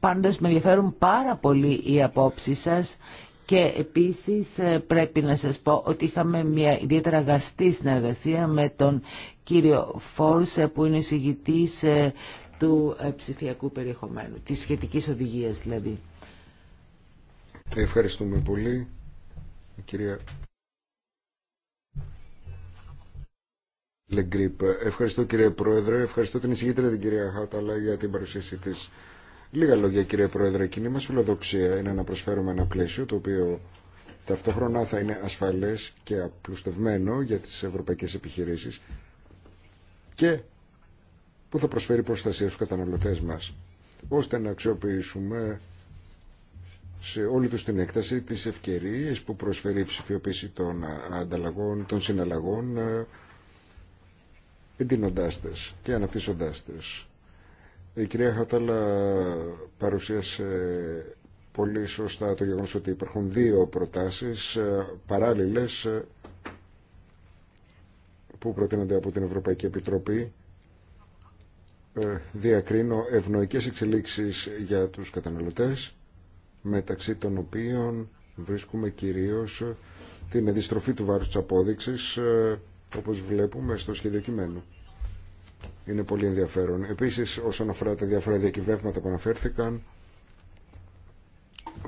Πάντως με ενδιαφέρουν πάρα πολύ οι απόψεις σας και επίσης ε, πρέπει να σας πω ότι είχαμε μια ιδιαίτερα αγαστή συνεργασία με τον κύριο Φόρσε που είναι εισηγητής ε, του ε, ψηφιακού περιεχομένου, της σχετικής οδηγίας δηλαδή. Ευχαριστούμε πολύ. Κυρία Ευχαριστώ κύριε Πρόεδρε, ευχαριστώ την εισηγήτρια την κυρία Χάταλα για την παρουσίασή της. Λίγα λόγια κύριε Πρόεδρε, κοινή μας φιλοδοξία είναι να προσφέρουμε ένα πλαίσιο το οποίο ταυτόχρονα θα είναι ασφαλές και απλουστευμένο για τις ευρωπαϊκές επιχειρήσεις και που θα προσφέρει προστασία στους καταναλωτές μας ώστε να αξιοποιήσουμε σε όλη τους την έκταση τις ευκαιρίες που προσφέρει η ψηφιοποίηση των ανταλλαγών, των συναλλαγών ε, εντείνοντάς και αναπτύσσοντάς η κυρία Χατάλα παρουσίασε πολύ σωστά το γεγονός ότι υπάρχουν δύο προτάσεις ε, παράλληλες ε, που προτείνονται από την Ευρωπαϊκή Επιτροπή ε, διακρίνω ευνοϊκές εξελίξεις για τους καταναλωτές μεταξύ των οποίων βρίσκουμε κυρίως την αντιστροφή του βάρους της απόδειξης όπως βλέπουμε στο σχέδιο είναι πολύ ενδιαφέρον. Επίσης, όσον αφορά τα διάφορα διακυβεύματα που αναφέρθηκαν,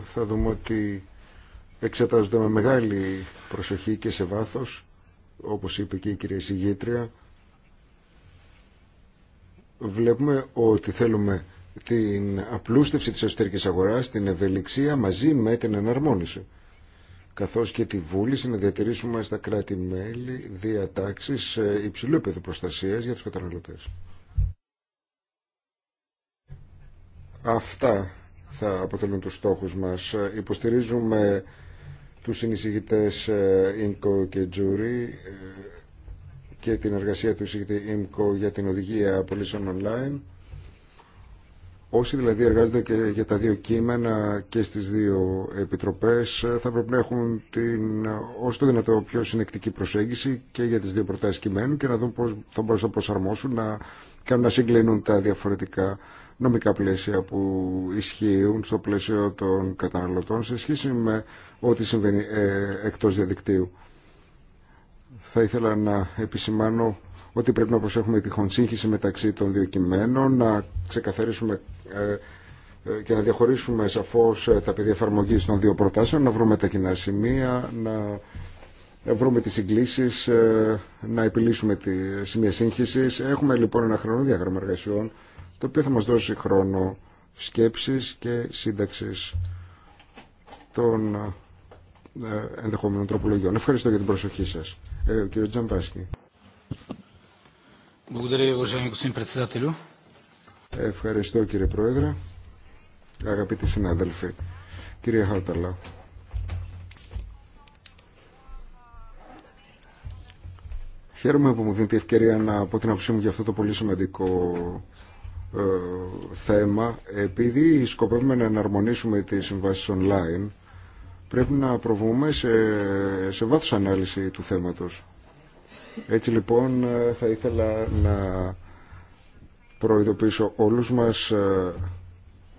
θα δούμε ότι εξετάζονται με μεγάλη προσοχή και σε βάθος, όπως είπε και η κυρία Συγήτρια. Βλέπουμε ότι θέλουμε την απλούστευση της εσωτερικής αγοράς, την ευελιξία μαζί με την εναρμόνιση καθώς και τη βούληση να διατηρήσουμε στα κράτη-μέλη διατάξεις ε, υψηλού επίπεδου προστασίας για τους καταναλωτές. Αυτά θα αποτελούν τους στόχους μας. Υποστηρίζουμε τους συνεισηγητές ΙΜΚΟ ε, και Τζούρι ε, και την εργασία του εισηγητή ΙΜΚΟ για την οδηγία πωλήσεων online Όσοι δηλαδή εργάζονται και για τα δύο κείμενα και στις δύο επιτροπές θα πρέπει να έχουν την όσο το δυνατό πιο συνεκτική προσέγγιση και για τις δύο προτάσεις κειμένου και να δουν πώς θα μπορούσαν να προσαρμόσουν, να κάνουν να συγκλίνουν τα διαφορετικά νομικά πλαίσια που ισχύουν στο πλαίσιο των καταναλωτών σε σχέση με ό,τι συμβαίνει ε, εκτός διαδικτύου. Θα ήθελα να επισημάνω ότι πρέπει να προσέχουμε τυχόν σύγχυση μεταξύ των δύο κειμένων, να ξεκαθαρίσουμε ε, ε, και να διαχωρίσουμε σαφώς ε, τα πεδία εφαρμογή των δύο προτάσεων, να βρούμε τα κοινά σημεία, να βρούμε τις συγκλήσεις, να επιλύσουμε τη σημεία σύγχυσης. Έχουμε λοιπόν ένα χρονοδιάγραμμα εργασιών, το οποίο θα μας δώσει χρόνο σκέψης και σύνταξης των ενδεχόμενων τροπολογιών. Ευχαριστώ για την προσοχή σας. Ε, κύριο Τζαμπάσκι. Благодаря, господин Ευχαριστώ κύριε Πρόεδρε, αγαπητοί συνάδελφοι, κύριε Χάουταλα. Χαίρομαι που μου δίνετε ευκαιρία να πω την άποψή μου για αυτό το πολύ σημαντικό ε, θέμα. Επειδή σκοπεύουμε να εναρμονίσουμε τις συμβάσεις online, πρέπει να προβούμε σε, σε βάθος ανάλυση του θέματος. Έτσι λοιπόν ε, θα ήθελα να προειδοποιήσω όλους μας ε,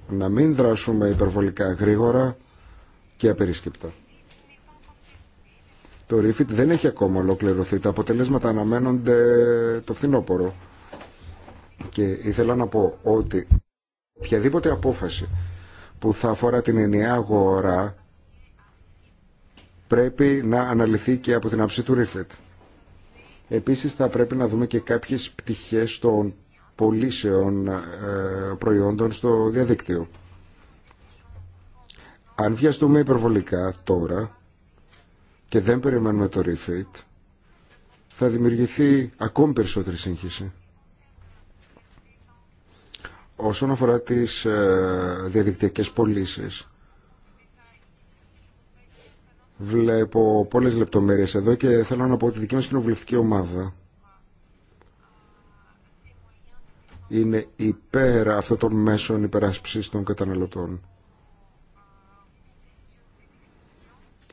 να μην δράσουμε υπερβολικά γρήγορα και απερίσκεπτα. Το Ρίφιτ δεν έχει ακόμα ολοκληρωθεί. Τα αποτελέσματα αναμένονται το φθινόπωρο. Και ήθελα να πω ότι οποιαδήποτε απόφαση που θα αφορά την ενιαία αγορά πρέπει να αναλυθεί και από την άψη του Refit. Επίσης θα πρέπει να δούμε και κάποιες πτυχές των πωλήσεων ε, προϊόντων στο διαδίκτυο. Αν βιαστούμε υπερβολικά τώρα και δεν περιμένουμε το refit, θα δημιουργηθεί ακόμη περισσότερη σύγχυση. Όσον αφορά τις ε, διαδικτυακές πωλήσει. Βλέπω πολλές λεπτομέρειες εδώ και θέλω να πω ότι η δική μας κοινοβουλευτική ομάδα είναι υπέρ αυτών των μέσων υπεράσπισης των καταναλωτών.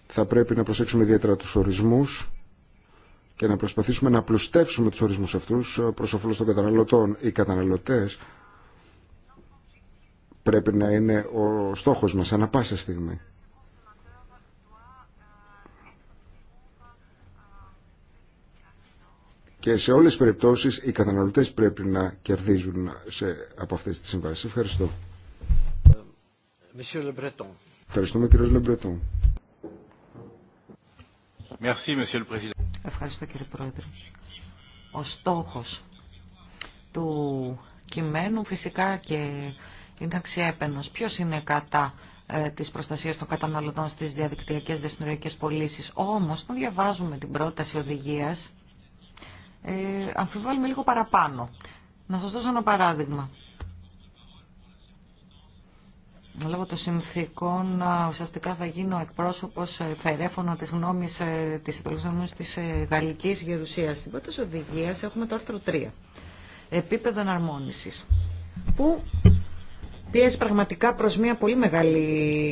Θα πρέπει να προσέξουμε ιδιαίτερα τους ορισμούς και να προσπαθήσουμε να πλουστεύσουμε τους ορισμούς αυτούς προς όφελος των καταναλωτών. Οι καταναλωτές πρέπει να είναι ο στόχος μας ανά πάσα στιγμή. Και σε όλες τις περιπτώσεις οι καταναλωτές πρέπει να κερδίζουν σε, από αυτές τις συμβάσεις. Ευχαριστώ. Ευχαριστούμε κύριε Λεμπρετών. Ευχαριστώ κύριε Πρόεδρε. Ο στόχος του κειμένου φυσικά και είναι αξιέπαινος. Ποιος είναι κατά ε, της προστασίας των καταναλωτών στις διαδικτυακές δεσμευτικές πωλήσει. Όμως, όταν διαβάζουμε την πρόταση οδηγίας ε, αμφιβάλλουμε λίγο παραπάνω. Να σας δώσω ένα παράδειγμα. Λόγω των συνθήκων ουσιαστικά θα γίνω εκπρόσωπος ε, φερέφωνο της γνώμης ε, της Ιταλικής της ε, Γαλλικής Γερουσίας. Στην πρώτη Οδηγία. έχουμε το άρθρο 3, επίπεδο εναρμόνισης, που πιέζει πραγματικά προς μια πολύ μεγάλη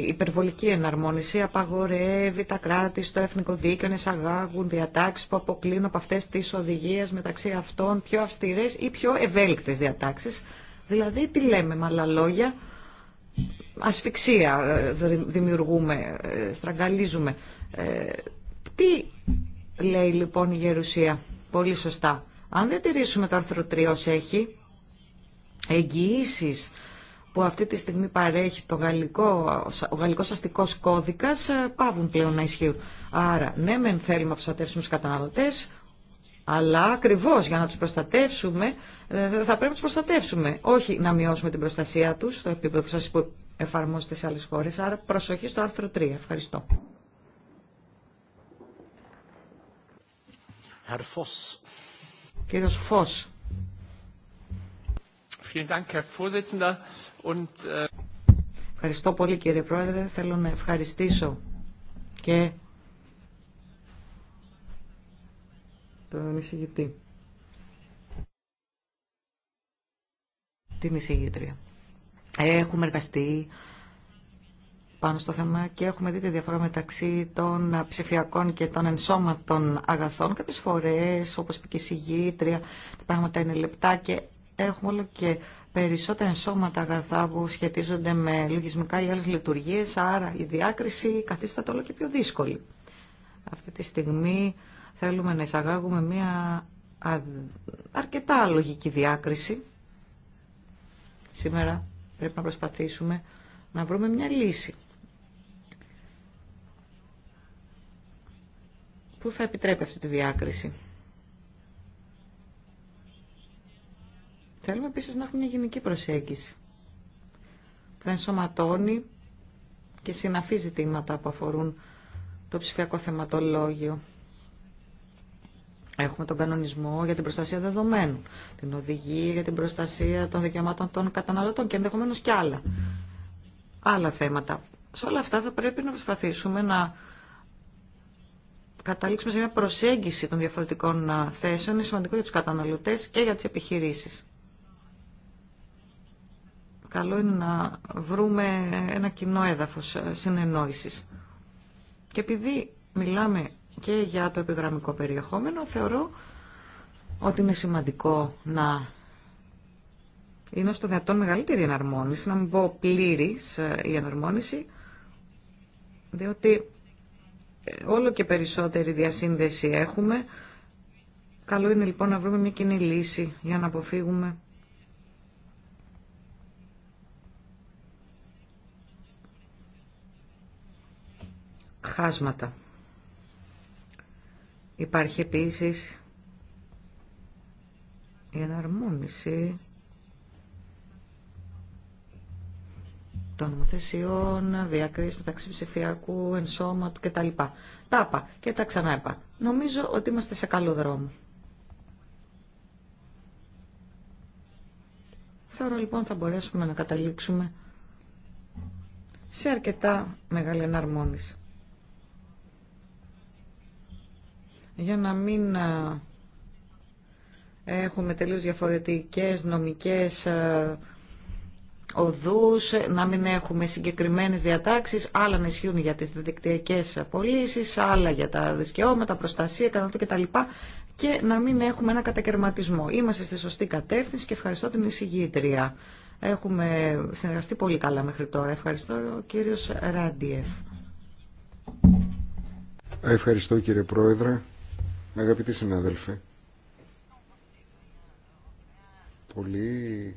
υπερβολική εναρμόνιση. Απαγορεύει τα κράτη στο εθνικό δίκαιο να εισαγάγουν διατάξεις που αποκλίνουν από αυτές τις οδηγίες μεταξύ αυτών πιο αυστηρές ή πιο ευέλικτες διατάξεις. Δηλαδή, τι λέμε με άλλα λόγια, ασφυξία ε, δημιουργούμε, ε, στραγγαλίζουμε. Ε, τι λέει λοιπόν η πιο ευελικτε διαταξεις δηλαδη τι λεμε με πολύ σωστά. Αν δεν τηρήσουμε το άρθρο 3 έχει, εγγυήσεις που αυτή τη στιγμή παρέχει το γαλλικό, ο γαλλικός αστικός κώδικας ε, πάβουν πλέον να ισχύουν. Άρα, ναι, μεν θέλουμε να προστατεύσουμε τους καταναλωτές, αλλά ακριβώς για να τους προστατεύσουμε, ε, θα πρέπει να τους προστατεύσουμε. Όχι να μειώσουμε την προστασία τους, στο επίπεδο σας που εφαρμόζεται σε άλλες χώρες. Άρα προσοχή στο άρθρο 3. Ευχαριστώ. Κύριος Φως. Äh, Ευχαριστώ πολύ κύριε Πρόεδρε. Θέλω να ευχαριστήσω και τον εισηγητή. Την εισηγήτρια. Έχουμε εργαστεί πάνω στο θέμα και έχουμε δει τη διαφορά μεταξύ των ψηφιακών και των ενσώματων αγαθών. Κάποιες φορές, όπως είπε και η συγγήτρια, τα πράγματα είναι λεπτά και έχουμε όλο και περισσότερα ενσώματα αγαθά που σχετίζονται με λογισμικά ή άλλες λειτουργίες, άρα η διάκριση καθίσταται όλο και πιο δύσκολη. Αυτή τη στιγμή θέλουμε να εισαγάγουμε μια αρκετά λογική διάκριση. Σήμερα πρέπει να προσπαθήσουμε να βρούμε μια λύση. Πού θα επιτρέπει αυτή τη διάκριση. Θέλουμε επίση να έχουμε μια γενική προσέγγιση που θα ενσωματώνει και συναφεί ζητήματα που αφορούν το ψηφιακό θεματολόγιο. Έχουμε τον κανονισμό για την προστασία δεδομένων, την οδηγία για την προστασία των δικαιωμάτων των καταναλωτών και ενδεχομένως και άλλα. Άλλα θέματα. Σε όλα αυτά θα πρέπει να προσπαθήσουμε να καταλήξουμε σε μια προσέγγιση των διαφορετικών θέσεων. Είναι σημαντικό για τους καταναλωτές και για τις επιχειρήσεις καλό είναι να βρούμε ένα κοινό έδαφος συνεννόησης. Και επειδή μιλάμε και για το επιγραμμικό περιεχόμενο, θεωρώ ότι είναι σημαντικό να είναι στο δυνατόν μεγαλύτερη εναρμόνιση, να μην πω πλήρη ε, η εναρμόνιση, διότι ε, όλο και περισσότερη διασύνδεση έχουμε. Καλό είναι λοιπόν να βρούμε μια κοινή λύση για να αποφύγουμε χάσματα. Υπάρχει επίσης η εναρμόνιση των νομοθεσιών, διακρίσεις μεταξύ ψηφιακού, ενσώματου κτλ. Τα είπα και τα ξανά είπα. Νομίζω ότι είμαστε σε καλό δρόμο. Θεωρώ λοιπόν θα μπορέσουμε να καταλήξουμε σε αρκετά μεγάλη εναρμόνιση. για να μην έχουμε τελείως διαφορετικές νομικές οδούς, να μην έχουμε συγκεκριμένες διατάξεις, άλλα να ισχύουν για τις διαδικτυακές πωλήσει, άλλα για τα δικαιώματα, προστασία, καταναλωτή κτλ. Και να μην έχουμε ένα κατακαιρματισμό. Είμαστε στη σωστή κατεύθυνση και ευχαριστώ την εισηγήτρια. Έχουμε συνεργαστεί πολύ καλά μέχρι τώρα. Ευχαριστώ ο κύριος Ράντιεφ. Ευχαριστώ κύριε Πρόεδρε. Αγαπητοί συνάδελφοι, πολλοί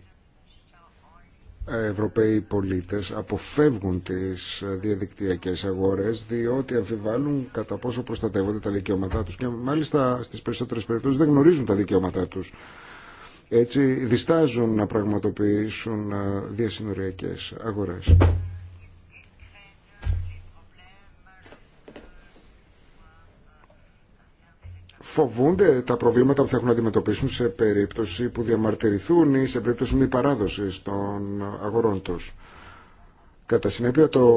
Ευρωπαίοι πολίτες αποφεύγουν τις διαδικτυακές αγορές διότι αμφιβάλλουν κατά πόσο προστατεύονται τα δικαιώματά τους και μάλιστα στις περισσότερες περιπτώσεις δεν γνωρίζουν τα δικαιώματά τους. Έτσι διστάζουν να πραγματοποιήσουν ε, διασυνοριακές αγορές. φοβούνται τα προβλήματα που θα έχουν να αντιμετωπίσουν σε περίπτωση που διαμαρτυρηθούν ή σε περίπτωση μη παράδοση των αγορών του. Κατά συνέπεια το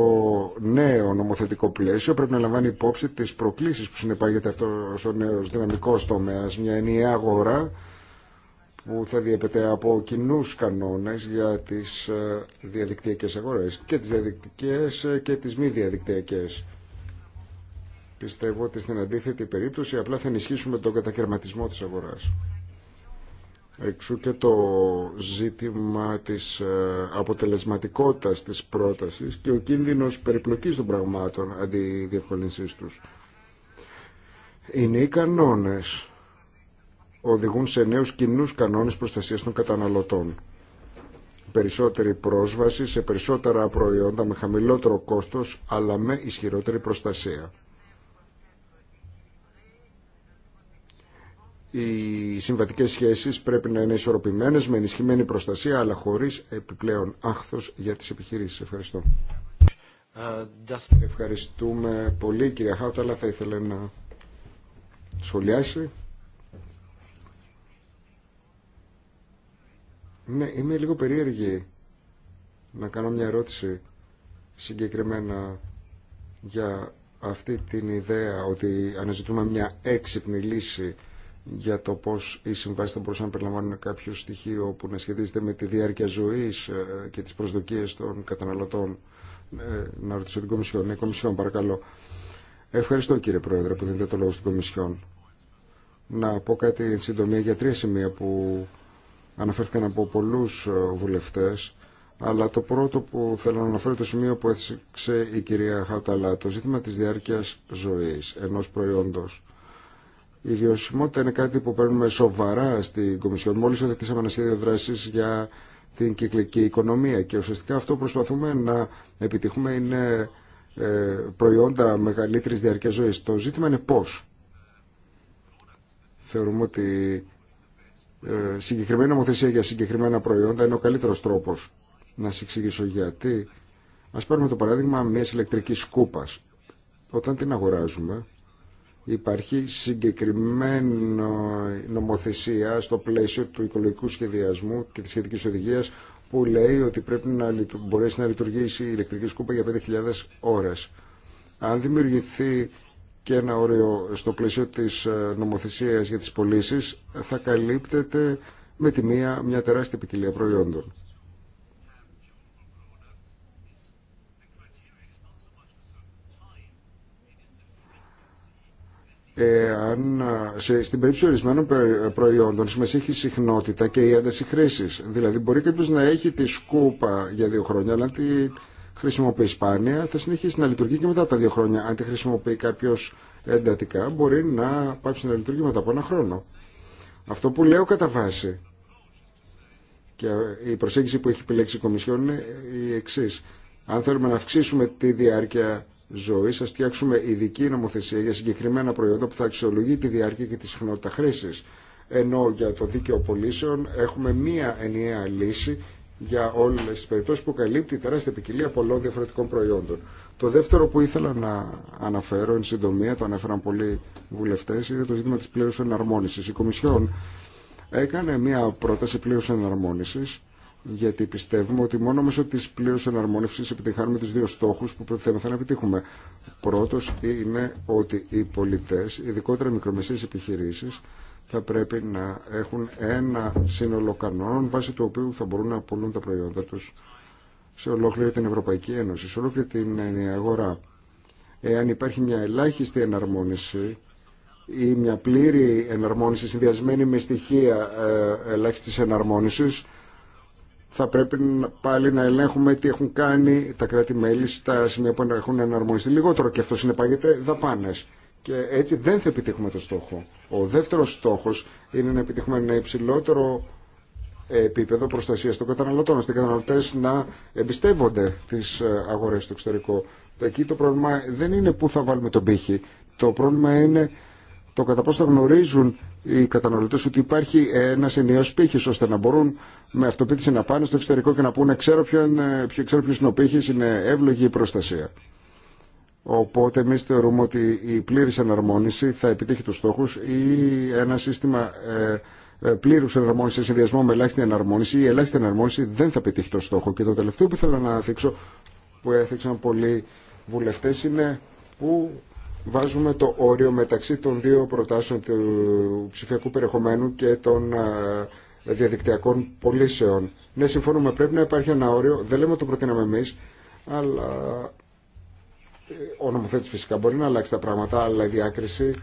νέο νομοθετικό πλαίσιο πρέπει να λαμβάνει υπόψη τις προκλήσει που συνεπάγεται αυτό ο νέος δυναμικός τομέας, μια ενιαία αγορά που θα διέπεται από κοινού κανόνε για τι ε, διαδικτυακέ αγορέ και τι διαδικτυακέ ε, και τι μη διαδικτυακέ. Πιστεύω ότι στην αντίθετη περίπτωση απλά θα ενισχύσουμε τον κατακαιρματισμό της αγοράς. Εξού και το ζήτημα της ε, αποτελεσματικότητας της πρότασης και ο κίνδυνος περιπλοκής των πραγμάτων αντί διευκολυνσής τους. Οι νέοι κανόνες οδηγούν σε νέους κοινού κανόνες προστασίας των καταναλωτών. Περισσότερη πρόσβαση σε περισσότερα προϊόντα με χαμηλότερο κόστος αλλά με ισχυρότερη προστασία. οι συμβατικέ σχέσεις πρέπει να είναι ισορροπημένε με ενισχυμένη προστασία αλλά χωρίς επιπλέον άχθος για τις επιχειρήσεις. Ευχαριστώ. Ευχαριστούμε πολύ κυρία Χάουταλα. Θα ήθελα να σχολιάσει. Ναι, είμαι λίγο περίεργη να κάνω μια ερώτηση συγκεκριμένα για αυτή την ιδέα ότι αναζητούμε μια έξυπνη λύση για το πώ οι συμβάσει θα μπορούσαν να περιλαμβάνουν κάποιο στοιχείο που να σχετίζεται με τη διάρκεια ζωή ε, και τι προσδοκίε των καταναλωτών. Ε, να ρωτήσω την Κομισιόν. Ναι, Κομισιόν, παρακαλώ. Ευχαριστώ κύριε Πρόεδρε που δίνετε το λόγο στην Κομισιόν. Να πω κάτι εν συντομία για τρία σημεία που αναφέρθηκαν από πολλού ε, βουλευτέ, Αλλά το πρώτο που θέλω να αναφέρω το σημείο που έθεσε η κυρία Χαταλά, το ζήτημα της διάρκεια ζωής ενός προϊόντος η βιωσιμότητα είναι κάτι που παίρνουμε σοβαρά στην Κομισιόν. Μόλις οδετήσαμε ένα σχέδιο δράσης για την κυκλική οικονομία και ουσιαστικά αυτό που προσπαθούμε να επιτυχούμε είναι ε, προϊόντα μεγαλύτερης διαρκές ζωής. Το ζήτημα είναι πώς. Θεωρούμε ότι ε, συγκεκριμένη νομοθεσία για συγκεκριμένα προϊόντα είναι ο καλύτερος τρόπος να σας εξηγήσω γιατί. Ας πάρουμε το παράδειγμα μιας ηλεκτρικής σκούπας. Όταν την αγοράζουμε υπάρχει συγκεκριμένη νομοθεσία στο πλαίσιο του οικολογικού σχεδιασμού και της σχετικής οδηγίας που λέει ότι πρέπει να μπορέσει να λειτουργήσει η ηλεκτρική σκούπα για 5.000 ώρες. Αν δημιουργηθεί και ένα όριο στο πλαίσιο της ε, νομοθεσίας για τις πωλήσει θα καλύπτεται με τη μία μια τεράστια ποικιλία προϊόντων. αν, σε, στην περίπτωση ορισμένων προϊόντων έχει συχνότητα και η ένταση χρήση. Δηλαδή, μπορεί κάποιο να έχει τη σκούπα για δύο χρόνια, αλλά αν τη χρησιμοποιεί σπάνια, θα συνεχίσει να λειτουργεί και μετά από τα δύο χρόνια. Αν τη χρησιμοποιεί κάποιο εντατικά, μπορεί να πάψει να λειτουργεί μετά από ένα χρόνο. Αυτό που λέω κατά βάση και η προσέγγιση που έχει επιλέξει η Κομισιόν είναι η εξή. Αν θέλουμε να αυξήσουμε τη διάρκεια ζωή, σα φτιάξουμε ειδική νομοθεσία για συγκεκριμένα προϊόντα που θα αξιολογεί τη διάρκεια και τη συχνότητα χρήση. Ενώ για το δίκαιο πωλήσεων έχουμε μία ενιαία λύση για όλε τι περιπτώσει που καλύπτει τεράστια ποικιλία πολλών διαφορετικών προϊόντων. Το δεύτερο που ήθελα να αναφέρω, εν συντομία, το ανέφεραν πολλοί βουλευτέ, είναι το ζήτημα τη πλήρου εναρμόνιση. Η Κομισιόν έκανε μία πρόταση πλήρου εναρμόνιση γιατί πιστεύουμε ότι μόνο μέσω της πλήρους εναρμόνευσης επιτυχάνουμε τους δύο στόχους που θέλουμε να επιτύχουμε. Πρώτος είναι ότι οι πολιτές, ειδικότερα μικρομεσαίες επιχειρήσεις, θα πρέπει να έχουν ένα σύνολο κανόνων βάσει του οποίου θα μπορούν να πουλούν τα προϊόντα τους σε ολόκληρη την Ευρωπαϊκή Ένωση, σε ολόκληρη την αγορά. Εάν υπάρχει μια ελάχιστη εναρμόνιση ή μια πλήρη εναρμόνιση συνδυασμένη με στοιχεία ε, ελάχιστης εναρμόνισης, θα πρέπει πάλι να ελέγχουμε τι έχουν κάνει τα κράτη-μέλη στα σημεία που έχουν εναρμονιστεί λιγότερο και αυτό συνεπάγεται δαπάνε. Και έτσι δεν θα επιτύχουμε το στόχο. Ο δεύτερο στόχο είναι να επιτύχουμε ένα υψηλότερο επίπεδο προστασία των καταναλωτών, ώστε οι καταναλωτέ να εμπιστεύονται τι ε, αγορέ στο εξωτερικό. Εκεί το πρόβλημα δεν είναι πού θα βάλουμε τον πύχη. Το πρόβλημα είναι το κατά πώ θα γνωρίζουν οι καταναλωτές ότι υπάρχει ένας ενιαίος πύχης ώστε να μπορούν με αυτοπίτηση να πάνε στο εξωτερικό και να πούνε ξέρω, ποιον, ποιο, ξέρω ποιος είναι ο πύχης, είναι εύλογη η προστασία. Οπότε εμεί θεωρούμε ότι η πλήρης εναρμόνιση θα επιτύχει τους στόχους ή ένα σύστημα ε, ε πλήρους εναρμόνισης σε συνδυασμό με ελάχιστη εναρμόνιση ή ελάχιστη εναρμόνιση δεν θα επιτύχει το στόχο. Και το τελευταίο που ήθελα να δείξω, που έθιξαν πολλοί βουλευτές είναι που βάζουμε το όριο μεταξύ των δύο προτάσεων του ψηφιακού περιεχομένου και των ε, διαδικτυακών πωλήσεων. Ναι, συμφωνούμε, πρέπει να υπάρχει ένα όριο, δεν λέμε ότι το προτείναμε εμεί, αλλά ε, ο νομοθέτης φυσικά μπορεί να αλλάξει τα πράγματα, αλλά η διάκριση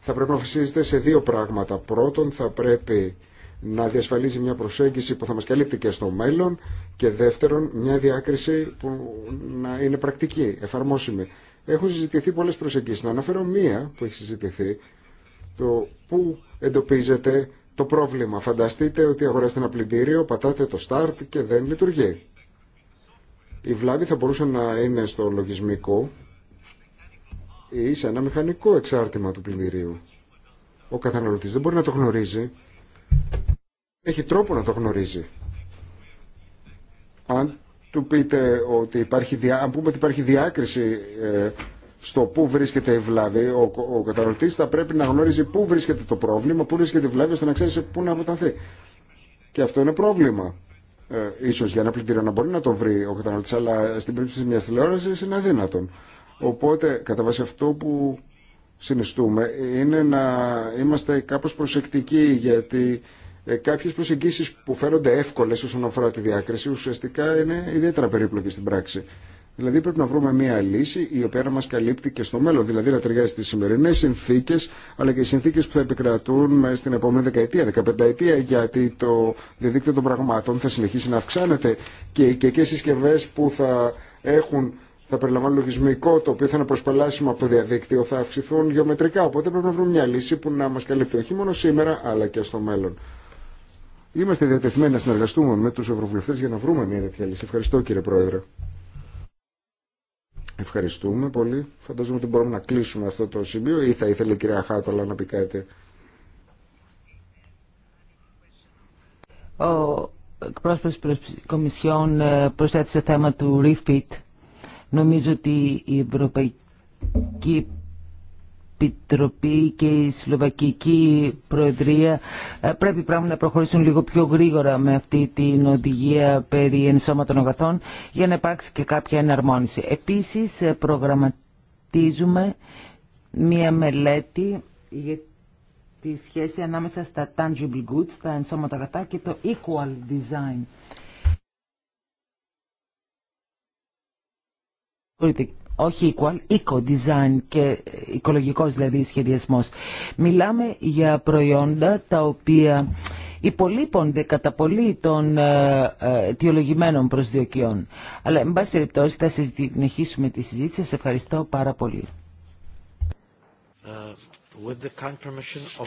θα πρέπει να αφησίζεται σε δύο πράγματα. Πρώτον, θα πρέπει να διασφαλίζει μια προσέγγιση που θα μας καλύπτει και στο μέλλον και δεύτερον, μια διάκριση που να είναι πρακτική, εφαρμόσιμη. Έχουν συζητηθεί πολλές προσεγγίσεις. Να αναφέρω μία που έχει συζητηθεί, το πού εντοπίζεται το πρόβλημα. Φανταστείτε ότι αγοράσετε ένα πλυντήριο, πατάτε το start και δεν λειτουργεί. Η βλάβη θα μπορούσε να είναι στο λογισμικό ή σε ένα μηχανικό εξάρτημα του πλυντηρίου. Ο καταναλωτής δεν μπορεί να το γνωρίζει. Έχει τρόπο να το γνωρίζει του πείτε ότι υπάρχει, αν πούμε ότι υπάρχει διάκριση ε, στο πού βρίσκεται η βλάβη, ο, ο καταναλωτή θα πρέπει να γνωρίζει πού βρίσκεται το πρόβλημα, πού βρίσκεται η βλάβη, ώστε να ξέρει πού να αποταθεί. Και αυτό είναι πρόβλημα. Ε, ίσως για ένα πλυντήριο να μπορεί να το βρει ο καταναλωτή, αλλά στην περίπτωση μια τηλεόραση είναι αδύνατον. Οπότε, κατά βάση αυτό που συνιστούμε είναι να είμαστε κάπως προσεκτικοί γιατί ε, Κάποιε προσεγγίσεις που φαίνονται εύκολε όσον αφορά τη διάκριση ουσιαστικά είναι ιδιαίτερα περίπλοκε στην πράξη. Δηλαδή πρέπει να βρούμε μια λύση η οποία να μας καλύπτει και στο μέλλον, δηλαδή να ταιριάζει στις σημερινές συνθήκες αλλά και οι συνθήκες που θα επικρατούν ε, στην επόμενη δεκαετία, δεκαπενταετία γιατί το διαδίκτυο των πραγμάτων θα συνεχίσει να αυξάνεται και οι οικιακές συσκευέ που θα έχουν θα περιλαμβάνουν λογισμικό το οποίο θα είναι προσπελάσιμο από το διαδίκτυο, θα αυξηθούν γεωμετρικά. Οπότε πρέπει να βρούμε μια λύση που να μα καλύπτει όχι μόνο σήμερα αλλά και στο μέλλον. Είμαστε διατεθειμένοι να συνεργαστούμε με τους ευρωβουλευτές για να βρούμε μια τέτοια λύση. Ευχαριστώ κύριε Πρόεδρε. Ευχαριστούμε πολύ. Φαντάζομαι ότι μπορούμε να κλείσουμε αυτό το σημείο ή θα ήθελε η κυρία Χάτολα να πει κάτι. Ο εκπρόσωπος της Κομισιόν ε, προσέθεσε το θέμα του REFIT. Νομίζω ότι η Ευρωπαϊκή Επιτροπή και η Σλοβακική Προεδρία ε, πρέπει πράγμα να προχωρήσουν λίγο πιο γρήγορα με αυτή την οδηγία περί ενσώματων αγαθών για να υπάρξει και κάποια εναρμόνιση. Επίσης ε, προγραμματίζουμε μία μελέτη για τη σχέση ανάμεσα στα tangible goods, τα ενσώματα αγαθά και το equal design όχι equal, eco-design και οικολογικός δηλαδή σχεδιασμός. Μιλάμε για προϊόντα τα οποία υπολείπονται κατά πολύ των ε, ε, αιτιολογημένων προσδιοκιών. Αλλά, εν πάση περιπτώσει, θα συνεχίσουμε τη συζήτηση. Σας ευχαριστώ πάρα πολύ. Uh, with the kind permission of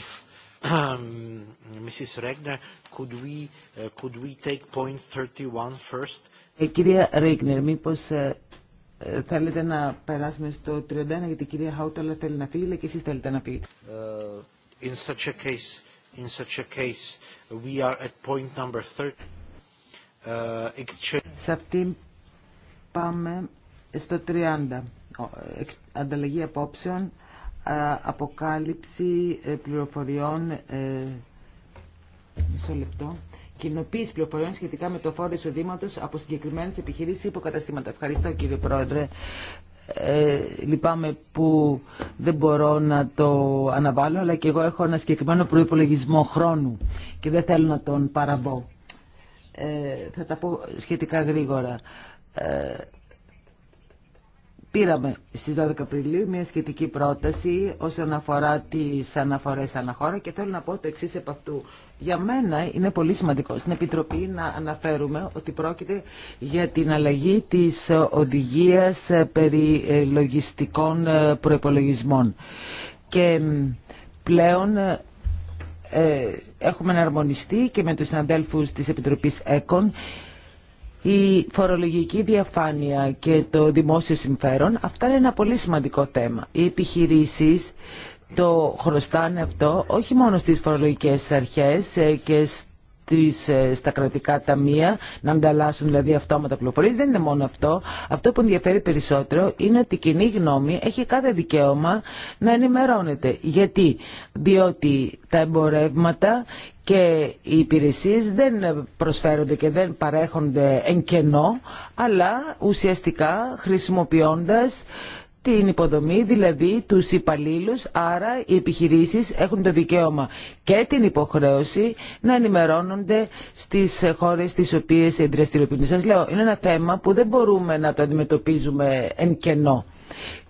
Mrs. Um, Regner, could we, uh, could we take point 31 first? Ε, κυρία Ρέγνερ, μήπως uh, Θέλετε να περάσουμε στο 31 γιατί η κυρία Χάουταλα θέλει να φύγει, αλλά και εσείς θέλετε να φύγετε. Σε αυτή πάμε στο 30. Ανταλλαγή απόψεων, uh, αποκάλυψη ε, πληροφοριών, ε, μισό λεπτό, κοινοποίηση πληροφοριών σχετικά με το φόρο εισοδήματο από συγκεκριμένε επιχειρήσει ή υποκαταστήματα. Ευχαριστώ κύριε Πρόεδρε. Ε, λυπάμαι που δεν μπορώ να το αναβάλω, αλλά και εγώ έχω ένα συγκεκριμένο προπολογισμό χρόνου και δεν θέλω να τον παραμπώ. Ε, θα τα πω σχετικά γρήγορα. Ε, Πήραμε στις 12 Απριλίου μια σχετική πρόταση όσον αφορά τις αναφορές αναχώρα και θέλω να πω το εξής επ' αυτού. Για μένα είναι πολύ σημαντικό στην Επιτροπή να αναφέρουμε ότι πρόκειται για την αλλαγή της οδηγίας περί λογιστικών προϋπολογισμών. Και πλέον ε, έχουμε εναρμονιστεί και με τους συναντέλφου της Επιτροπής ΕΚΟΝ η φορολογική διαφάνεια και το δημόσιο συμφέρον, αυτά είναι ένα πολύ σημαντικό θέμα. Οι επιχειρήσεις το χρωστάνε αυτό όχι μόνο στις φορολογικές αρχές ε, και στις ε, στα κρατικά ταμεία να ανταλλάσσουν δηλαδή αυτόματα πληροφορίες. Δεν είναι μόνο αυτό. Αυτό που ενδιαφέρει περισσότερο είναι ότι η κοινή γνώμη έχει κάθε δικαίωμα να ενημερώνεται. Γιατί? Διότι τα εμπορεύματα και οι υπηρεσίες δεν προσφέρονται και δεν παρέχονται εν κενό, αλλά ουσιαστικά χρησιμοποιώντας την υποδομή, δηλαδή τους υπαλλήλους, άρα οι επιχειρήσεις έχουν το δικαίωμα και την υποχρέωση να ενημερώνονται στις χώρες τις οποίες δραστηριοποιούνται. Σας λέω, είναι ένα θέμα που δεν μπορούμε να το αντιμετωπίζουμε εν κενό.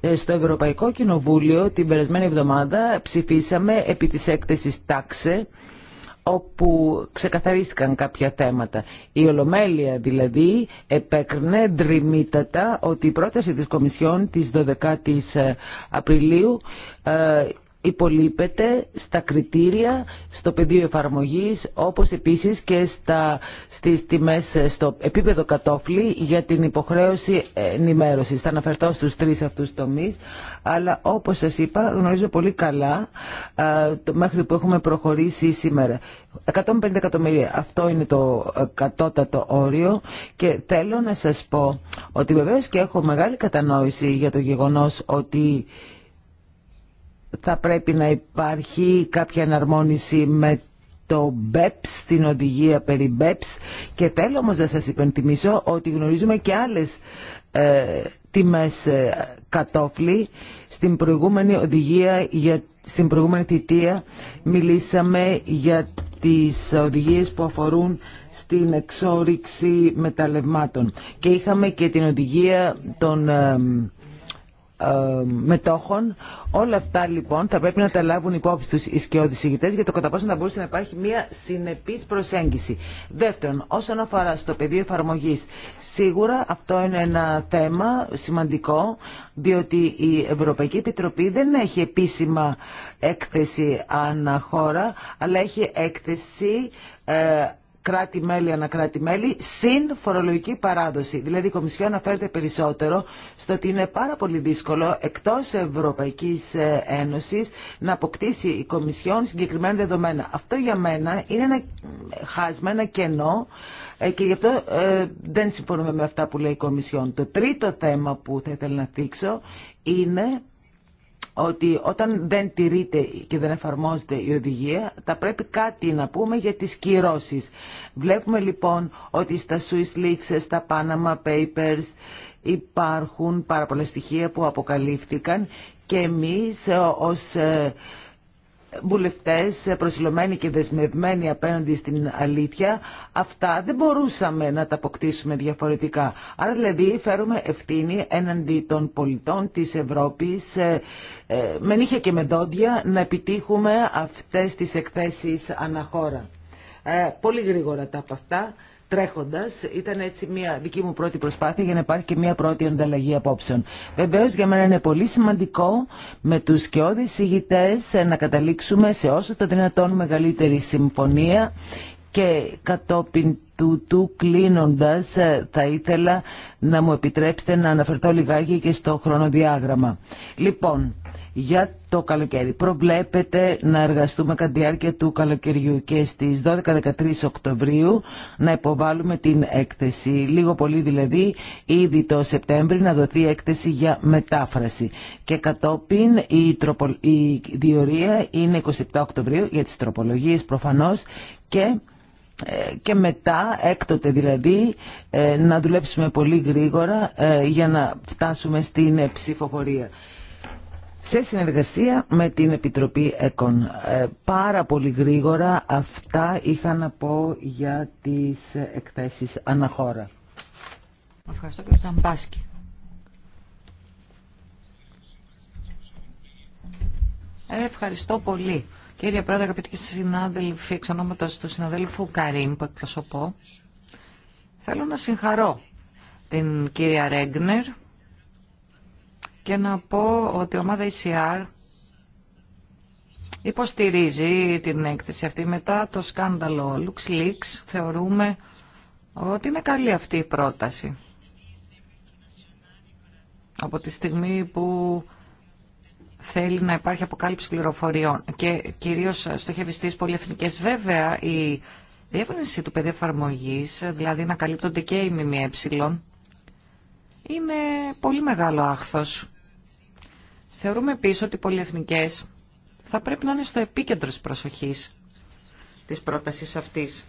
Ε, στο Ευρωπαϊκό Κοινοβούλιο την περασμένη εβδομάδα ψηφίσαμε επί της έκθεσης τάξε όπου ξεκαθαρίστηκαν κάποια θέματα. Η Ολομέλεια δηλαδή επέκρινε δρυμύτατα ότι η πρόταση της Κομισιόν της 12ης ε, Απριλίου ε, υπολείπεται στα κριτήρια, στο πεδίο εφαρμογής, όπως επίσης και στα, στις τιμές, στο επίπεδο κατόφλι για την υποχρέωση ενημέρωσης. Θα αναφερθώ στους τρεις αυτούς τομείς, αλλά όπως σας είπα γνωρίζω πολύ καλά το, μέχρι που έχουμε προχωρήσει σήμερα. 150 εκατομμύρια, αυτό είναι το ε, κατώτατο όριο και θέλω να σας πω ότι βεβαίως και έχω μεγάλη κατανόηση για το γεγονός ότι θα πρέπει να υπάρχει κάποια εναρμόνιση με το BEPS, την οδηγία περί BEPS και θέλω όμως να σας υπενθυμίσω ότι γνωρίζουμε και άλλες ε, τιμές ε, κατόφλι στην προηγούμενη οδηγία, για, στην προηγούμενη θητεία μιλήσαμε για τις οδηγίες που αφορούν στην εξόριξη μεταλλευμάτων και είχαμε και την οδηγία των ε, ε, μετόχων. Όλα αυτά λοιπόν θα πρέπει να τα λάβουν υπόψη του οι σκιώδεις για το κατά πόσο θα μπορούσε να υπάρχει μια συνεπής προσέγγιση. Δεύτερον, όσον αφορά στο πεδίο εφαρμογή. σίγουρα αυτό είναι ένα θέμα σημαντικό διότι η Ευρωπαϊκή Επιτροπή δεν έχει επίσημα έκθεση ανά χώρα, αλλά έχει έκθεση ε, κράτη-μέλη ανακράτη-μέλη, κράτη-μέλη, συν φορολογική παράδοση. Δηλαδή η Κομισιόν αναφέρεται περισσότερο στο ότι είναι πάρα πολύ δύσκολο εκτός Ευρωπαϊκής ε, Ένωσης να αποκτήσει η Κομισιόν συγκεκριμένα δεδομένα. Αυτό για μένα είναι ένα χάσμα, ένα κενό ε, και γι' αυτό ε, δεν συμφωνούμε με αυτά που λέει η Κομισιόν. Το τρίτο θέμα που θα ήθελα να θίξω είναι ότι όταν δεν τηρείται και δεν εφαρμόζεται η οδηγία, θα πρέπει κάτι να πούμε για τις κυρώσεις. Βλέπουμε λοιπόν ότι στα Swiss Leaks, στα Panama Papers υπάρχουν πάρα πολλά στοιχεία που αποκαλύφθηκαν και εμείς ε, ως ε, βουλευτές προσιλωμένοι και δεσμευμένοι απέναντι στην αλήθεια, αυτά δεν μπορούσαμε να τα αποκτήσουμε διαφορετικά. Άρα δηλαδή φέρουμε ευθύνη έναντι των πολιτών της Ευρώπης ε, ε, με νύχια και με δόντια να επιτύχουμε αυτές τις εκθέσεις αναχώρα. Ε, πολύ γρήγορα τα από αυτά τρέχοντα. Ήταν έτσι μια δική μου πρώτη προσπάθεια για να υπάρχει και μια πρώτη ανταλλαγή απόψεων. Βεβαίω για μένα είναι πολύ σημαντικό με του σκιώδει ηγητέ να καταλήξουμε σε όσο το δυνατόν μεγαλύτερη συμφωνία και κατόπιν του κλείνοντα, ε, θα ήθελα να μου επιτρέψετε να αναφερθώ λιγάκι και στο χρονοδιάγραμμα. Λοιπόν, για το καλοκαίρι. Προβλέπετε να εργαστούμε κατά τη διάρκεια του καλοκαιριού και στις 12-13 Οκτωβρίου να υποβάλουμε την έκθεση. Λίγο πολύ δηλαδή ήδη το Σεπτέμβρη να δοθεί έκθεση για μετάφραση. Και κατόπιν η, η διορία είναι 27 Οκτωβρίου για τις τροπολογίες προφανώς και ε, και μετά, έκτοτε δηλαδή, ε, να δουλέψουμε πολύ γρήγορα ε, για να φτάσουμε στην ψηφοφορία σε συνεργασία με την Επιτροπή ΕΚΟΝ. Ε, πάρα πολύ γρήγορα αυτά είχα να πω για τις εκθέσεις αναχώρα. Ευχαριστώ κύριε Ε Ευχαριστώ πολύ. Κύριε Πρόεδρε, αγαπητοί συνάδελφοι, εξ του συναδέλφου Καρίν που εκπροσωπώ, θέλω να συγχαρώ την κυρία Ρέγκνερ και να πω ότι η ομάδα ECR υποστηρίζει την έκθεση αυτή μετά το σκάνδαλο LuxLeaks. Θεωρούμε ότι είναι καλή αυτή η πρόταση. Από τη στιγμή που θέλει να υπάρχει αποκάλυψη πληροφοριών και κυρίως στοχεύει στις πολυεθνικές. Βέβαια, η διεύρυνση του παιδί εφαρμογή, δηλαδή να καλύπτονται και οι ΜΜΕ, είναι πολύ μεγάλο άχθος Θεωρούμε επίσης ότι οι πολυεθνικές θα πρέπει να είναι στο επίκεντρο της προσοχής της πρότασης αυτής.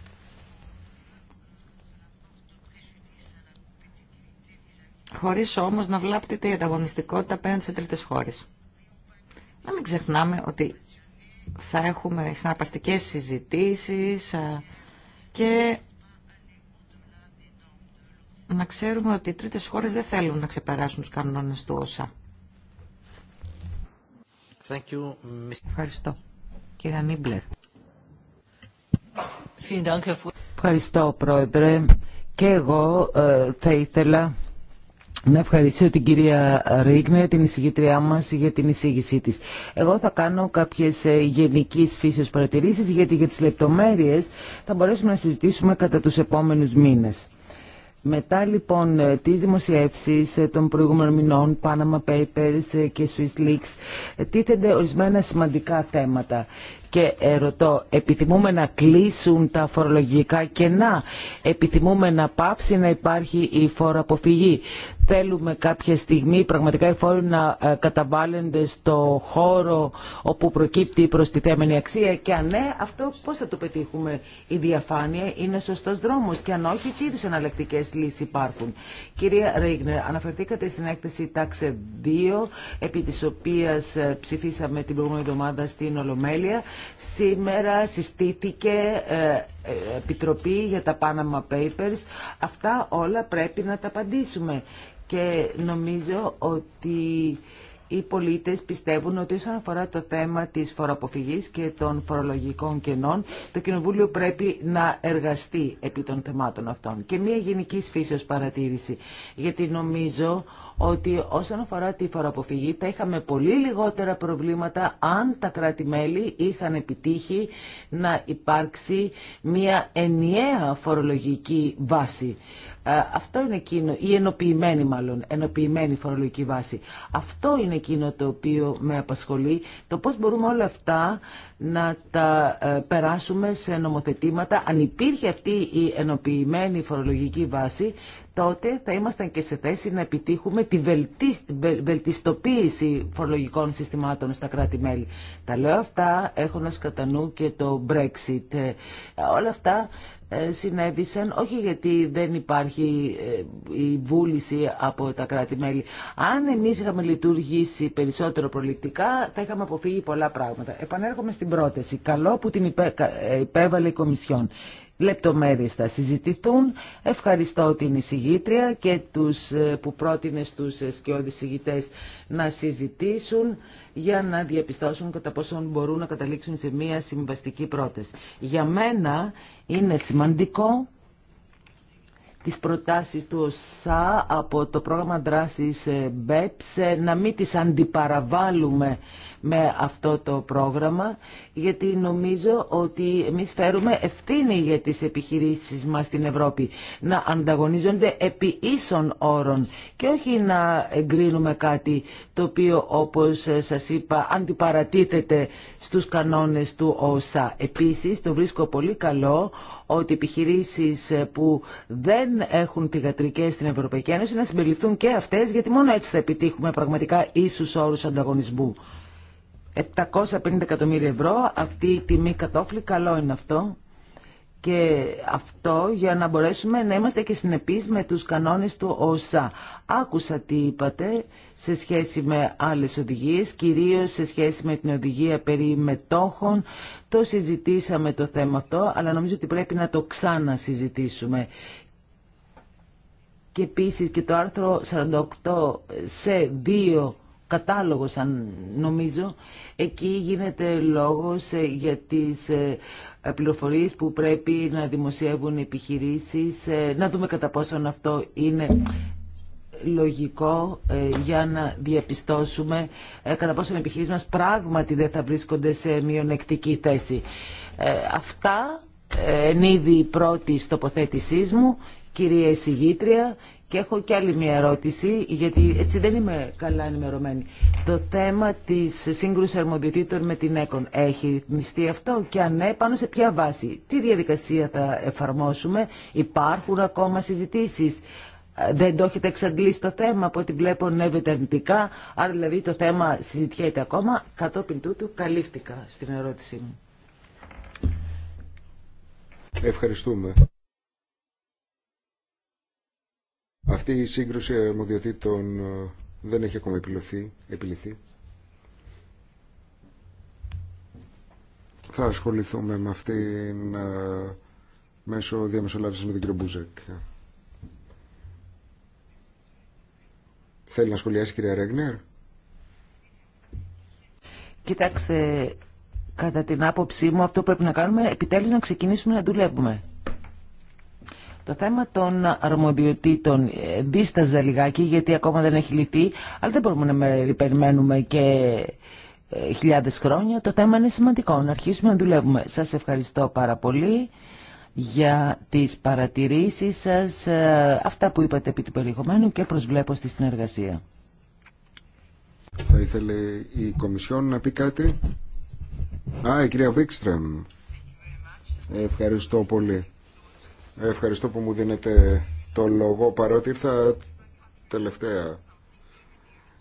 Χωρίς όμως να βλάπτεται η ανταγωνιστικότητα απέναντι σε τρίτες χώρες. Να μην ξεχνάμε ότι θα έχουμε συναρπαστικές συζητήσεις και να ξέρουμε ότι οι τρίτες χώρες δεν θέλουν να ξεπεράσουν τους κανόνες του ΩΣΑ. Ευχαριστώ. Κύριε Νίμπλερ. Ευχαριστώ, Πρόεδρε. Και εγώ ε, θα ήθελα να ευχαριστήσω την κυρία Ρίγνερ, την εισηγητριά μας, για την εισήγησή της. Εγώ θα κάνω κάποιες ε, γενικέ φύσεως παρατηρήσεις, γιατί για τις λεπτομέρειες θα μπορέσουμε να συζητήσουμε κατά τους επόμενους μήνες. Μετά λοιπόν ε, τις δημοσιεύσεις ε, των προηγούμενων μηνών, Panama Papers ε, και Swiss Leaks, τίθενται ορισμένα σημαντικά θέματα και ε, ρωτώ, επιθυμούμε να κλείσουν τα φορολογικά κενά, επιθυμούμε να πάψει να υπάρχει η φοροαποφυγή. Θέλουμε κάποια στιγμή πραγματικά οι φόροι να ε, καταβάλλονται στο χώρο όπου προκύπτει η προστιθέμενη αξία και αν ναι, αυτό πώς θα το πετύχουμε. Η διαφάνεια είναι σωστός δρόμος και αν όχι, τι είδους εναλλακτικές λύσεις υπάρχουν. Κυρία Ρίγνερ, αναφερθήκατε στην έκθεση τάξε 2, επί της οποίας ε, ψηφίσαμε την προηγούμενη εβδομάδα στην Ολομέλεια Σήμερα συστήθηκε ε, ε, επιτροπή για τα Panama Papers. Αυτά όλα πρέπει να τα απαντήσουμε. Και νομίζω ότι οι πολίτες πιστεύουν ότι όσον αφορά το θέμα της φοροαποφυγής και των φορολογικών κενών, το Κοινοβούλιο πρέπει να εργαστεί επί των θεμάτων αυτών. Και μια γενική φύσεως παρατήρηση, γιατί νομίζω ότι όσον αφορά τη φοροαποφυγή θα είχαμε πολύ λιγότερα προβλήματα αν τα κράτη-μέλη είχαν επιτύχει να υπάρξει μια ενιαία φορολογική βάση. Ε, αυτό είναι εκείνο, ή ενοποιημένη μάλλον, ενοποιημένη φορολογική βάση. Αυτό είναι εκείνο το οποίο με απασχολεί, το πώς μπορούμε όλα αυτά να τα ε, περάσουμε σε νομοθετήματα. Αν υπήρχε αυτή η ενοποιημένη φορολογική βάση, τότε θα ήμασταν και σε θέση να επιτύχουμε τη βελτιστοποίηση φορολογικών συστημάτων στα κράτη-μέλη. Τα λέω αυτά έχουν κατά νου και το Brexit. Ε, όλα αυτά ε, συνέβησαν όχι γιατί δεν υπάρχει ε, η βούληση από τα κράτη-μέλη. Αν εμείς είχαμε λειτουργήσει περισσότερο προληπτικά θα είχαμε αποφύγει πολλά πράγματα. Επανέρχομαι στην πρόταση. Καλό που την υπέ... υπέβαλε η Κομισιόν λεπτομέρειες θα συζητηθούν. Ευχαριστώ την εισηγήτρια και τους ε, που πρότεινε στους σκιώδεις εισηγητές να συζητήσουν για να διαπιστώσουν κατά πόσο μπορούν να καταλήξουν σε μια συμβαστική πρόταση. Για μένα είναι σημαντικό τις προτάσεις του ΩΣΑ από το πρόγραμμα δράσης ε, BEPS ε, να μην τις αντιπαραβάλλουμε με αυτό το πρόγραμμα γιατί νομίζω ότι εμείς φέρουμε ευθύνη για τις επιχειρήσεις μας στην Ευρώπη να ανταγωνίζονται επί ίσων όρων και όχι να εγκρίνουμε κάτι το οποίο όπως σας είπα αντιπαρατίθεται στους κανόνες του ΩΣΑ. Επίσης το βρίσκω πολύ καλό ότι επιχειρήσεις που δεν έχουν πηγατρικές στην Ευρωπαϊκή Ένωση να συμπεριληφθούν και αυτές γιατί μόνο έτσι θα επιτύχουμε πραγματικά ίσους όρους ανταγωνισμού. 750 εκατομμύρια ευρώ, αυτή η τιμή κατόφλη, καλό είναι αυτό. Και αυτό για να μπορέσουμε να είμαστε και συνεπείς με τους κανόνες του ΟΣΑ. Άκουσα τι είπατε σε σχέση με άλλες οδηγίες, κυρίως σε σχέση με την οδηγία περί μετόχων. Το συζητήσαμε το θέμα αυτό, αλλά νομίζω ότι πρέπει να το ξανασυζητήσουμε. Και επίσης και το άρθρο 48 σε δύο κατάλογος αν νομίζω εκεί γίνεται λόγος ε, για τις ε, πληροφορίες που πρέπει να δημοσιεύουν οι επιχειρήσεις ε, να δούμε κατά πόσον αυτό είναι λογικό για να διαπιστώσουμε κατά πόσον οι επιχειρήσεις μας πράγματι δεν θα βρίσκονται σε μειονεκτική θέση αυτά εν είδη πρώτης τοποθέτησής μου κυρία εισηγήτρια και έχω και άλλη μια ερώτηση, γιατί έτσι δεν είμαι καλά ενημερωμένη. Το θέμα της σύγκρουση αρμοδιοτήτων με την ΕΚΟΝ έχει ρυθμιστεί αυτό και αν ναι, πάνω σε ποια βάση. Τι διαδικασία θα εφαρμόσουμε, υπάρχουν ακόμα συζητήσεις. Δεν το έχετε εξαντλήσει το θέμα, από ό,τι βλέπω νεύεται αρνητικά, άρα δηλαδή το θέμα συζητιέται ακόμα, κατόπιν τούτου καλύφθηκα στην ερώτησή μου. Ευχαριστούμε. Αυτή η σύγκρουση αρμοδιοτήτων ε, δεν έχει ακόμα επιλυθεί. επιληθεί. Θα ασχοληθούμε με αυτήν ε, μέσω διαμεσολάβησης με την κύριο Μπούζεκ. Θέλει να σχολιάσει κυρία Ρέγνερ. Κοιτάξτε, κατά την άποψή μου αυτό πρέπει να κάνουμε επιτέλους να ξεκινήσουμε να δουλεύουμε. Το θέμα των αρμοδιοτήτων ε, δίσταζε λιγάκι γιατί ακόμα δεν έχει λυθεί, αλλά δεν μπορούμε να περιμένουμε και ε, χιλιάδες χρόνια. Το θέμα είναι σημαντικό, να αρχίσουμε να δουλεύουμε. Σας ευχαριστώ πάρα πολύ για τις παρατηρήσεις σας, ε, αυτά που είπατε επί του περιεχομένου και προσβλέπω στη συνεργασία. Θα ήθελε η Κομισιόν να πει κάτι. Α, η κυρία Βίξτρεμ. Ευχαριστώ πολύ. Ευχαριστώ που μου δίνετε το λόγο, παρότι ήρθα τελευταία.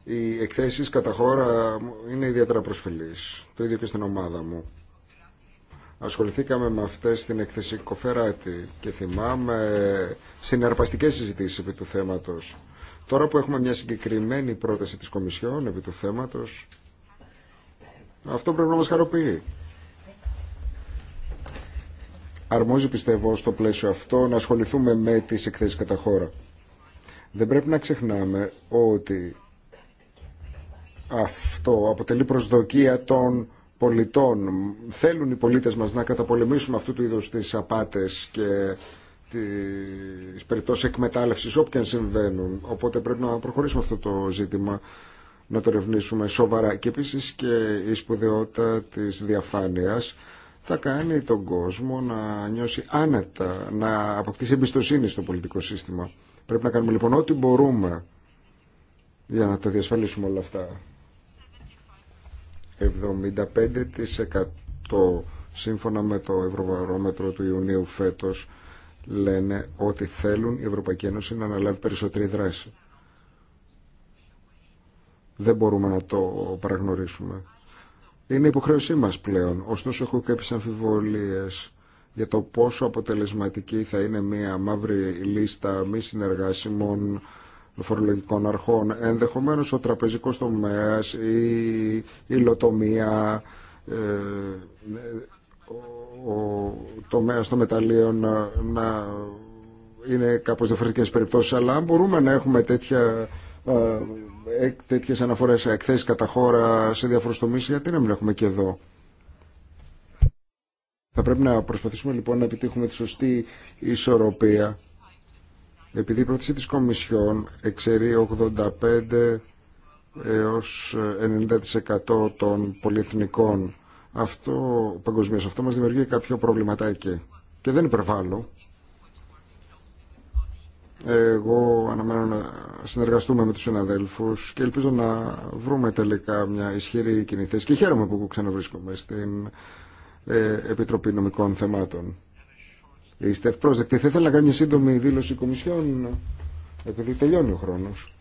Οι εκθέσεις κατά χώρα είναι ιδιαίτερα προσφυλής, το ίδιο και στην ομάδα μου. Ασχοληθήκαμε με αυτές στην εκθέση Κοφεράτη και θυμάμαι συναρπαστικές συζητήσεις επί του θέματος. Τώρα που έχουμε μια συγκεκριμένη πρόταση της Κομισιόν επί του θέματος, αυτό πρέπει να μας χαροποιεί αρμόζει πιστεύω στο πλαίσιο αυτό να ασχοληθούμε με τις εκθέσεις κατά χώρα. Δεν πρέπει να ξεχνάμε ότι αυτό αποτελεί προσδοκία των πολιτών. Θέλουν οι πολίτες μας να καταπολεμήσουμε αυτού του είδους τις απάτες και τις περιπτώσεις εκμετάλλευσης όποια συμβαίνουν. Οπότε πρέπει να προχωρήσουμε αυτό το ζήτημα να το ρευνήσουμε σοβαρά και επίσης και η σπουδαιότητα της διαφάνειας θα κάνει τον κόσμο να νιώσει άνετα, να αποκτήσει εμπιστοσύνη στο πολιτικό σύστημα. Πρέπει να κάνουμε λοιπόν ό,τι μπορούμε για να τα διασφαλίσουμε όλα αυτά. 75% σύμφωνα με το Ευρωβαρόμετρο του Ιουνίου φέτος λένε ότι θέλουν η Ευρωπαϊκή Ένωση να αναλάβει περισσότερη δράση. Δεν μπορούμε να το παραγνωρίσουμε. Είναι υποχρέωσή μα πλέον, ωστόσο έχω κάποιε αμφιβολίε για το πόσο αποτελεσματική θα είναι μια μαύρη λίστα μη συνεργάσιμων φορολογικών αρχών. Ενδεχομένως ο τραπεζικός τομέας, η υλοτομία, ε, ο τομέας των μεταλλίων να είναι κάπως διαφορετικές περιπτώσεις, αλλά αν μπορούμε να έχουμε τέτοια ε, ε, τέτοιες αναφορές, ε, εκθέσει κατά χώρα σε διάφορου τομεί, γιατί να μην έχουμε και εδώ. Θα πρέπει να προσπαθήσουμε λοιπόν να επιτύχουμε τη σωστή ισορροπία. Επειδή η πρόθεση της Κομισιόν εξαιρεί 85 έως 90% των πολυεθνικών αυτό παγκοσμίως, αυτό μας δημιουργεί κάποιο προβληματάκι. Και δεν υπερβάλλω. Εγώ αναμένω να συνεργαστούμε με τους συναδέλφους και ελπίζω να βρούμε τελικά μια ισχυρή κοινή θέση και χαίρομαι που ξαναβρίσκομαι στην ε, Επιτροπή Νομικών Θεμάτων. Είστε ευπρόσδεκτοι. Θα ήθελα να κάνω μια σύντομη δήλωση κομισιών επειδή τελειώνει ο χρόνος.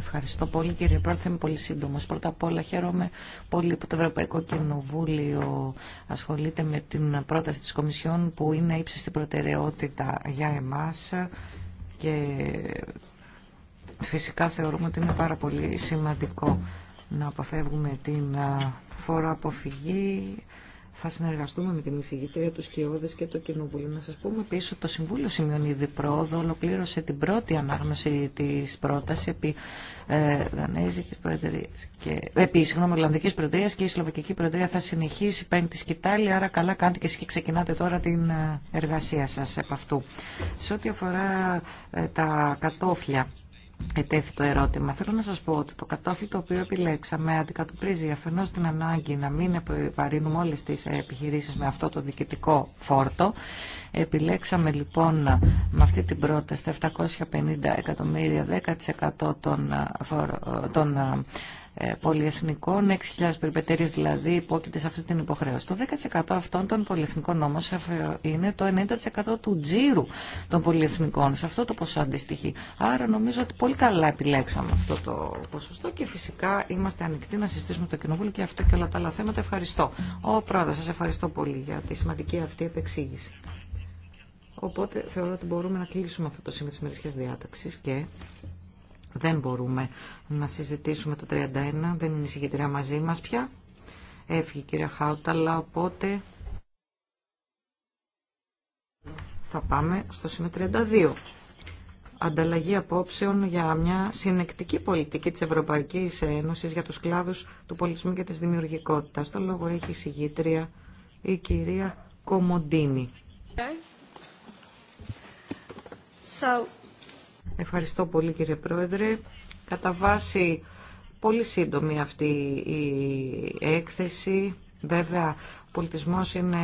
Ευχαριστώ πολύ κύριε Πρόεδρε, είμαι πολύ σύντομο. Πρώτα απ' όλα χαίρομαι πολύ που το Ευρωπαϊκό Κοινοβούλιο ασχολείται με την πρόταση της Κομισιόν που είναι ύψιστη προτεραιότητα για εμάς και φυσικά θεωρούμε ότι είναι πάρα πολύ σημαντικό να αποφεύγουμε την αποφυγή θα συνεργαστούμε με την εισηγητρία, του Σκιώδη και το Κοινοβούλιο. Να σα πούμε επίση ότι το Συμβούλιο Σημειονίδη Πρόοδο ολοκλήρωσε την πρώτη ανάγνωση τη πρόταση επί ε, Δανέζικη Προεδρία. Επί συγγνώμη, Ολλανδική Προεδρία και η Σλοβακική Προεδρία θα συνεχίσει πέντε τη σκητάλη. Άρα, καλά κάντε και εσεί και ξεκινάτε τώρα την ε, εργασία σα επ' αυτού. Σε ό,τι αφορά ε, τα κατόφλια ετέθη το ερώτημα. Θέλω να σας πω ότι το κατόφλι το οποίο επιλέξαμε αντικατοπτρίζει αφενός την ανάγκη να μην επιβαρύνουμε όλες τις επιχειρήσεις με αυτό το διοικητικό φόρτο. Επιλέξαμε λοιπόν με αυτή την πρόταση 750 εκατομμύρια 10% των, των ε, πολυεθνικών, 6.000 περιπετέρειε δηλαδή υπόκειται σε αυτή την υποχρέωση. Το 10% αυτών των πολυεθνικών όμω είναι το 90% του τζίρου των πολυεθνικών. Σε αυτό το ποσό αντιστοιχεί. Άρα νομίζω ότι πολύ καλά επιλέξαμε αυτό το ποσοστό και φυσικά είμαστε ανοιχτοί να συστήσουμε το Κοινοβούλιο και αυτό και όλα τα άλλα θέματα. Ευχαριστώ. Ο Πρόεδρο, σα ευχαριστώ πολύ για τη σημαντική αυτή επεξήγηση. Οπότε θεωρώ ότι μπορούμε να κλείσουμε αυτό το σημείο τη μερική διάταξη και δεν μπορούμε να συζητήσουμε το 31, δεν είναι η συγκεντρία μαζί μας πια. Έφυγε η κυρία Χάουταλα, οπότε θα πάμε στο σημείο 32. Ανταλλαγή απόψεων για μια συνεκτική πολιτική της Ευρωπαϊκής Ένωσης για τους κλάδους του πολιτισμού και της δημιουργικότητας. Το λόγο έχει η συγγήτρια η κυρία Κομοντίνη. Okay. Ευχαριστώ πολύ κύριε Πρόεδρε. Κατά βάση πολύ σύντομη αυτή η έκθεση. Βέβαια, ο πολιτισμός είναι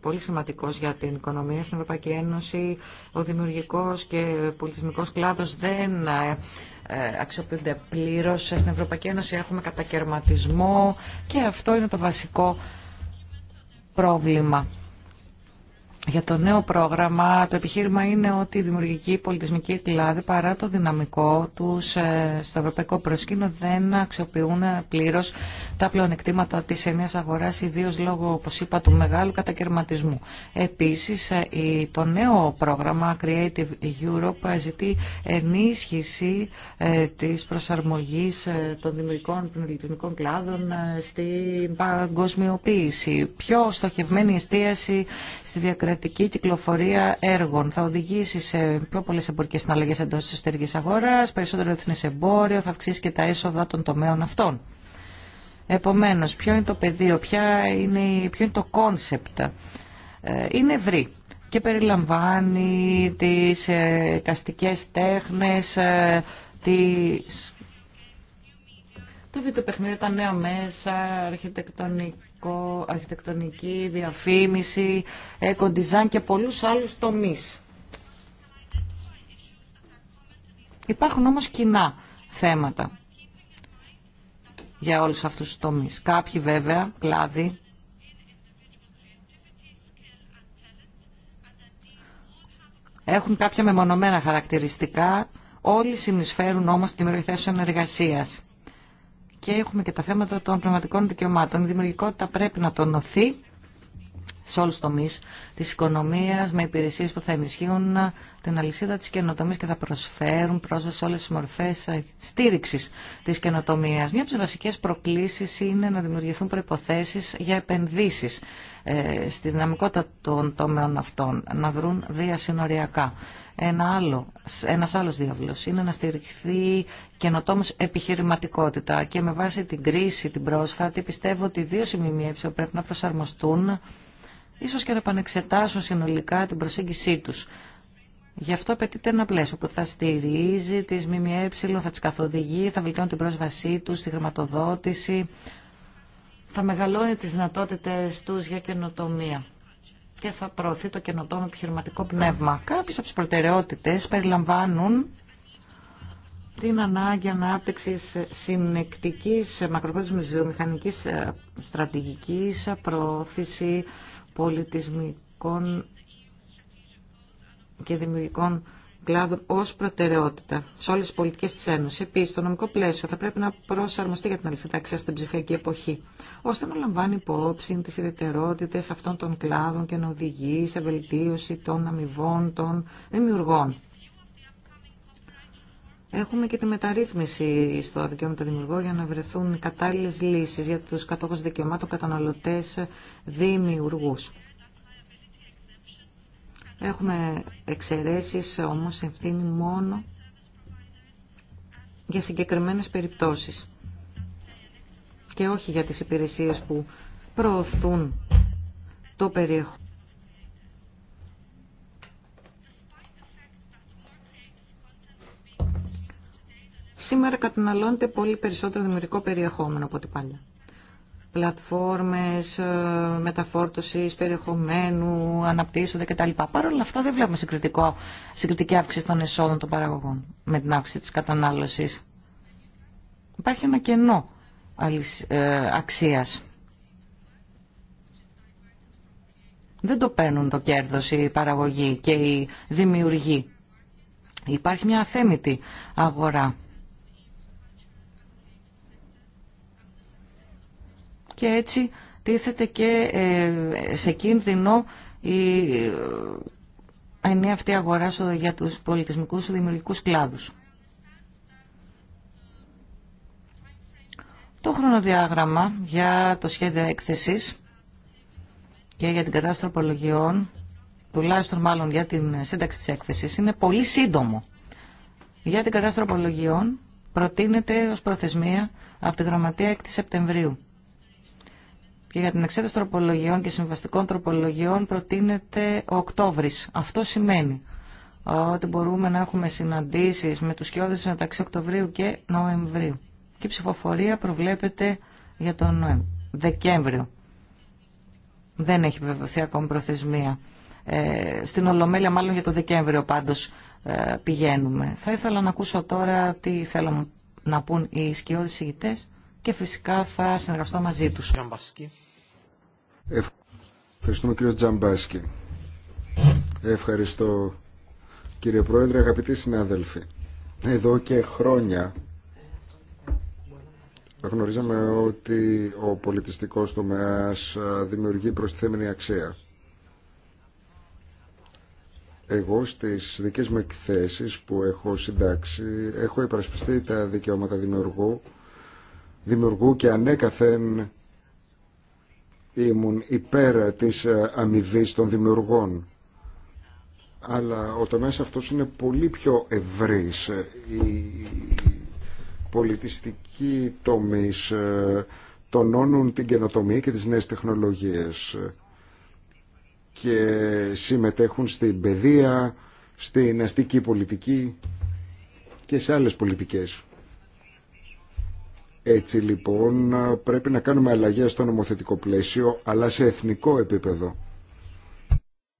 πολύ σημαντικός για την οικονομία στην Ευρωπαϊκή Ένωση. Ο δημιουργικός και πολιτισμικός κλάδος δεν ε, ε, αξιοποιούνται πλήρως. Στην Ευρωπαϊκή Ένωση έχουμε κατακαιρματισμό και αυτό είναι το βασικό πρόβλημα. Για το νέο πρόγραμμα το επιχείρημα είναι ότι η δημιουργική πολιτισμική κλάδη παρά το δυναμικό τους ε, στο ευρωπαϊκό προσκήνιο δεν αξιοποιούν πλήρως τα πλεονεκτήματα της ενιαίας αγοράς ιδίως λόγω όπως είπα του μεγάλου κατακαιρματισμού. Επίσης ε, το νέο πρόγραμμα Creative Europe ζητεί ενίσχυση ε, της προσαρμογής των δημιουργικών πολιτισμικών κλάδων στην παγκοσμιοποίηση. Πιο στοχευμένη εστίαση στη διακρατή υποχρεωτική κυκλοφορία έργων. Θα οδηγήσει σε πιο πολλέ εμπορικέ συναλλαγέ εντό τη εσωτερική αγορά, περισσότερο εθνέ εμπόριο, θα αυξήσει και τα έσοδα των τομέων αυτών. Επομένω, ποιο είναι το πεδίο, ποια είναι, ποιο είναι το κόνσεπτ. Ε, είναι ευρύ και περιλαμβάνει τις ε, καστικές τέχνες, ε, τις... τα βιντεοπαιχνίδια, τα νέα μέσα, αρχιτεκτονική αρχιτεκτονική, διαφήμιση, eco και πολλούς άλλους τομείς. Υπάρχουν όμως κοινά θέματα για όλους αυτούς τους τομείς. Κάποιοι βέβαια, κλάδοι, έχουν κάποια μεμονωμένα χαρακτηριστικά, όλοι συνεισφέρουν όμως τη δημιουργία θέσεων εργασίας και έχουμε και τα θέματα των πνευματικών δικαιωμάτων. Η δημιουργικότητα πρέπει να τονωθεί σε όλου του τομεί τη οικονομία, με υπηρεσίε που θα ενισχύουν την αλυσίδα τη καινοτομία και θα προσφέρουν πρόσβαση σε όλε τι μορφέ στήριξη τη καινοτομία. Μια από τι βασικέ προκλήσει είναι να δημιουργηθούν προποθέσει για επενδύσεις ε, στη δυναμικότητα των τομέων αυτών, να βρουν διασυνοριακά ένα άλλο, ένας άλλος διάβλος είναι να στηριχθεί καινοτόμως επιχειρηματικότητα και με βάση την κρίση την πρόσφατη πιστεύω ότι οι δύο σημεία πρέπει να προσαρμοστούν ίσως και να επανεξετάσουν συνολικά την προσέγγισή τους. Γι' αυτό απαιτείται ένα πλαίσιο που θα στηρίζει τις ΜΜΕ, θα τις καθοδηγεί, θα βελτιώνει την πρόσβασή τους στη χρηματοδότηση, θα μεγαλώνει τις δυνατότητες τους για καινοτομία και θα προωθεί το καινοτόμο επιχειρηματικό πνεύμα. Κάποιες από τις προτεραιότητες περιλαμβάνουν την ανάγκη ανάπτυξη συνεκτική μακροπρόθεσμη βιομηχανική ε, στρατηγική, προώθηση πολιτισμικών και δημιουργικών κλάδων ω προτεραιότητα σε όλε τι πολιτικέ τη Ένωση. Επίση, το νομικό πλαίσιο θα πρέπει να προσαρμοστεί για την αλυσίδα στην ψηφιακή εποχή, ώστε να λαμβάνει υπόψη τι ιδιαιτερότητε αυτών των κλάδων και να οδηγεί σε βελτίωση των αμοιβών των δημιουργών. Έχουμε και τη μεταρρύθμιση στο δικαίωμα του δημιουργού για να βρεθούν κατάλληλε λύσει για του κατόχου δικαιωμάτων καταναλωτέ δημιουργού. Έχουμε εξαιρέσεις όμως ευθύνη μόνο για συγκεκριμένες περιπτώσεις και όχι για τις υπηρεσίες που προωθούν το περιεχόμενο. Σήμερα καταναλώνεται πολύ περισσότερο δημιουργικό περιεχόμενο από ό,τι παλιά πλατφόρμες ε, μεταφόρτωσης περιεχομένου, αναπτύσσονται κτλ. Παρ' όλα αυτά δεν βλέπουμε συγκριτικό, συγκριτική αύξηση των εσόδων των παραγωγών με την αύξηση της κατανάλωσης. Υπάρχει ένα κενό ε, αξίας. Δεν το παίρνουν το κέρδος η παραγωγή και η δημιουργή. Υπάρχει μια αθέμητη αγορά και έτσι τίθεται και ε, σε κίνδυνο η ενία αυτή αγορά για τους πολιτισμικούς δημιουργικούς κλάδους. Το χρονοδιάγραμμα για το σχέδιο έκθεσης και για την κατάσταση τροπολογιών, τουλάχιστον μάλλον για την σύνταξη της έκθεσης, είναι πολύ σύντομο. Για την κατάσταση τροπολογιών προτείνεται ως προθεσμία από τη Γραμματεία 6 Σεπτεμβρίου. Και για την εξέταση τροπολογιών και συμβαστικών τροπολογιών προτείνεται ο Οκτώβρης. Αυτό σημαίνει ότι μπορούμε να έχουμε συναντήσεις με τους σκιώδες μεταξύ Οκτωβρίου και Νοεμβρίου. Και η ψηφοφορία προβλέπεται για τον Δεκέμβριο. Δεν έχει βεβαιωθεί ακόμη προθεσμία. Ε, στην Ολομέλεια μάλλον για τον Δεκέμβριο πάντως ε, πηγαίνουμε. Θα ήθελα να ακούσω τώρα τι θέλουν να πούν οι σκιώδες ηγητές και φυσικά θα συνεργαστώ μαζί τους. Ευχαριστούμε κύριο Τζαμπάσκι. Ευχαριστώ κύριε Πρόεδρε, αγαπητοί συνάδελφοι. Εδώ και χρόνια γνωρίζαμε ότι ο πολιτιστικός τομέας δημιουργεί προστιθέμενη αξία. Εγώ στις δικές μου εκθέσεις που έχω συντάξει έχω υπερασπιστεί τα δικαιώματα δημιουργού δημιουργού και ανέκαθεν ήμουν υπέρ της ε, αμοιβή των δημιουργών. Αλλά ο τομέας αυτός είναι πολύ πιο ευρύς. Οι ε, πολιτιστικοί τομής ε, τονώνουν την καινοτομία και τις νέες τεχνολογίες και συμμετέχουν στην παιδεία, στην αστική πολιτική και σε άλλες πολιτικές. Έτσι λοιπόν πρέπει να κάνουμε αλλαγές στο νομοθετικό πλαίσιο αλλά σε εθνικό επίπεδο.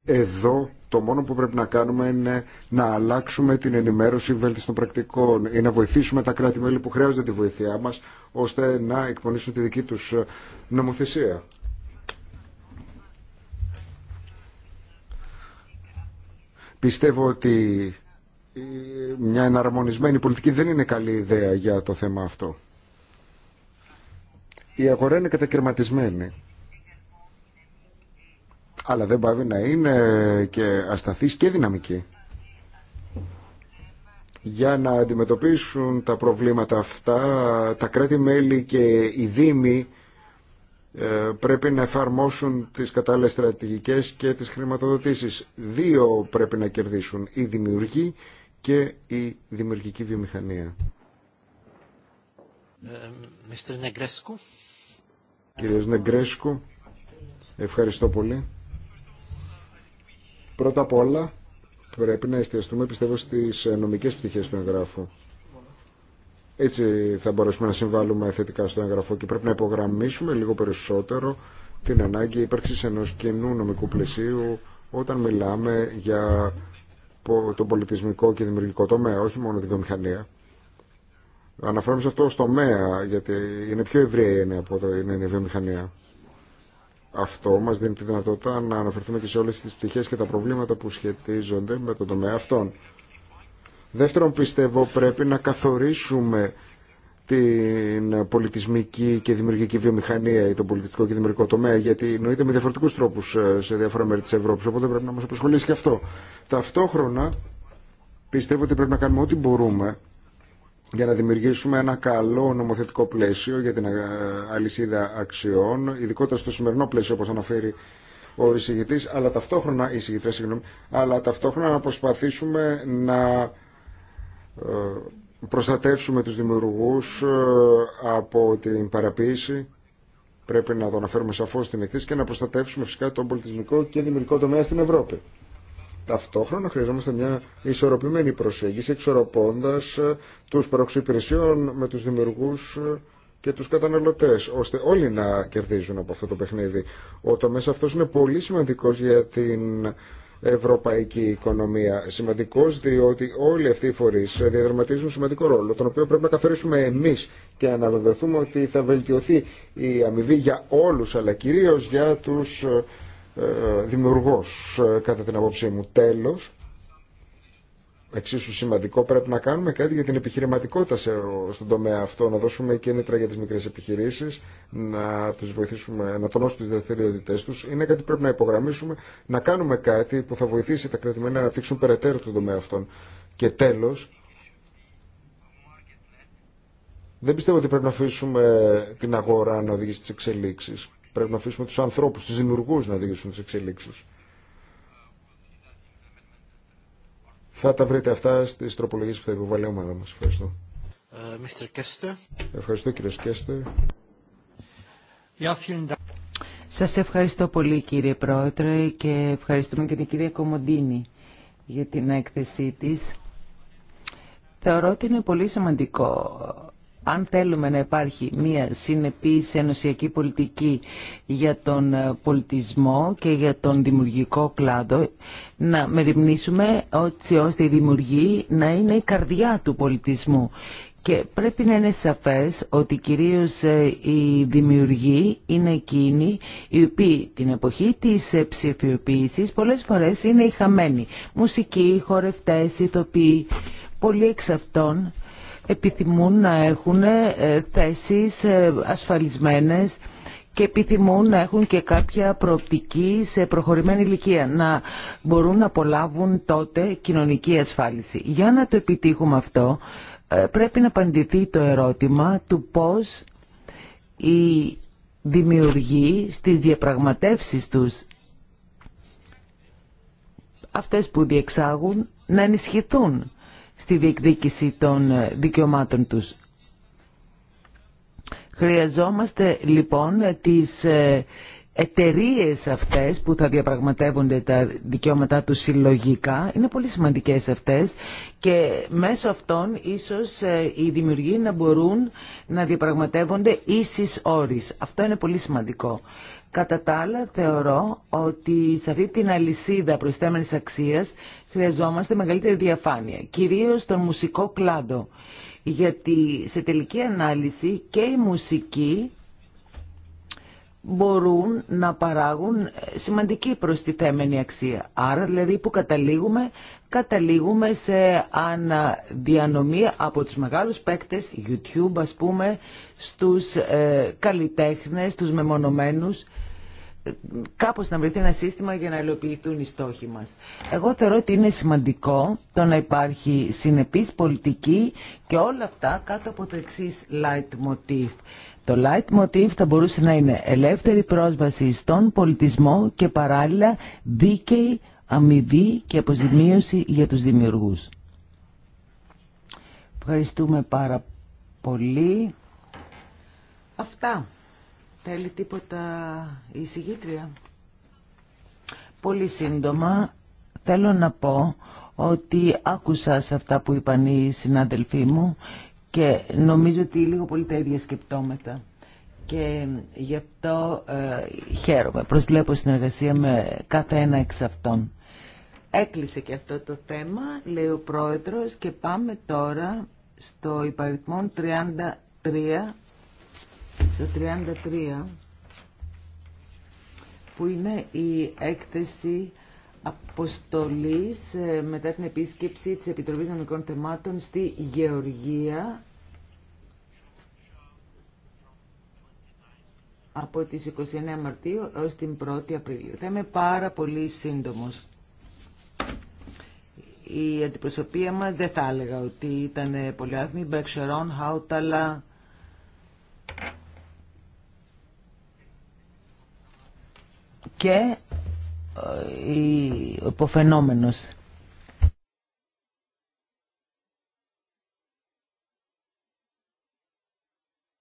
Εδώ το μόνο που πρέπει να κάνουμε είναι να αλλάξουμε την ενημέρωση βέλτιστων πρακτικών ή να βοηθήσουμε τα κράτη-μέλη που χρειάζονται τη βοήθειά μας ώστε να εκπονήσουν τη δική τους ε, νομοθεσία. Πιστεύω ότι ε, μια εναρμονισμένη πολιτική δεν είναι καλή ιδέα για το θέμα αυτό. Η αγορά είναι κατακαιρματισμένη. Αλλά δεν πάει να είναι και ασταθής και δυναμική. Για να αντιμετωπίσουν τα προβλήματα αυτά, τα κράτη-μέλη και οι δήμοι ε, πρέπει να εφαρμόσουν τις κατάλληλες στρατηγικές και τις χρηματοδοτήσεις. Δύο πρέπει να κερδίσουν, η δημιουργή και η δημιουργική βιομηχανία. Ε, Mr. Κύριος Νεγκρέσκου, ευχαριστώ πολύ. Πρώτα απ' όλα, πρέπει να εστιαστούμε, πιστεύω, στις ε, νομικές πτυχές του εγγράφου. Έτσι θα μπορέσουμε να συμβάλλουμε θετικά στο εγγραφό και πρέπει να υπογραμμίσουμε λίγο περισσότερο την ανάγκη ύπαρξη ενός κοινού νομικού πλαισίου όταν μιλάμε για τον πολιτισμικό και δημιουργικό τομέα, όχι μόνο τη βιομηχανία. Αναφέρομαι σε αυτό στο τομέα, γιατί είναι πιο ευρία η έννοια από το είναι η βιομηχανία. Αυτό μα δίνει τη δυνατότητα να αναφερθούμε και σε όλε τι πτυχέ και τα προβλήματα που σχετίζονται με τον τομέα αυτών. Δεύτερον, πιστεύω πρέπει να καθορίσουμε την πολιτισμική και δημιουργική βιομηχανία ή τον πολιτιστικό και δημιουργικό τομέα, γιατί νοείται με διαφορετικού τρόπου ε, σε διάφορα μέρη τη Ευρώπη. Οπότε πρέπει να μα απασχολήσει και αυτό. Ταυτόχρονα πιστεύω ότι πρέπει να κάνουμε ό,τι μπορούμε για να δημιουργήσουμε ένα καλό νομοθετικό πλαίσιο για την ε, αλυσίδα αξιών, ειδικότερα στο σημερινό πλαίσιο όπως αναφέρει ο εισηγητής, αλλά ταυτόχρονα, συγγνώμη, αλλά ταυτόχρονα να προσπαθήσουμε να ε, προστατεύσουμε τους δημιουργούς ε, από την παραποίηση. Πρέπει να το αναφέρουμε σαφώς στην εκτίση και να προστατεύσουμε φυσικά τον πολιτισμικό και δημιουργικό τομέα στην Ευρώπη. Ταυτόχρονα χρειαζόμαστε μια ισορροπημένη προσέγγιση εξορροπώντας ε, τους παρόχους με τους δημιουργούς ε, και τους καταναλωτές, ώστε όλοι να κερδίζουν από αυτό το παιχνίδι. Ο τομέας αυτό είναι πολύ σημαντικό για την ευρωπαϊκή οικονομία. Σημαντικό διότι όλοι αυτοί οι φορεί διαδραματίζουν σημαντικό ρόλο, τον οποίο πρέπει να καθορίσουμε εμεί και να βεβαιωθούμε ότι θα βελτιωθεί η αμοιβή για όλου, αλλά κυρίω για του ε, ε, δημιουργός ε, κατά την απόψή μου. Τέλος, εξίσου σημαντικό, πρέπει να κάνουμε κάτι για την επιχειρηματικότητα στον τομέα αυτό, να δώσουμε κίνητρα για τις μικρές επιχειρήσεις, να τους βοηθήσουμε, να τονώσουν τις δραστηριότητε τους. Είναι κάτι που πρέπει να υπογραμμίσουμε, να κάνουμε κάτι που θα βοηθήσει τα κρατημένα να αναπτύξουν περαιτέρω τον τομέα αυτόν. Και τέλος, δεν πιστεύω ότι πρέπει να αφήσουμε την αγορά να οδηγήσει τις εξελίξεις. Πρέπει να αφήσουμε τους ανθρώπους, τους δημιουργούς να δείξουν τις εξελίξεις. Θα τα βρείτε αυτά στις τροπολογίες που θα υποβάλει ομάδα μας. Ευχαριστώ. Ε, ευχαριστώ κύριε Σκέστερ. Σας ευχαριστώ πολύ κύριε Πρόεδρε και ευχαριστούμε και την κυρία Κομοντίνη για την έκθεσή της. Θεωρώ ότι είναι πολύ σημαντικό αν θέλουμε να υπάρχει μια συνεπής ενωσιακή πολιτική για τον ε, πολιτισμό και για τον δημιουργικό κλάδο, να μεριμνήσουμε ότι ώστε η δημιουργή να είναι η καρδιά του πολιτισμού. Και πρέπει να είναι σαφές ότι κυρίως ε, οι δημιουργοί είναι εκείνοι οι οποίοι την εποχή της ε, ψηφιοποίησης πολλές φορές είναι οι χαμένοι. Μουσικοί, χορευτές, ηθοποιοί, πολλοί εξ αυτών επιθυμούν να έχουν ε, θέσεις ε, ασφαλισμένες και επιθυμούν να έχουν και κάποια προοπτική σε προχωρημένη ηλικία, να μπορούν να απολάβουν τότε κοινωνική ασφάλιση. Για να το επιτύχουμε αυτό, ε, πρέπει να απαντηθεί το ερώτημα του πώς οι δημιουργοί στις διαπραγματεύσεις τους αυτές που διεξάγουν να ενισχυθούν στη διεκδίκηση των ε, δικαιωμάτων τους. Χρειαζόμαστε λοιπόν ε, τις ε, εταιρείε αυτές που θα διαπραγματεύονται τα δικαιώματά του συλλογικά είναι πολύ σημαντικές αυτές και μέσω αυτών ίσως ε, οι δημιουργοί να μπορούν να διαπραγματεύονται ίσης όρης. Αυτό είναι πολύ σημαντικό. Κατά τα άλλα θεωρώ ότι σε αυτή την αλυσίδα προστέμενης αξίας χρειαζόμαστε μεγαλύτερη διαφάνεια, κυρίως στον μουσικό κλάδο. Γιατί σε τελική ανάλυση και η μουσική μπορούν να παράγουν σημαντική προστιθέμενη αξία. Άρα δηλαδή που καταλήγουμε, καταλήγουμε σε αναδιανομή από τους μεγάλους παίκτες, YouTube ας πούμε, στους ε, καλλιτέχνες, στους μεμονωμένους, κάπως να βρεθεί ένα σύστημα για να υλοποιηθούν οι στόχοι μας. Εγώ θεωρώ ότι είναι σημαντικό το να υπάρχει συνεπής πολιτική και όλα αυτά κάτω από το εξής light motif. Το light motif θα μπορούσε να είναι ελεύθερη πρόσβαση στον πολιτισμό και παράλληλα δίκαιη αμοιβή και αποζημίωση για τους δημιουργούς. Ευχαριστούμε πάρα πολύ. Αυτά. Θέλει τίποτα η συγγήτρια. Πολύ σύντομα θέλω να πω ότι άκουσα σε αυτά που είπαν οι συνάδελφοί μου και νομίζω ότι λίγο πολύ τα ίδια σκεπτόμετα και γι' αυτό ε, χαίρομαι. Προσβλέπω συνεργασία με κάθε ένα εξ αυτών. Έκλεισε και αυτό το θέμα, λέει ο Πρόεδρος, και πάμε τώρα στο υπαριθμό 33, στο 33, που είναι η έκθεση αποστολής ε, μετά την επίσκεψη της Επιτροπής Νομικών Θεμάτων στη Γεωργία από τις 29 Μαρτίου έως την 1η Απριλίου. Θα είμαι πάρα πολύ σύντομος. Η αντιπροσωπεία μας δεν θα έλεγα ότι ήταν πολυάθμη Μπρεξερών, Χάουταλα, και ο υποφαινόμενος.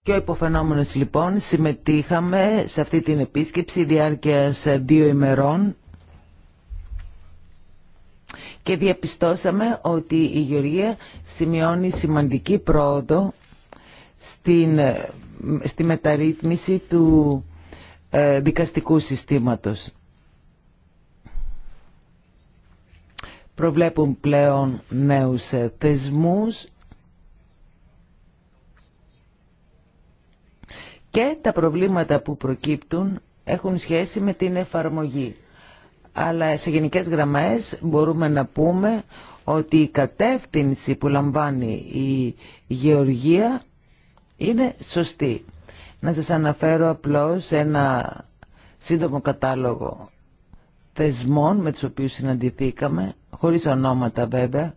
Και ο υποφαινόμενος λοιπόν συμμετείχαμε σε αυτή την επίσκεψη διάρκειας δύο ημερών και διαπιστώσαμε ότι η Γεωργία σημειώνει σημαντική πρόοδο στην, ε, στη μεταρρύθμιση του ε, δικαστικού συστήματος. προβλέπουν πλέον νέους ε, θεσμούς και τα προβλήματα που προκύπτουν έχουν σχέση με την εφαρμογή. Αλλά σε γενικές γραμμές μπορούμε να πούμε ότι η κατεύθυνση που λαμβάνει η γεωργία είναι σωστή. Να σας αναφέρω απλώς ένα σύντομο κατάλογο θεσμών με τους οποίους συναντηθήκαμε, χωρίς ονόματα βέβαια,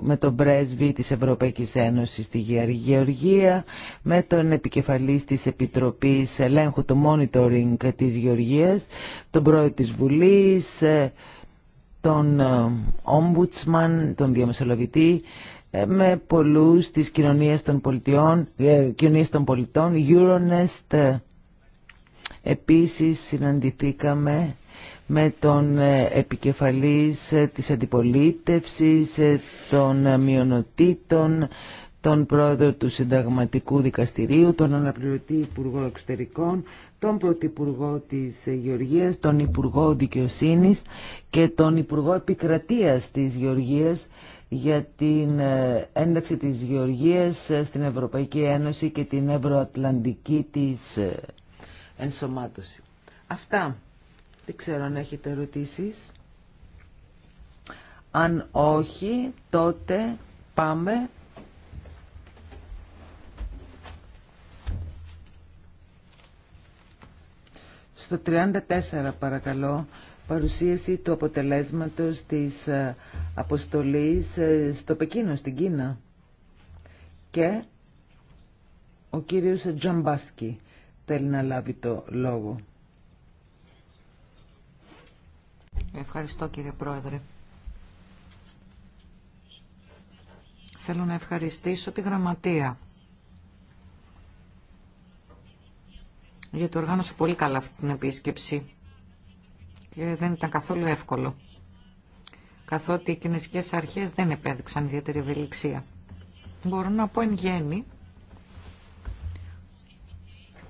με τον πρέσβη της Ευρωπαϊκής Ένωσης στη Γεωργία, με τον επικεφαλής της Επιτροπής Ελέγχου του Monitoring της Γεωργίας, τον πρόεδρο της Βουλής, ε, τον ε, Ombudsman, τον διαμεσολογητή ε, με πολλούς της κοινωνίας των, πολιτιών, κοινωνίας των πολιτών, Euronest. Επίσης συναντηθήκαμε με τον ε, επικεφαλής ε, της αντιπολίτευσης, ε, των μειονοτήτων, τον πρόεδρο του Συνταγματικού Δικαστηρίου, τον αναπληρωτή Υπουργό Εξωτερικών, τον Πρωθυπουργό της Γεωργίας, τον Υπουργό Δικαιοσύνης και τον Υπουργό Επικρατείας της Γεωργίας για την ένταξη της Γεωργίας στην Ευρωπαϊκή Ένωση και την Ευρωατλαντική της ενσωμάτωση. Αυτά. Δεν ξέρω αν έχετε ερωτήσεις. Αν όχι, τότε πάμε στο 34 παρακαλώ παρουσίαση του αποτελέσματος της ε, αποστολής ε, στο Πεκίνο, στην Κίνα και ο κύριος Τζαμπάσκι θέλει να λάβει το λόγο. Ευχαριστώ κύριε Πρόεδρε. Θέλω να ευχαριστήσω τη Γραμματεία γιατί οργάνωσε πολύ καλά αυτή την επίσκεψη και δεν ήταν καθόλου εύκολο καθότι οι κινέζικες αρχές δεν επέδειξαν ιδιαίτερη ευελιξία. Μπορώ να πω εν γέννη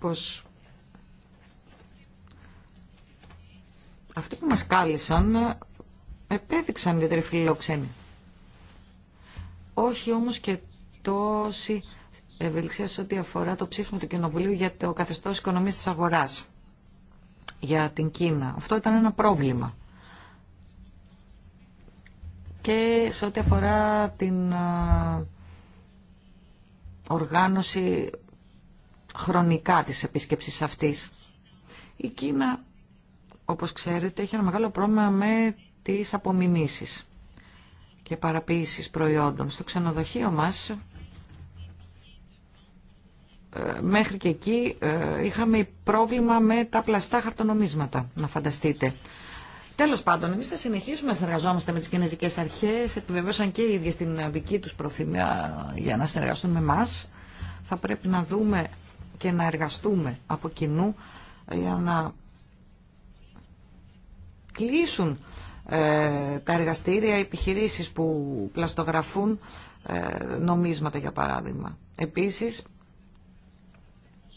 πως Αυτοί που μας κάλεσαν ε, επέδειξαν ιδιαίτερη φιλοξένη. Όχι όμως και τόση ευελιξία σε ό,τι αφορά το ψήφισμα του Κοινοβουλίου για το καθεστώς οικονομίας της αγοράς για την Κίνα. Αυτό ήταν ένα πρόβλημα. Και σε ό,τι αφορά την ε, οργάνωση χρονικά της επίσκεψης αυτής. Η Κίνα όπως ξέρετε, έχει ένα μεγάλο πρόβλημα με τις απομιμήσεις και παραποίησεις προϊόντων. Στο ξενοδοχείο μας, ε, μέχρι και εκεί, ε, είχαμε πρόβλημα με τα πλαστά χαρτονομίσματα, να φανταστείτε. Τέλο πάντων, εμεί θα συνεχίσουμε να συνεργαζόμαστε με τι κινέζικε αρχέ. Επιβεβαίωσαν και οι ίδιε την δική του προθυμία για να συνεργαστούν με εμά. Θα πρέπει να δούμε και να εργαστούμε από κοινού για να κλείσουν ε, τα εργαστήρια, επιχειρήσεις που πλαστογραφούν ε, νομίσματα για παράδειγμα. Επίσης,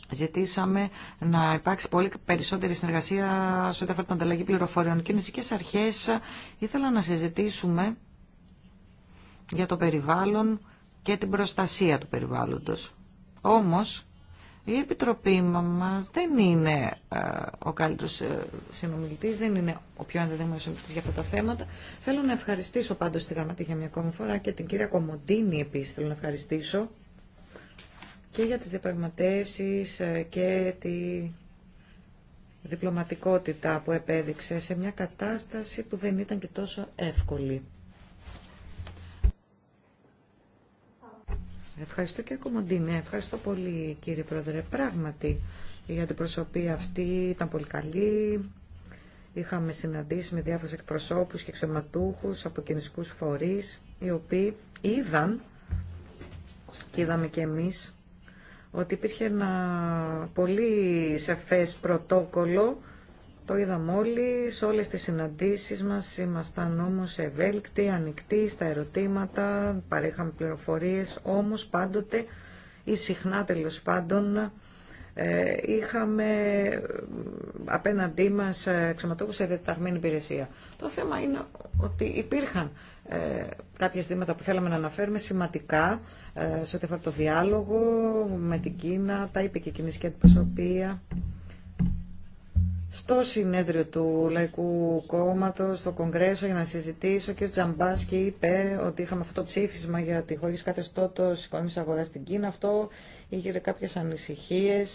ζητήσαμε να υπάρξει πολύ περισσότερη συνεργασία σε ό,τι αφορά την ανταλλαγή πληροφοριών. Και αρχές ήθελα να συζητήσουμε για το περιβάλλον και την προστασία του περιβάλλοντος. Όμως, η Επιτροπή μας δεν είναι ε, ο καλύτερος ε, συνομιλητής, δεν είναι ο πιο συνομιλητή για αυτά τα θέματα. Θέλω να ευχαριστήσω πάντως τη Γραμματή για μια ακόμη φορά και την κυρία Κομοντίνη επίσης θέλω να ευχαριστήσω και για τις διαπραγματεύσεις ε, και τη διπλωματικότητα που επέδειξε σε μια κατάσταση που δεν ήταν και τόσο εύκολη. Ευχαριστώ κύριε Κομοντίνε, ευχαριστώ πολύ κύριε Πρόεδρε. Πράγματι την προσωπία αυτή ήταν πολύ καλή. Είχαμε συναντήσει με διάφορους εκπροσώπους και εξωματούχους από κοινωνικούς φορείς, οι οποίοι είδαν και είδαμε και εμείς ότι υπήρχε ένα πολύ σεφές πρωτόκολλο το είδαμε όλοι, σε όλες τις συναντήσεις μας ήμασταν όμως ευέλικτοι, ανοιχτοί στα ερωτήματα, παρέχαμε πληροφορίες, όμως πάντοτε ή συχνά τέλο πάντων ε, είχαμε ε, απέναντί μας ε, αξιωματούχους σε δεταγμένη υπηρεσία. Το θέμα είναι ότι υπήρχαν ε, κάποια ζητήματα που θέλαμε να αναφέρουμε σημαντικά σε ό,τι αφορά το διάλογο με την Κίνα, τα είπε και η κοινή αντιπροσωπεία στο συνέδριο του Λαϊκού Κόμματο, στο Κογκρέσο, για να συζητήσω. Και ο Τζαμπάσκι είπε ότι είχαμε αυτό το ψήφισμα για τη χωρί καθεστώτο οικονομική αγορά στην Κίνα. Αυτό είχε κάποιε ανησυχίε.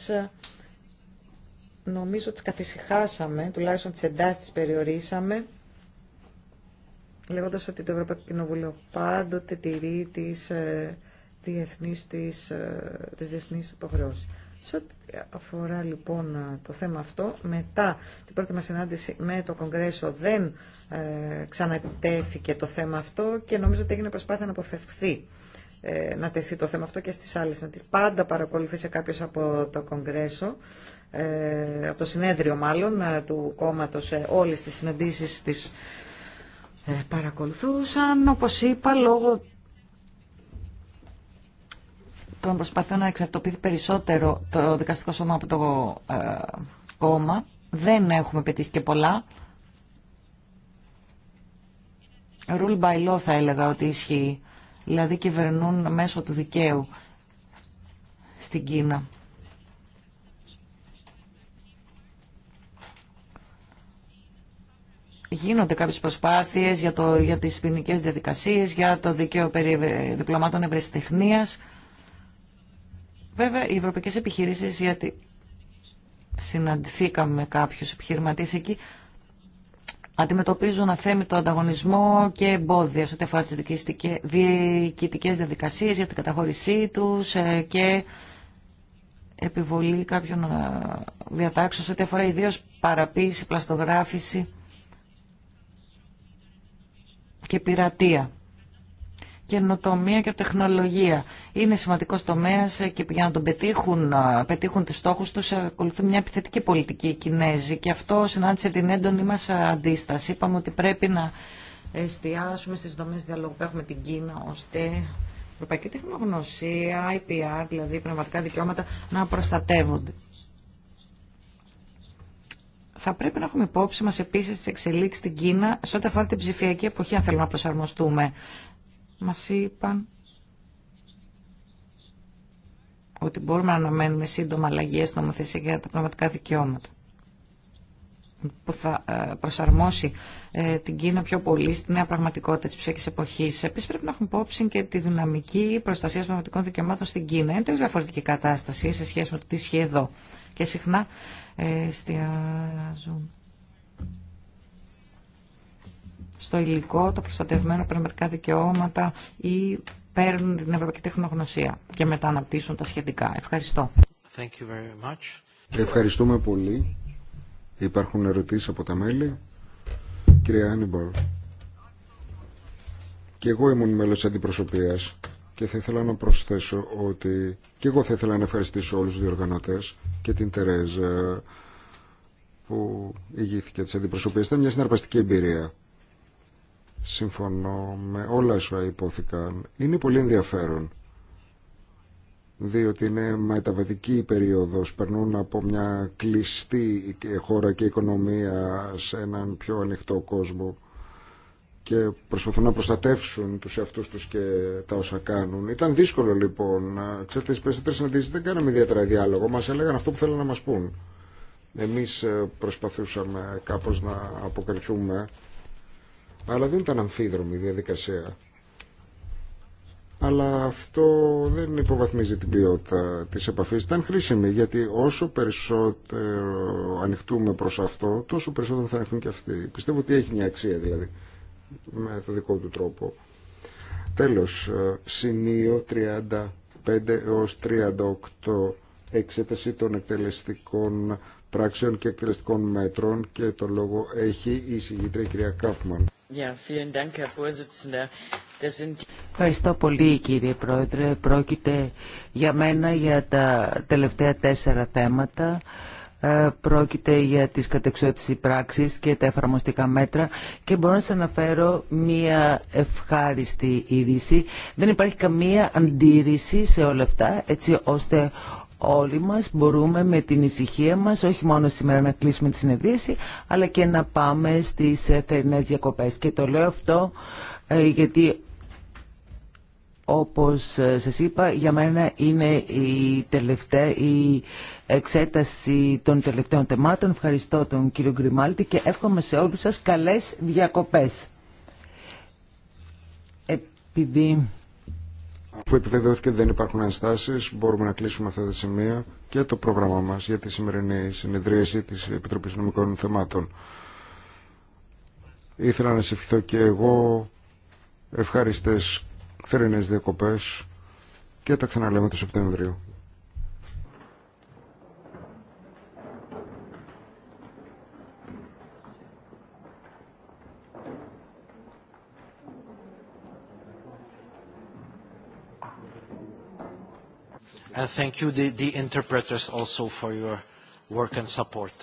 Νομίζω τι καθησυχάσαμε, τουλάχιστον τι εντάσει τι περιορίσαμε, λέγοντα ότι το Ευρωπαϊκό Κοινοβούλιο πάντοτε τηρεί τι ε, διεθνεί ε, υποχρεώσει. Σε ό,τι αφορά λοιπόν το θέμα αυτό, μετά την πρώτη μας συνάντηση με το Κογκρέσο δεν ε, ξανατέθηκε το θέμα αυτό και νομίζω ότι έγινε προσπάθεια να αποφευθεί ε, να τεθεί το θέμα αυτό και στις άλλες. Να τις πάντα παρακολουθήσει κάποιος από το Κογκρέσο, ε, από το συνέδριο μάλλον ε, του κόμματος, ε, όλες τις συναντήσεις της παρακολουθούσαν. Όπως είπα, λόγω τον προσπαθεί να εξαρτοποιηθεί περισσότερο το δικαστικό σώμα από το ε, κόμμα. Δεν έχουμε πετύχει και πολλά. Rule by law θα έλεγα ότι ισχύει. Δηλαδή κυβερνούν μέσω του δικαίου στην Κίνα. γίνονται κάποιες προσπάθειες για, το, για τις ποινικές διαδικασίες, για το δίκαιο περί διπλωμάτων ευρεσιτεχνίας. Βέβαια, οι ευρωπαϊκές επιχειρήσεις, γιατί συναντηθήκαμε με κάποιους επιχειρηματίες εκεί, αντιμετωπίζουν αθέμητο ανταγωνισμό και εμπόδια σε ό,τι αφορά τι διοικητικέ διαδικασίε για την καταχώρησή τους ε, και επιβολή κάποιων ε, διατάξεων σε ό,τι αφορά ιδίω παραποίηση, πλαστογράφηση και πειρατεία καινοτομία και τεχνολογία. Είναι σημαντικό τομέα και για να τον πετύχουν, πετύχουν τους στόχους τους ακολουθούν μια επιθετική πολιτική οι Κινέζοι και αυτό συνάντησε την έντονη μας αντίσταση. Είπαμε ότι πρέπει να εστιάσουμε στις δομές διαλόγου που έχουμε την Κίνα ώστε η ευρωπαϊκή τεχνογνωσία, IPR, δηλαδή πνευματικά δικαιώματα να προστατεύονται. Θα πρέπει να έχουμε υπόψη μα επίση τι εξελίξει στην Κίνα σε ό,τι αφορά την ψηφιακή εποχή, αν θέλουμε να προσαρμοστούμε μας είπαν ότι μπορούμε να αναμένουμε σύντομα αλλαγέ στην νομοθεσία για τα πνευματικά δικαιώματα που θα ε, προσαρμόσει ε, την Κίνα πιο πολύ στη νέα πραγματικότητα της ψυχικής εποχής. Επίσης πρέπει να έχουμε υπόψη και τη δυναμική προστασία πνευματικών δικαιωμάτων στην Κίνα. Είναι τελείως διαφορετική κατάσταση σε σχέση με το τι ισχύει εδώ. Και συχνά ε, εστιάζουμε στο υλικό, τα προστατευμένα πνευματικά δικαιώματα ή παίρνουν την ευρωπαϊκή τεχνογνωσία και μετά αναπτύσσουν τα σχετικά. Ευχαριστώ. Thank you very much. Ευχαριστούμε πολύ. Υπάρχουν ερωτήσεις από τα μέλη. Κυρία Άνιμπορ, και εγώ ήμουν μέλος της αντιπροσωπείας και θα ήθελα να προσθέσω ότι και εγώ θα ήθελα να ευχαριστήσω όλους τους διοργανωτές και την Τερέζα που ηγήθηκε της αντιπροσωπείας. Ήταν μια συναρπαστική εμπειρία Συμφωνώ με όλα όσα υπόθηκαν. Είναι πολύ ενδιαφέρον διότι είναι μεταβατική η περίοδος, περνούν από μια κλειστή χώρα και οικονομία σε έναν πιο ανοιχτό κόσμο και προσπαθούν να προστατεύσουν τους εαυτούς τους και τα όσα κάνουν. Ήταν δύσκολο λοιπόν, ξέρετε τις περισσότερες συναντήσεις δεν κάναμε ιδιαίτερα διάλογο, μας έλεγαν αυτό που θέλουν να μας πούν. Εμείς ε, προσπαθούσαμε κάπως να αποκριθούμε αλλά δεν ήταν αμφίδρομη η διαδικασία. Αλλά αυτό δεν υποβαθμίζει την ποιότητα της επαφής. Ήταν χρήσιμη γιατί όσο περισσότερο ανοιχτούμε προς αυτό, τόσο περισσότερο θα ανοιχτούν και αυτοί. Πιστεύω ότι έχει μια αξία δηλαδή με το δικό του τρόπο. Τέλος, ε, σημείο 35 έως 38 εξέταση των εκτελεστικών πράξεων και εκτελεστικών μέτρων και το λόγο έχει η συγγήτρια κυρία Κάφμαν. Ευχαριστώ πολύ κύριε Πρόεδρε. Πρόκειται για μένα για τα τελευταία τέσσερα θέματα ε, πρόκειται για τις κατεξότηση πράξεις και τα εφαρμοστικά μέτρα και μπορώ να σας αναφέρω μία ευχάριστη είδηση. Δεν υπάρχει καμία αντίρρηση σε όλα αυτά έτσι ώστε όλοι μας μπορούμε με την ησυχία μας όχι μόνο σήμερα να κλείσουμε τη συνεδρίαση αλλά και να πάμε στις ε, θερινές διακοπές. Και το λέω αυτό ε, γιατί όπως ε, σας είπα για μένα είναι η, τελευταία, η εξέταση των τελευταίων θεμάτων. Ευχαριστώ τον κύριο Γκριμάλτη και εύχομαι σε όλους σας καλές διακοπές. Επειδή Αφού επιβεβαιώθηκε ότι δεν υπάρχουν ενστάσει, μπορούμε να κλείσουμε αυτά τα σημεία και το πρόγραμμα μας για τη σημερινή συνεδρίαση της Επιτροπής Νομικών Θεμάτων. Ήθελα να σε ευχηθώ και εγώ ευχάριστες θερινές διακοπές και τα ξαναλέμε το Σεπτέμβριο. And thank you, the interpreters, also for your work and support.